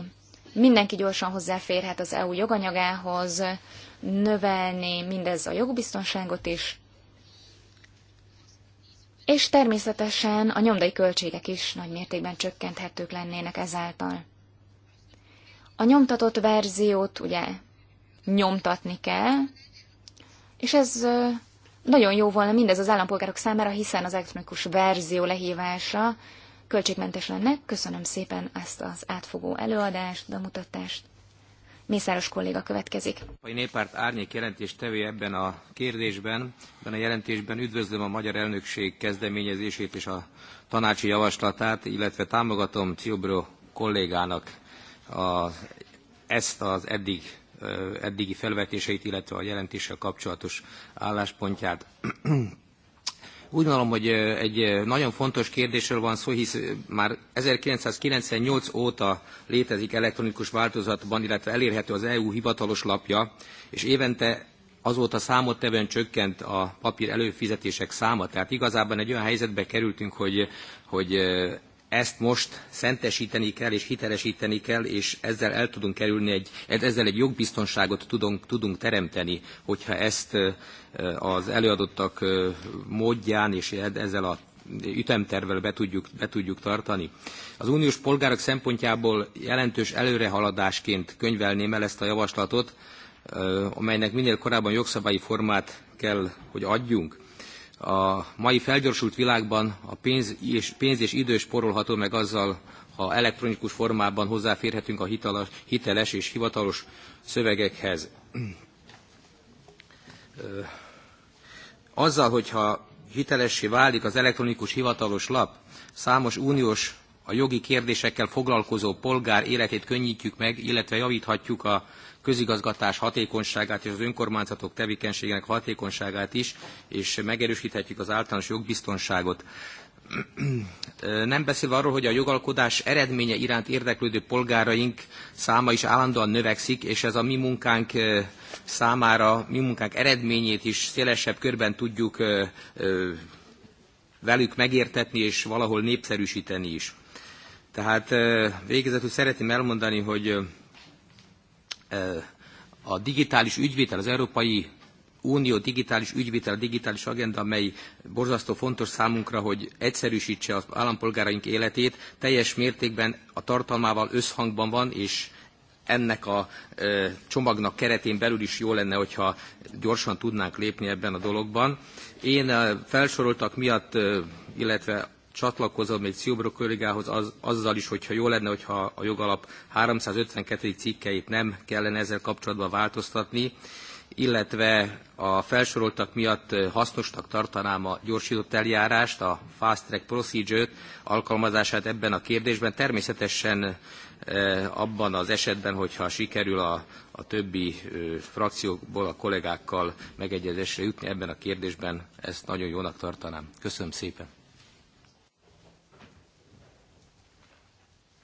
mindenki gyorsan hozzáférhet az EU joganyagához, növelni mindez a jogbiztonságot is, és természetesen a nyomdai költségek is nagy mértékben csökkenthetők lennének ezáltal. A nyomtatott verziót ugye nyomtatni kell, és ez nagyon jó volna mindez az állampolgárok számára, hiszen az elektronikus verzió lehívása költségmentes lenne. Köszönöm szépen ezt az átfogó előadást, bemutatást. Mészáros kolléga következik. A néppárt árnyék jelentés tevő ebben a kérdésben, ebben a jelentésben üdvözlöm a magyar elnökség kezdeményezését és a tanácsi javaslatát, illetve támogatom Ciobro kollégának a, ezt az eddig eddigi felvetéseit, illetve a jelentéssel kapcsolatos álláspontját. Úgy gondolom, hogy egy nagyon fontos kérdésről van szó, hisz már 1998 óta létezik elektronikus változatban, illetve elérhető az EU hivatalos lapja, és évente azóta számottevően csökkent a papír előfizetések száma. Tehát igazából egy olyan helyzetbe kerültünk, hogy, hogy ezt most szentesíteni kell és hitelesíteni kell, és ezzel el tudunk kerülni egy, ezzel egy jogbiztonságot tudunk, tudunk teremteni, hogyha ezt az előadottak módján és ezzel a ütemtervvel be tudjuk, be tudjuk tartani. Az uniós polgárok szempontjából jelentős előrehaladásként könyvelném el ezt a javaslatot, amelynek minél korábban jogszabályi formát kell, hogy adjunk. A mai felgyorsult világban a pénz és, pénz és idő sporolható meg azzal, ha elektronikus formában hozzáférhetünk a hiteles és hivatalos szövegekhez. Azzal, hogyha hitelessé válik az elektronikus hivatalos lap, számos uniós a jogi kérdésekkel foglalkozó polgár életét könnyítjük meg, illetve javíthatjuk a közigazgatás hatékonyságát és az önkormányzatok tevékenységének hatékonyságát is, és megerősíthetjük az általános jogbiztonságot. <clears throat> Nem beszélve arról, hogy a jogalkodás eredménye iránt érdeklődő polgáraink száma is állandóan növekszik, és ez a mi munkánk eh, számára, mi munkánk eredményét is szélesebb körben tudjuk eh, eh, velük megértetni és valahol népszerűsíteni is. Tehát végezetül szeretném elmondani, hogy a digitális ügyvétel, az Európai Unió digitális ügyvétel, a digitális agenda, amely borzasztó fontos számunkra, hogy egyszerűsítse az állampolgáraink életét, teljes mértékben a tartalmával összhangban van, és ennek a csomagnak keretén belül is jó lenne, hogyha gyorsan tudnánk lépni ebben a dologban. Én felsoroltak miatt, illetve csatlakozom egy Ciobro kollégához az, azzal is, hogyha jó lenne, hogyha a jogalap 352. cikkeit nem kellene ezzel kapcsolatban változtatni, illetve a felsoroltak miatt hasznosnak tartanám a gyorsított eljárást, a Fast Track Procedure-t, alkalmazását ebben a kérdésben. Természetesen abban az esetben, hogyha sikerül a, a többi frakciókból a kollégákkal megegyezésre jutni ebben a kérdésben, ezt nagyon jónak tartanám. Köszönöm szépen.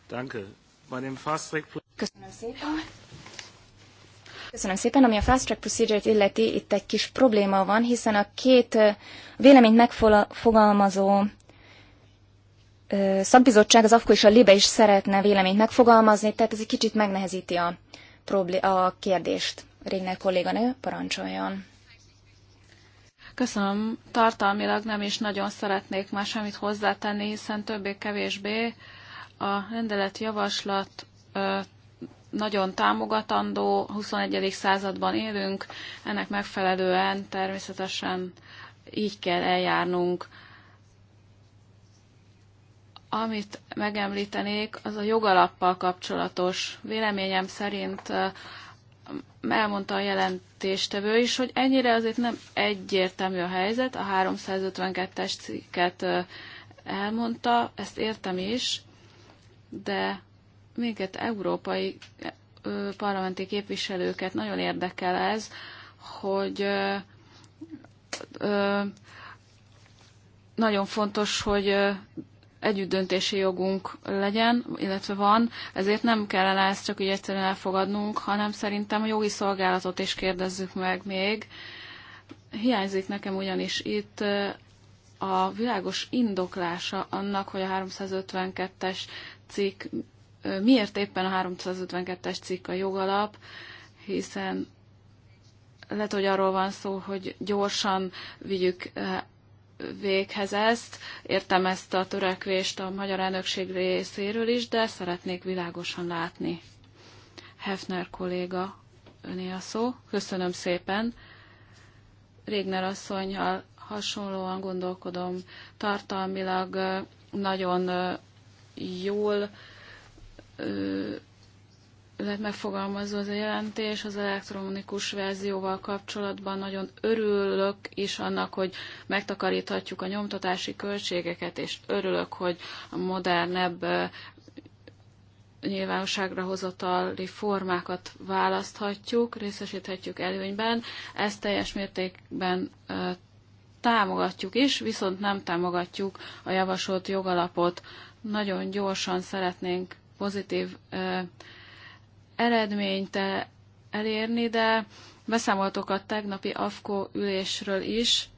Köszönöm szépen. Köszönöm szépen. Ami a Fast Track Procedure-t illeti, itt egy kis probléma van, hiszen a két véleményt megfogalmazó szakbizottság, az AFKO és a LIBE is szeretne véleményt megfogalmazni, tehát ez egy kicsit megnehezíti a, a kérdést. Régner kolléganő, parancsoljon. Köszönöm. Tartalmilag nem is nagyon szeretnék már semmit hozzátenni, hiszen többé-kevésbé a rendelet javaslat nagyon támogatandó, 21. században élünk, ennek megfelelően természetesen így kell eljárnunk. Amit megemlítenék, az a jogalappal kapcsolatos. Véleményem szerint elmondta a jelentéstevő is, hogy ennyire azért nem egyértelmű a helyzet, a 352-es cikket elmondta, ezt értem is, de minket európai parlamenti képviselőket nagyon érdekel ez, hogy nagyon fontos, hogy együttdöntési jogunk legyen, illetve van, ezért nem kellene ezt csak így egyszerűen elfogadnunk, hanem szerintem a jogi szolgálatot is kérdezzük meg még. Hiányzik nekem ugyanis itt a világos indoklása annak, hogy a 352-es cikk, miért éppen a 352-es cikk a jogalap, hiszen lehet, hogy arról van szó, hogy gyorsan vigyük véghez ezt. Értem ezt a törekvést a magyar elnökség részéről is, de szeretnék világosan látni. Hefner kolléga, öné a szó. Köszönöm szépen. Régner asszonyjal hasonlóan gondolkodom tartalmilag nagyon jól lett megfogalmazva az a jelentés az elektronikus verzióval kapcsolatban. Nagyon örülök is annak, hogy megtakaríthatjuk a nyomtatási költségeket, és örülök, hogy a modernebb nyilvánosságra hozatali formákat választhatjuk, részesíthetjük előnyben. Ezt teljes mértékben támogatjuk is, viszont nem támogatjuk a javasolt jogalapot. Nagyon gyorsan szeretnénk pozitív eredményt e, elérni, de beszámoltok a tegnapi AFKO ülésről is.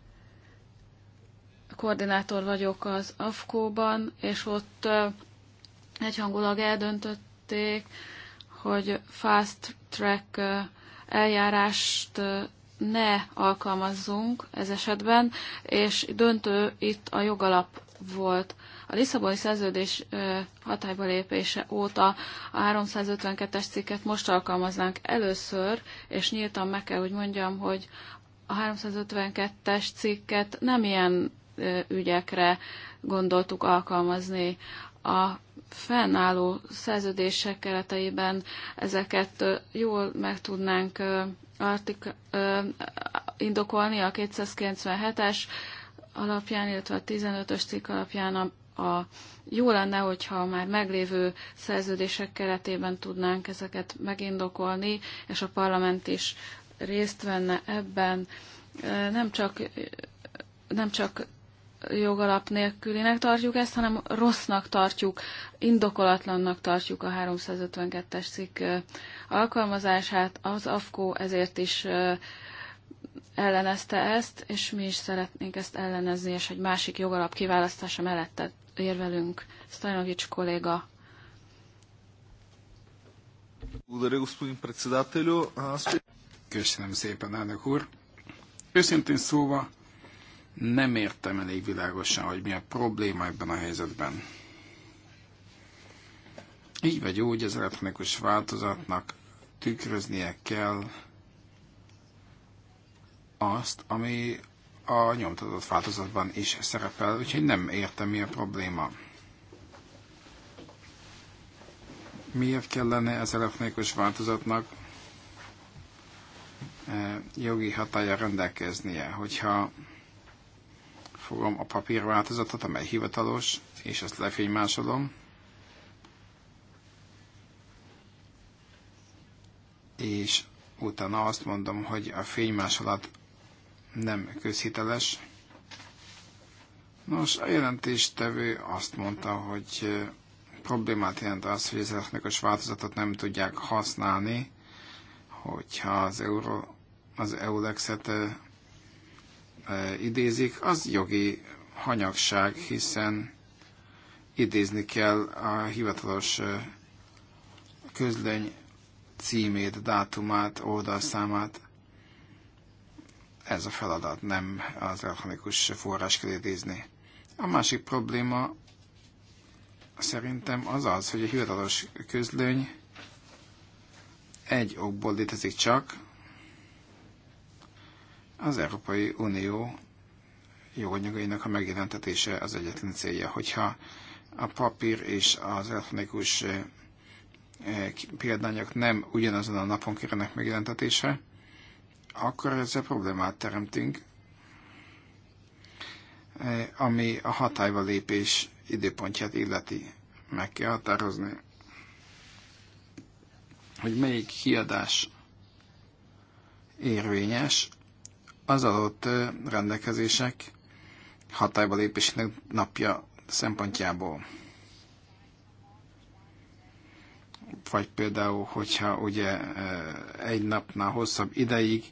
Koordinátor vagyok az AFKO-ban, és ott egyhangulag eldöntötték, hogy fast track eljárást ne alkalmazzunk ez esetben, és döntő itt a jogalap volt. A Lisszaboni szerződés hatályba lépése óta a 352-es cikket most alkalmaznánk először, és nyíltan meg kell, hogy mondjam, hogy a 352-es cikket nem ilyen ügyekre gondoltuk alkalmazni. A fennálló szerződések kereteiben ezeket jól meg tudnánk artik, indokolni a 297-es alapján, illetve a 15-ös cikk alapján a, a, jó lenne, hogyha már meglévő szerződések keretében tudnánk ezeket megindokolni, és a parlament is részt venne ebben. Nem csak, nem csak jogalap nélkülinek tartjuk ezt, hanem rossznak tartjuk, indokolatlannak tartjuk a 352-es cikk alkalmazását. Az AFKO ezért is ellenezte ezt, és mi is szeretnénk ezt ellenezni, és egy másik jogalap kiválasztása mellett érvelünk. Stajnovics kolléga. Köszönöm szépen, elnök úr. Őszintén szóval nem értem elég világosan, hogy mi a probléma ebben a helyzetben. Így vagy úgy, az elektronikus változatnak tükröznie kell azt, ami a nyomtatott változatban is szerepel, úgyhogy nem értem, mi a probléma. Miért kellene az elektronikus változatnak eh, jogi hatája rendelkeznie, hogyha fogom a papírváltozatot, amely hivatalos, és azt lefénymásolom, és utána azt mondom, hogy a fénymásolat nem közhiteles. Nos, a jelentéstevő azt mondta, hogy problémát jelent az, hogy az elektronikus változatot nem tudják használni, hogyha az, Euro, az EULEX-et e, idézik, az jogi hanyagság, hiszen idézni kell a hivatalos közlöny címét, dátumát, oldalszámát ez a feladat, nem az elektronikus forrás kell idézni. A másik probléma szerintem az az, hogy a hivatalos közlöny egy okból létezik csak, az Európai Unió joganyagainak a megjelentetése az egyetlen célja. Hogyha a papír és az elektronikus eh, példányok nem ugyanazon a napon kerülnek megjelentetése akkor ezzel problémát teremtünk, eh, ami a hatályba lépés időpontját illeti. Meg kell határozni, hogy melyik kiadás érvényes, az adott eh, rendelkezések hatályba lépésének napja szempontjából. Vagy például, hogyha ugye eh, egy napnál hosszabb ideig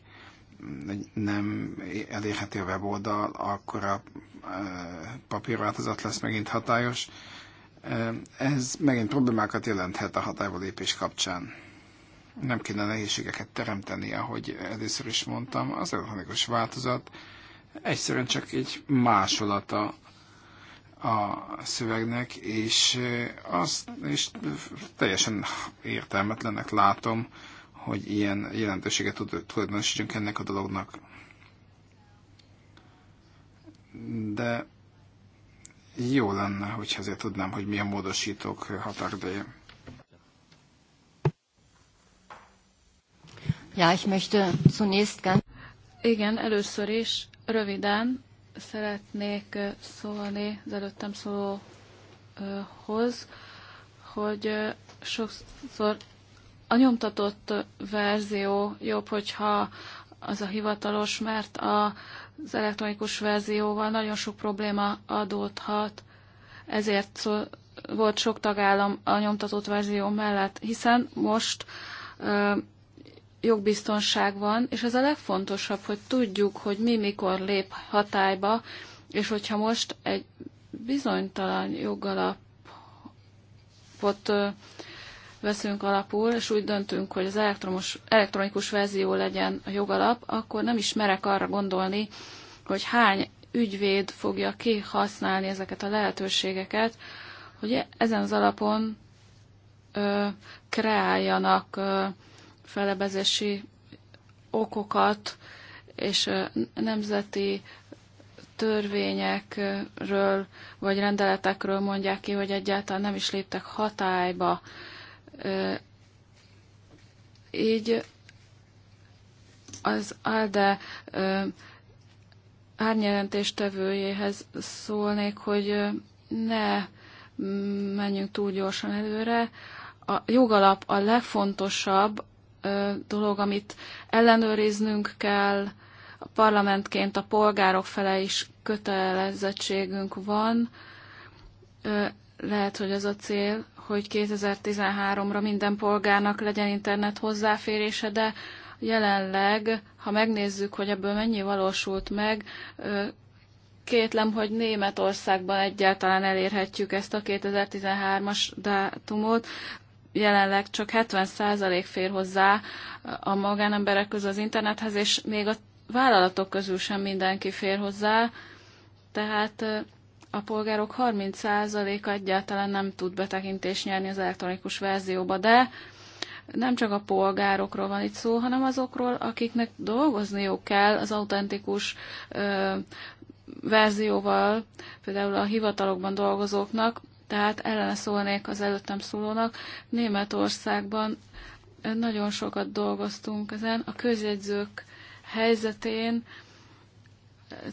nem elérheti a weboldal, akkor a papírváltozat lesz megint hatályos. Ez megint problémákat jelenthet a hatályba lépés kapcsán. Nem kéne nehézségeket teremteni, ahogy először is mondtam. Az elektronikus változat egyszerűen csak egy másolata a szövegnek, és azt és teljesen értelmetlennek látom, hogy ilyen jelentőséget tulajdonosítsunk ennek a dolognak. De jó lenne, hogyha azért tudnám, hogy milyen módosítók határideje. Ja, ich möchte zunächst ganz... Igen, először is röviden szeretnék szólni az előttem szólóhoz, hogy sokszor a nyomtatott verzió jobb, hogyha az a hivatalos, mert az elektronikus verzióval nagyon sok probléma adódhat, ezért volt sok tagállam a nyomtatott verzió mellett, hiszen most ö, jogbiztonság van, és ez a legfontosabb, hogy tudjuk, hogy mi mikor lép hatályba, és hogyha most egy bizonytalan jogalapot ö, veszünk alapul, és úgy döntünk, hogy az elektromos, elektronikus verzió legyen a jogalap, akkor nem is merek arra gondolni, hogy hány ügyvéd fogja kihasználni ezeket a lehetőségeket, hogy ezen az alapon ö, kreáljanak ö, felebezési okokat, és ö, nemzeti törvényekről vagy rendeletekről mondják ki, hogy egyáltalán nem is léptek hatályba. Ö, így az ALDE árnyelentéstevőjéhez szólnék, hogy ne mm, menjünk túl gyorsan előre. A jogalap a legfontosabb dolog, amit ellenőriznünk kell, a parlamentként a polgárok fele is kötelezettségünk van. Lehet, hogy ez a cél, hogy 2013-ra minden polgárnak legyen internet hozzáférése, de jelenleg, ha megnézzük, hogy ebből mennyi valósult meg, kétlem, hogy Németországban egyáltalán elérhetjük ezt a 2013-as dátumot. Jelenleg csak 70% fér hozzá a magánemberek közül az internethez, és még a vállalatok közül sem mindenki fér hozzá. Tehát a polgárok 30%-a egyáltalán nem tud betekintést nyerni az elektronikus verzióba, de nem csak a polgárokról van itt szó, hanem azokról, akiknek dolgozniuk kell az autentikus ö, verzióval, például a hivatalokban dolgozóknak, tehát ellene szólnék az előttem szólónak. Németországban nagyon sokat dolgoztunk ezen, a közjegyzők helyzetén,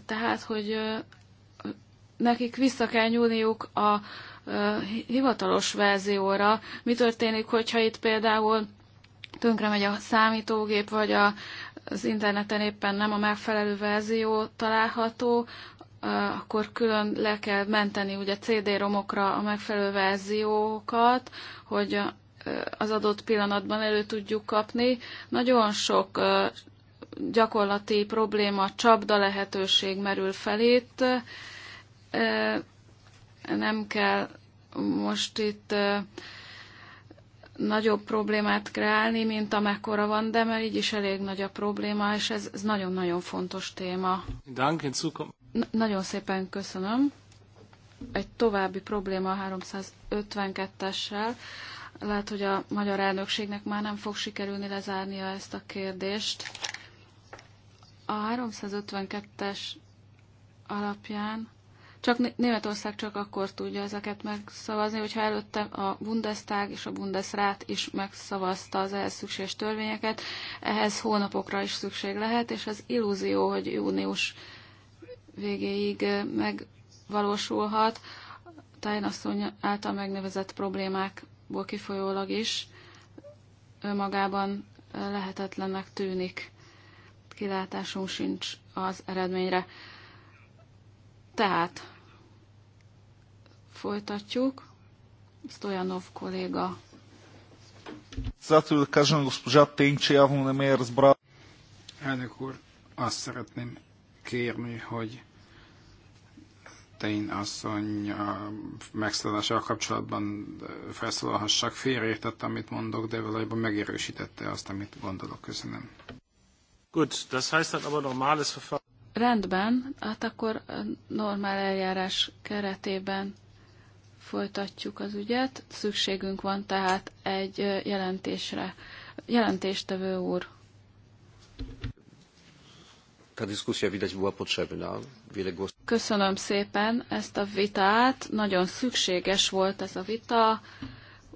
tehát, hogy nekik vissza kell nyúlniuk a hivatalos verzióra. Mi történik, hogyha itt például tönkre megy a számítógép, vagy a, az interneten éppen nem a megfelelő verzió található, akkor külön le kell menteni ugye CD-romokra a megfelelő verziókat, hogy az adott pillanatban elő tudjuk kapni. Nagyon sok gyakorlati probléma, csapda lehetőség merül fel itt, nem kell most itt nagyobb problémát kreálni, mint amekkora van, de mert így is elég nagy a probléma, és ez, ez nagyon-nagyon fontos téma. Dank, Na, nagyon szépen köszönöm. Egy további probléma a 352-essel. Lehet, hogy a magyar elnökségnek már nem fog sikerülni lezárnia ezt a kérdést. A 352-es alapján csak Németország csak akkor tudja ezeket megszavazni, hogyha előtte a Bundestag és a Bundesrat is megszavazta az ehhez szükséges törvényeket. Ehhez hónapokra is szükség lehet, és az illúzió, hogy június végéig megvalósulhat, Tájn asszony által megnevezett problémákból kifolyólag is önmagában lehetetlennek tűnik. Kilátásunk sincs az eredményre. Tehát Folytatjuk. Stojanov kolléga. Elnök úr, azt szeretném kérni, hogy Tein asszony a megszólalással kapcsolatban felszólalhassak. Félreértett, amit mondok, de valójában megerősítette azt, amit gondolok. Köszönöm. Gut, das heißt dann aber normales Verfahren. Rendben, hát akkor normál eljárás keretében folytatjuk az ügyet. Szükségünk van tehát egy jelentésre. Jelentéstevő úr. Köszönöm szépen ezt a vitát. Nagyon szükséges volt ez a vita.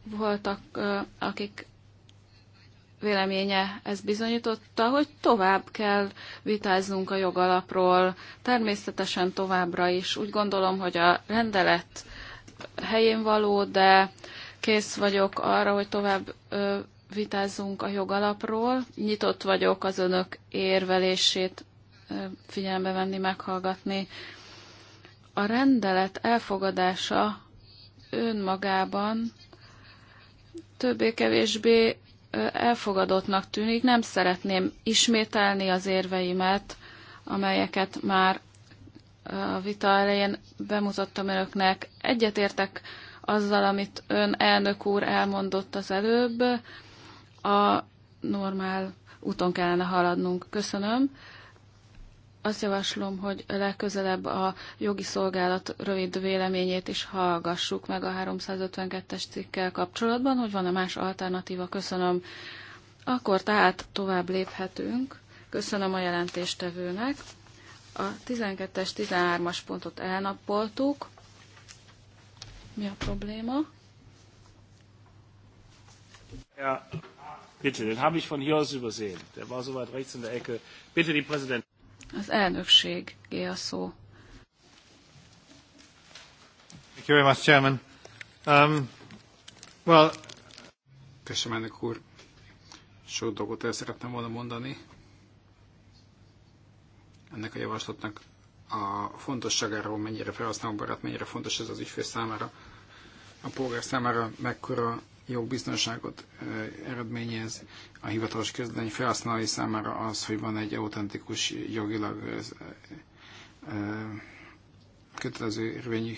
Voltak, akik véleménye ez bizonyította, hogy tovább kell vitáznunk a jogalapról, természetesen továbbra is. Úgy gondolom, hogy a rendelet helyén való, de kész vagyok arra, hogy tovább vitázzunk a jogalapról. Nyitott vagyok az önök érvelését figyelembe venni, meghallgatni. A rendelet elfogadása önmagában többé-kevésbé elfogadottnak tűnik. Nem szeretném ismételni az érveimet, amelyeket már a vita elején bemutattam önöknek. Egyetértek azzal, amit ön elnök úr elmondott az előbb. A normál úton kellene haladnunk. Köszönöm. Azt javaslom, hogy legközelebb a jogi szolgálat rövid véleményét is hallgassuk meg a 352-es cikkel kapcsolatban, hogy van-e más alternatíva. Köszönöm. Akkor tehát tovább léphetünk. Köszönöm a jelentéstevőnek. A 12-es, 13-as pontot elnappoltuk. Mi a probléma? Ja, bitte, den habe ich von hier aus übersehen. Der war so weit rechts in der Ecke. Bitte, die Präsident. Az elnökség, a szó. Thank you very much, Chairman. Um, well... Köszönöm, elnök úr. Sok dolgot el szerettem volna mondani ennek a javaslatnak a fontosságáról, mennyire felhasználó barát, mennyire fontos ez az ügyfél számára, a polgár számára mekkora jogbiztonságot eredményez a hivatalos közlemény felhasználói számára az, hogy van egy autentikus, jogilag kötelező érvényű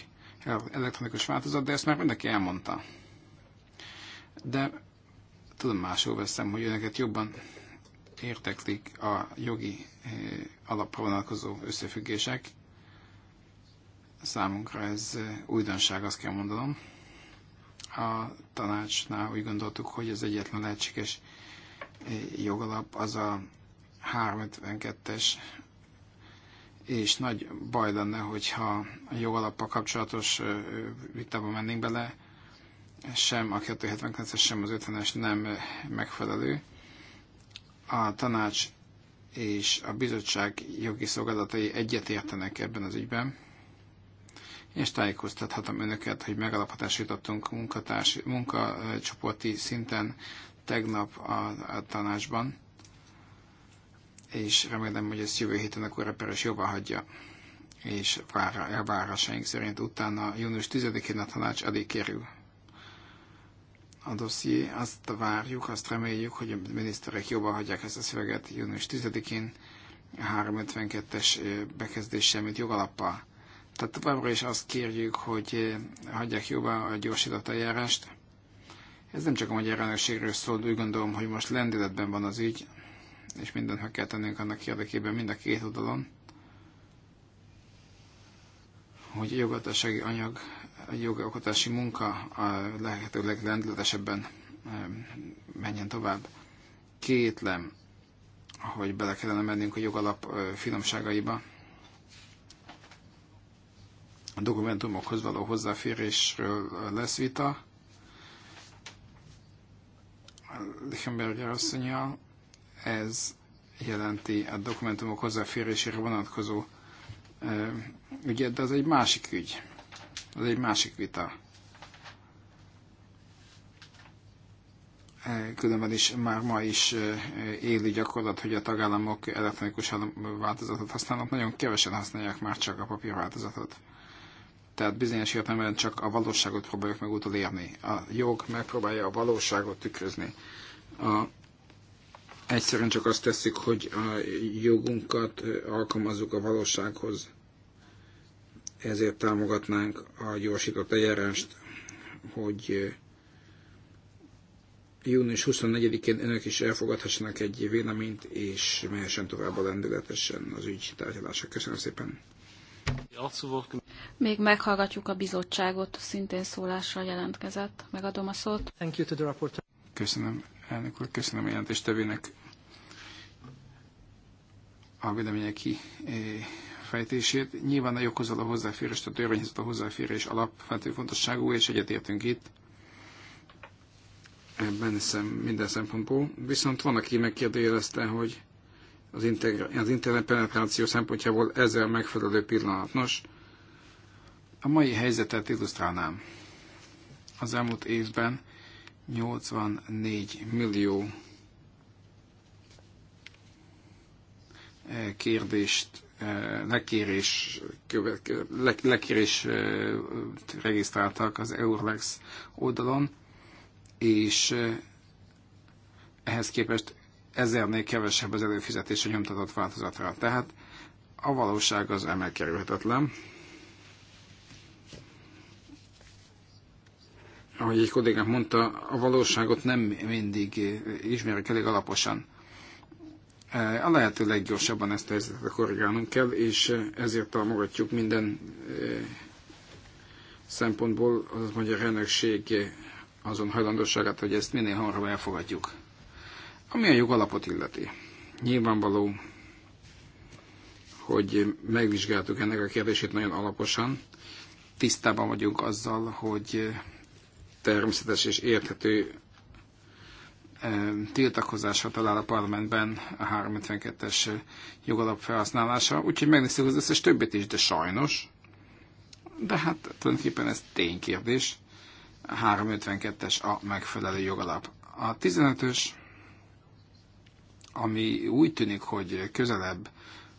elektronikus változat, de ezt már mindenki elmondta. De tudom máshol veszem, hogy önöket jobban érteklik a jogi eh, alapra vonalkozó összefüggések. Számunkra ez eh, újdonság, azt kell mondanom. A tanácsnál úgy gondoltuk, hogy az egyetlen lehetséges eh, jogalap az a 352-es, és nagy baj lenne, hogyha a jogalappal kapcsolatos vitába mennénk bele, sem a 279-es, sem az 50-es nem megfelelő a tanács és a bizottság jogi szolgálatai egyetértenek ebben az ügyben, és tájékoztathatom önöket, hogy megalaphatás jutottunk munkacsoporti szinten tegnap a, a tanácsban, és remélem, hogy ezt jövő héten a koreperes jobban hagyja és elvárásaink szerint utána június 10-én a tanács elé kerül a dosszié, azt várjuk, azt reméljük, hogy a miniszterek jobban hagyják ezt a szöveget június 10-én 352-es bekezdéssel, mint jogalappal. Tehát továbbra is azt kérjük, hogy hagyják jobban a gyorsított eljárást. Ez nem csak a magyar elnökségről szól, úgy gondolom, hogy most lendületben van az ügy, és mindent meg kell tennünk annak érdekében mind a két oldalon, hogy a jogatossági anyag a jogalkotási munka a lehető legrendletesebben menjen tovább. Kétlem, hogy bele kellene mennünk a jogalap finomságaiba. A dokumentumokhoz való hozzáférésről lesz vita. Lichtenberger asszonyjal, ez jelenti a dokumentumok hozzáférésére vonatkozó ügyet, de az egy másik ügy. Ez egy másik vita. E, különben is már ma is e, éli gyakorlat, hogy a tagállamok elektronikus változatot használnak, nagyon kevesen használják már csak a papír változatot. Tehát bizonyos értelemben csak a valóságot próbáljuk meg utolérni. A jog megpróbálja a valóságot tükrözni. A, egyszerűen csak azt teszik, hogy a jogunkat alkalmazzuk a valósághoz ezért támogatnánk a gyorsított eljárást, hogy június 24-én önök is elfogadhassanak egy véleményt, és mehessen tovább a lendületesen az ügy tárgyalása. Köszönöm szépen! Még meghallgatjuk a bizottságot, szintén szólásra jelentkezett. Megadom a szót. Thank you to the reporter. Köszönöm, elnök úr, köszönöm a jelentéstevének a vélemények ki eh, megfejtését. Nyilván a joghoz való hozzáférés, a törvényhez a hozzáférés alapvető fontosságú, és egyetértünk itt ebben szem, minden szempontból. Viszont van, aki megkérdőjelezte, hogy az, integra- az internet penetráció szempontjából ezzel megfelelő pillanat. Nos, a mai helyzetet illusztrálnám. Az elmúlt évben 84 millió kérdést lekérés, lekérés regisztráltak az Eurlex oldalon, és ehhez képest ezernél kevesebb az előfizetés a nyomtatott változatra. Tehát a valóság az emelkerülhetetlen. Ahogy egy kollégám mondta, a valóságot nem mindig ismerik elég alaposan. Eh, a lehető leggyorsabban ezt a helyzetet korrigálnunk kell, és eh, ezért támogatjuk minden eh, szempontból az magyar elnökség azon hajlandóságát, hogy ezt minél hamarabb elfogadjuk. Ami a jogalapot illeti. Nyilvánvaló, hogy megvizsgáltuk ennek a kérdését nagyon alaposan. Tisztában vagyunk azzal, hogy természetes és érthető tiltakozásra talál a parlamentben a 352-es jogalap felhasználása, úgyhogy megnézzük az összes többit is, de sajnos. De hát tulajdonképpen ez ténykérdés. A 352-es a megfelelő jogalap. A 15-ös, ami úgy tűnik, hogy közelebb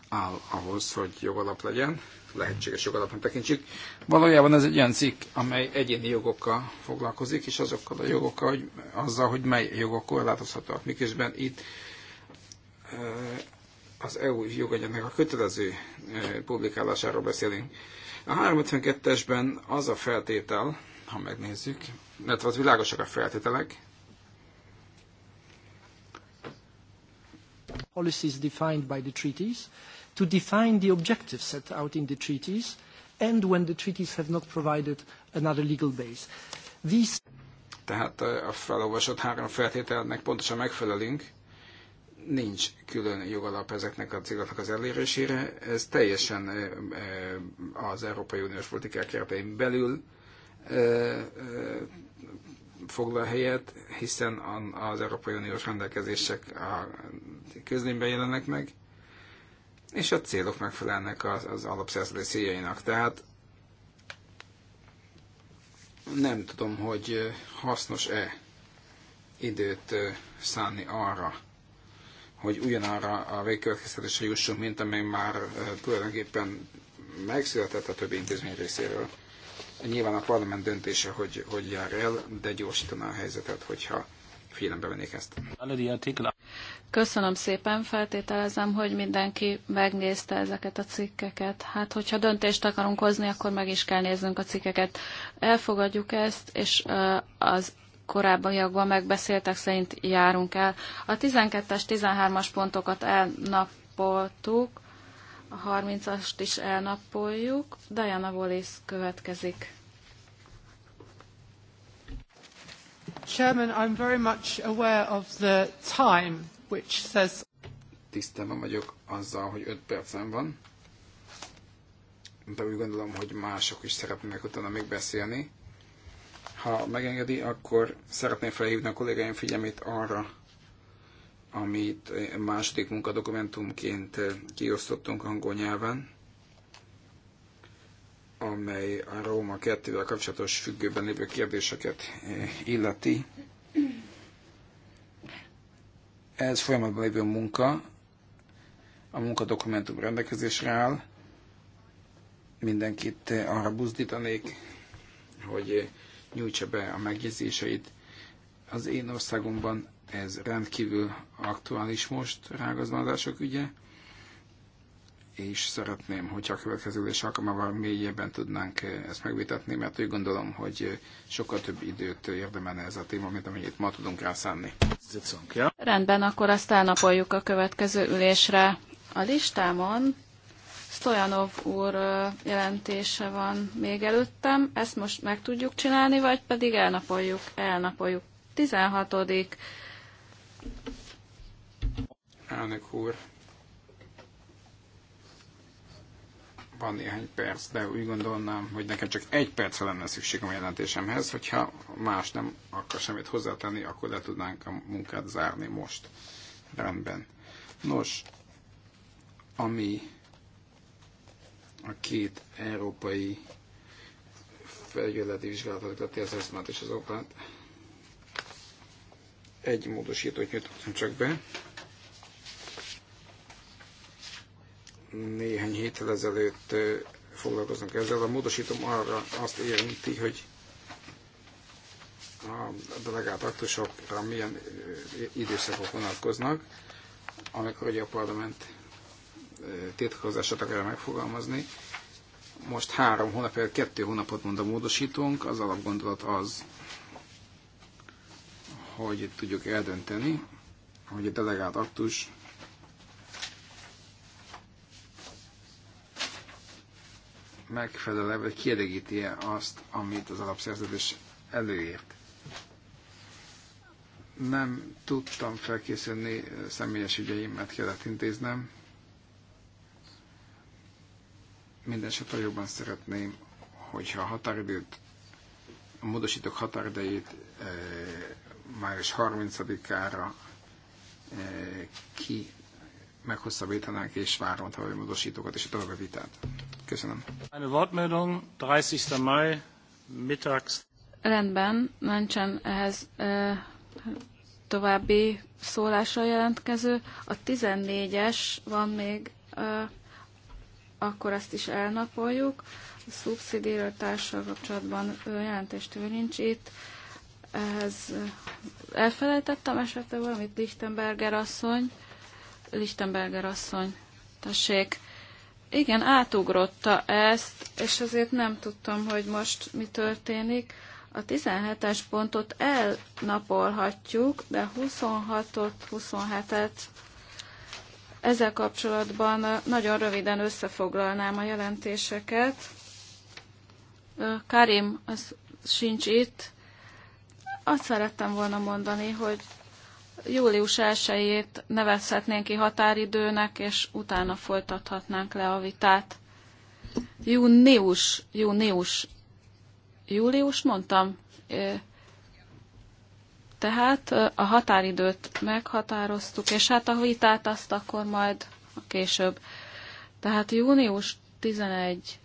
áll ahhoz, hogy jogalap legyen, lehetséges jogalapnak tekintsük. Valójában ez egy olyan cikk, amely egyéni jogokkal foglalkozik, és azokkal a jogokkal, hogy, azzal, hogy mely jogok korlátozhatóak, miközben itt az EU joganyagnak a kötelező publikálásáról beszélünk. A 352-esben az a feltétel, ha megnézzük, mert az világosak a feltételek, policies defined by the treaties, to define the objectives set out in the treaties and when the treaties have not provided another legal base. These tehát a felolvasott három feltételnek pontosan megfelelünk, nincs külön jogalap ezeknek a céloknak az elérésére. Ez teljesen az Európai Uniós politikák keretein belül foglal helyet, hiszen az Európai Uniós rendelkezések a közlényben jelennek meg, és a célok megfelelnek az, az alapszerződés céljainak. Tehát nem tudom, hogy hasznos-e időt szánni arra, hogy ugyanarra a végkövetkeztetésre jussunk, mint amely már tulajdonképpen megszületett a többi intézmény részéről. Nyilván a parlament döntése, hogy, hogy jár el, de gyorsítaná a helyzetet, hogyha figyelembe vennék ezt. Köszönöm szépen, feltételezem, hogy mindenki megnézte ezeket a cikkeket. Hát, hogyha döntést akarunk hozni, akkor meg is kell néznünk a cikkeket. Elfogadjuk ezt, és az korábbiakban megbeszéltek szerint járunk el. A 12-es, 13-as pontokat elnappoltuk, a 30-ast is elnappoljuk. Diana Wallis következik. Chairman, I'm very much aware of the time, which says... Tisztában vagyok azzal, hogy 5 percem van, de úgy gondolom, hogy mások is szeretnének utána még beszélni. Ha megengedi, akkor szeretném felhívni a kollégáim figyelmét arra, amit második munkadokumentumként kiosztottunk angol nyelven amely a Róma 2-vel kapcsolatos függőben lévő kérdéseket eh, illeti. Ez folyamatban lévő munka, a munkadokumentum rendelkezésre áll. Mindenkit eh, arra buzdítanék, hogy eh, nyújtsa be a megjegyzéseit. Az én országomban ez rendkívül aktuális most rágazmazások ügye és szeretném, hogyha a következő ülés alkalmával mélyebben tudnánk eh, ezt megvitatni, mert úgy gondolom, hogy eh, sokkal több időt érdemelne ez a téma, mint amennyit ma tudunk rászánni. Rendben, akkor azt elnapoljuk a következő ülésre. A listámon Stojanov úr eh, jelentése van még előttem. Ezt most meg tudjuk csinálni, vagy pedig elnapoljuk? Elnapoljuk. 16. Elnök úr, van néhány perc, de úgy gondolnám, hogy nekem csak egy percre lenne szükség a jelentésemhez, hogyha más nem akar semmit hozzátenni, akkor le tudnánk a munkát zárni most. Rendben. Nos, ami a két európai felügyeleti vizsgálatot, a az eszmát és az Oplát, egy módosítót nyújtottam csak be, néhány héttel ezelőtt foglalkoznak ezzel. A módosítom arra azt érinti, hogy a delegált aktusokra milyen időszakok vonatkoznak, amikor ugye a parlament titkozását akarja megfogalmazni. Most három hónap, vagy kettő hónapot mond a módosítónk, az alapgondolat az, hogy tudjuk eldönteni, hogy a delegált aktus megfelele vagy kielégíti -e azt, amit az alapszerződés előírt. Nem tudtam felkészülni eh, személyes ügyeimet, kellett intéznem. Minden esetre jobban szeretném, hogyha a határidőt, a módosítók határidejét e, május 30-ára e, eh, ki meghosszabbítanánk, és várom további módosítókat és a további vitát. Köszönöm. Eine Wortmeldung, 30. Mai, mittags. Rendben, nincsen ehhez e, további szólásra jelentkező. A 14-es van még, e, akkor azt is elnapoljuk. A szubszidírotással kapcsolatban jelentéstől nincs itt. Ehhez elfelejtettem esetleg valamit, Lichtenberger asszony. Lichtenberger asszony, tessék igen, átugrotta ezt, és azért nem tudtam, hogy most mi történik. A 17-es pontot elnapolhatjuk, de 26-ot, 27-et ezzel kapcsolatban nagyon röviden összefoglalnám a jelentéseket. Karim az sincs itt. Azt szerettem volna mondani, hogy július 1 nevezhetnénk ki határidőnek, és utána folytathatnánk le a vitát. Június, június, július mondtam. Tehát a határidőt meghatároztuk, és hát a vitát azt akkor majd később. Tehát június 11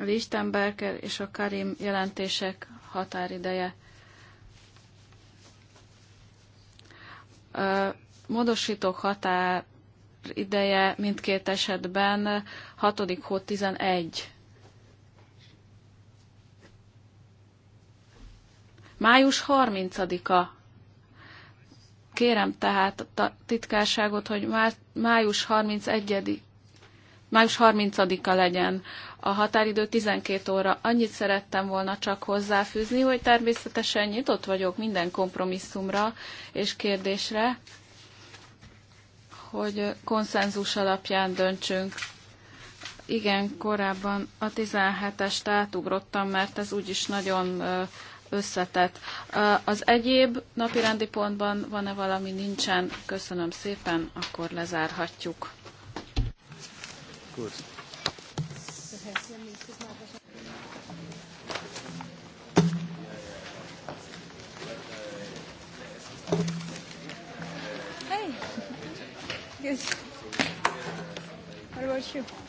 a Lichtenberger és a Karim jelentések határideje. módosítók határ ideje mindkét esetben 6. hó 11. Május 30-a. Kérem tehát a titkárságot, hogy már május 31 május 30-a legyen a határidő 12 óra. Annyit szerettem volna csak hozzáfűzni, hogy természetesen nyitott vagyok minden kompromisszumra és kérdésre, hogy konszenzus alapján döntsünk. Igen, korábban a 17-est átugrottam, mert ez úgyis nagyon összetett. Az egyéb napirendi pontban van-e valami nincsen? Köszönöm szépen, akkor lezárhatjuk. Gut. Hey. Good. What about you?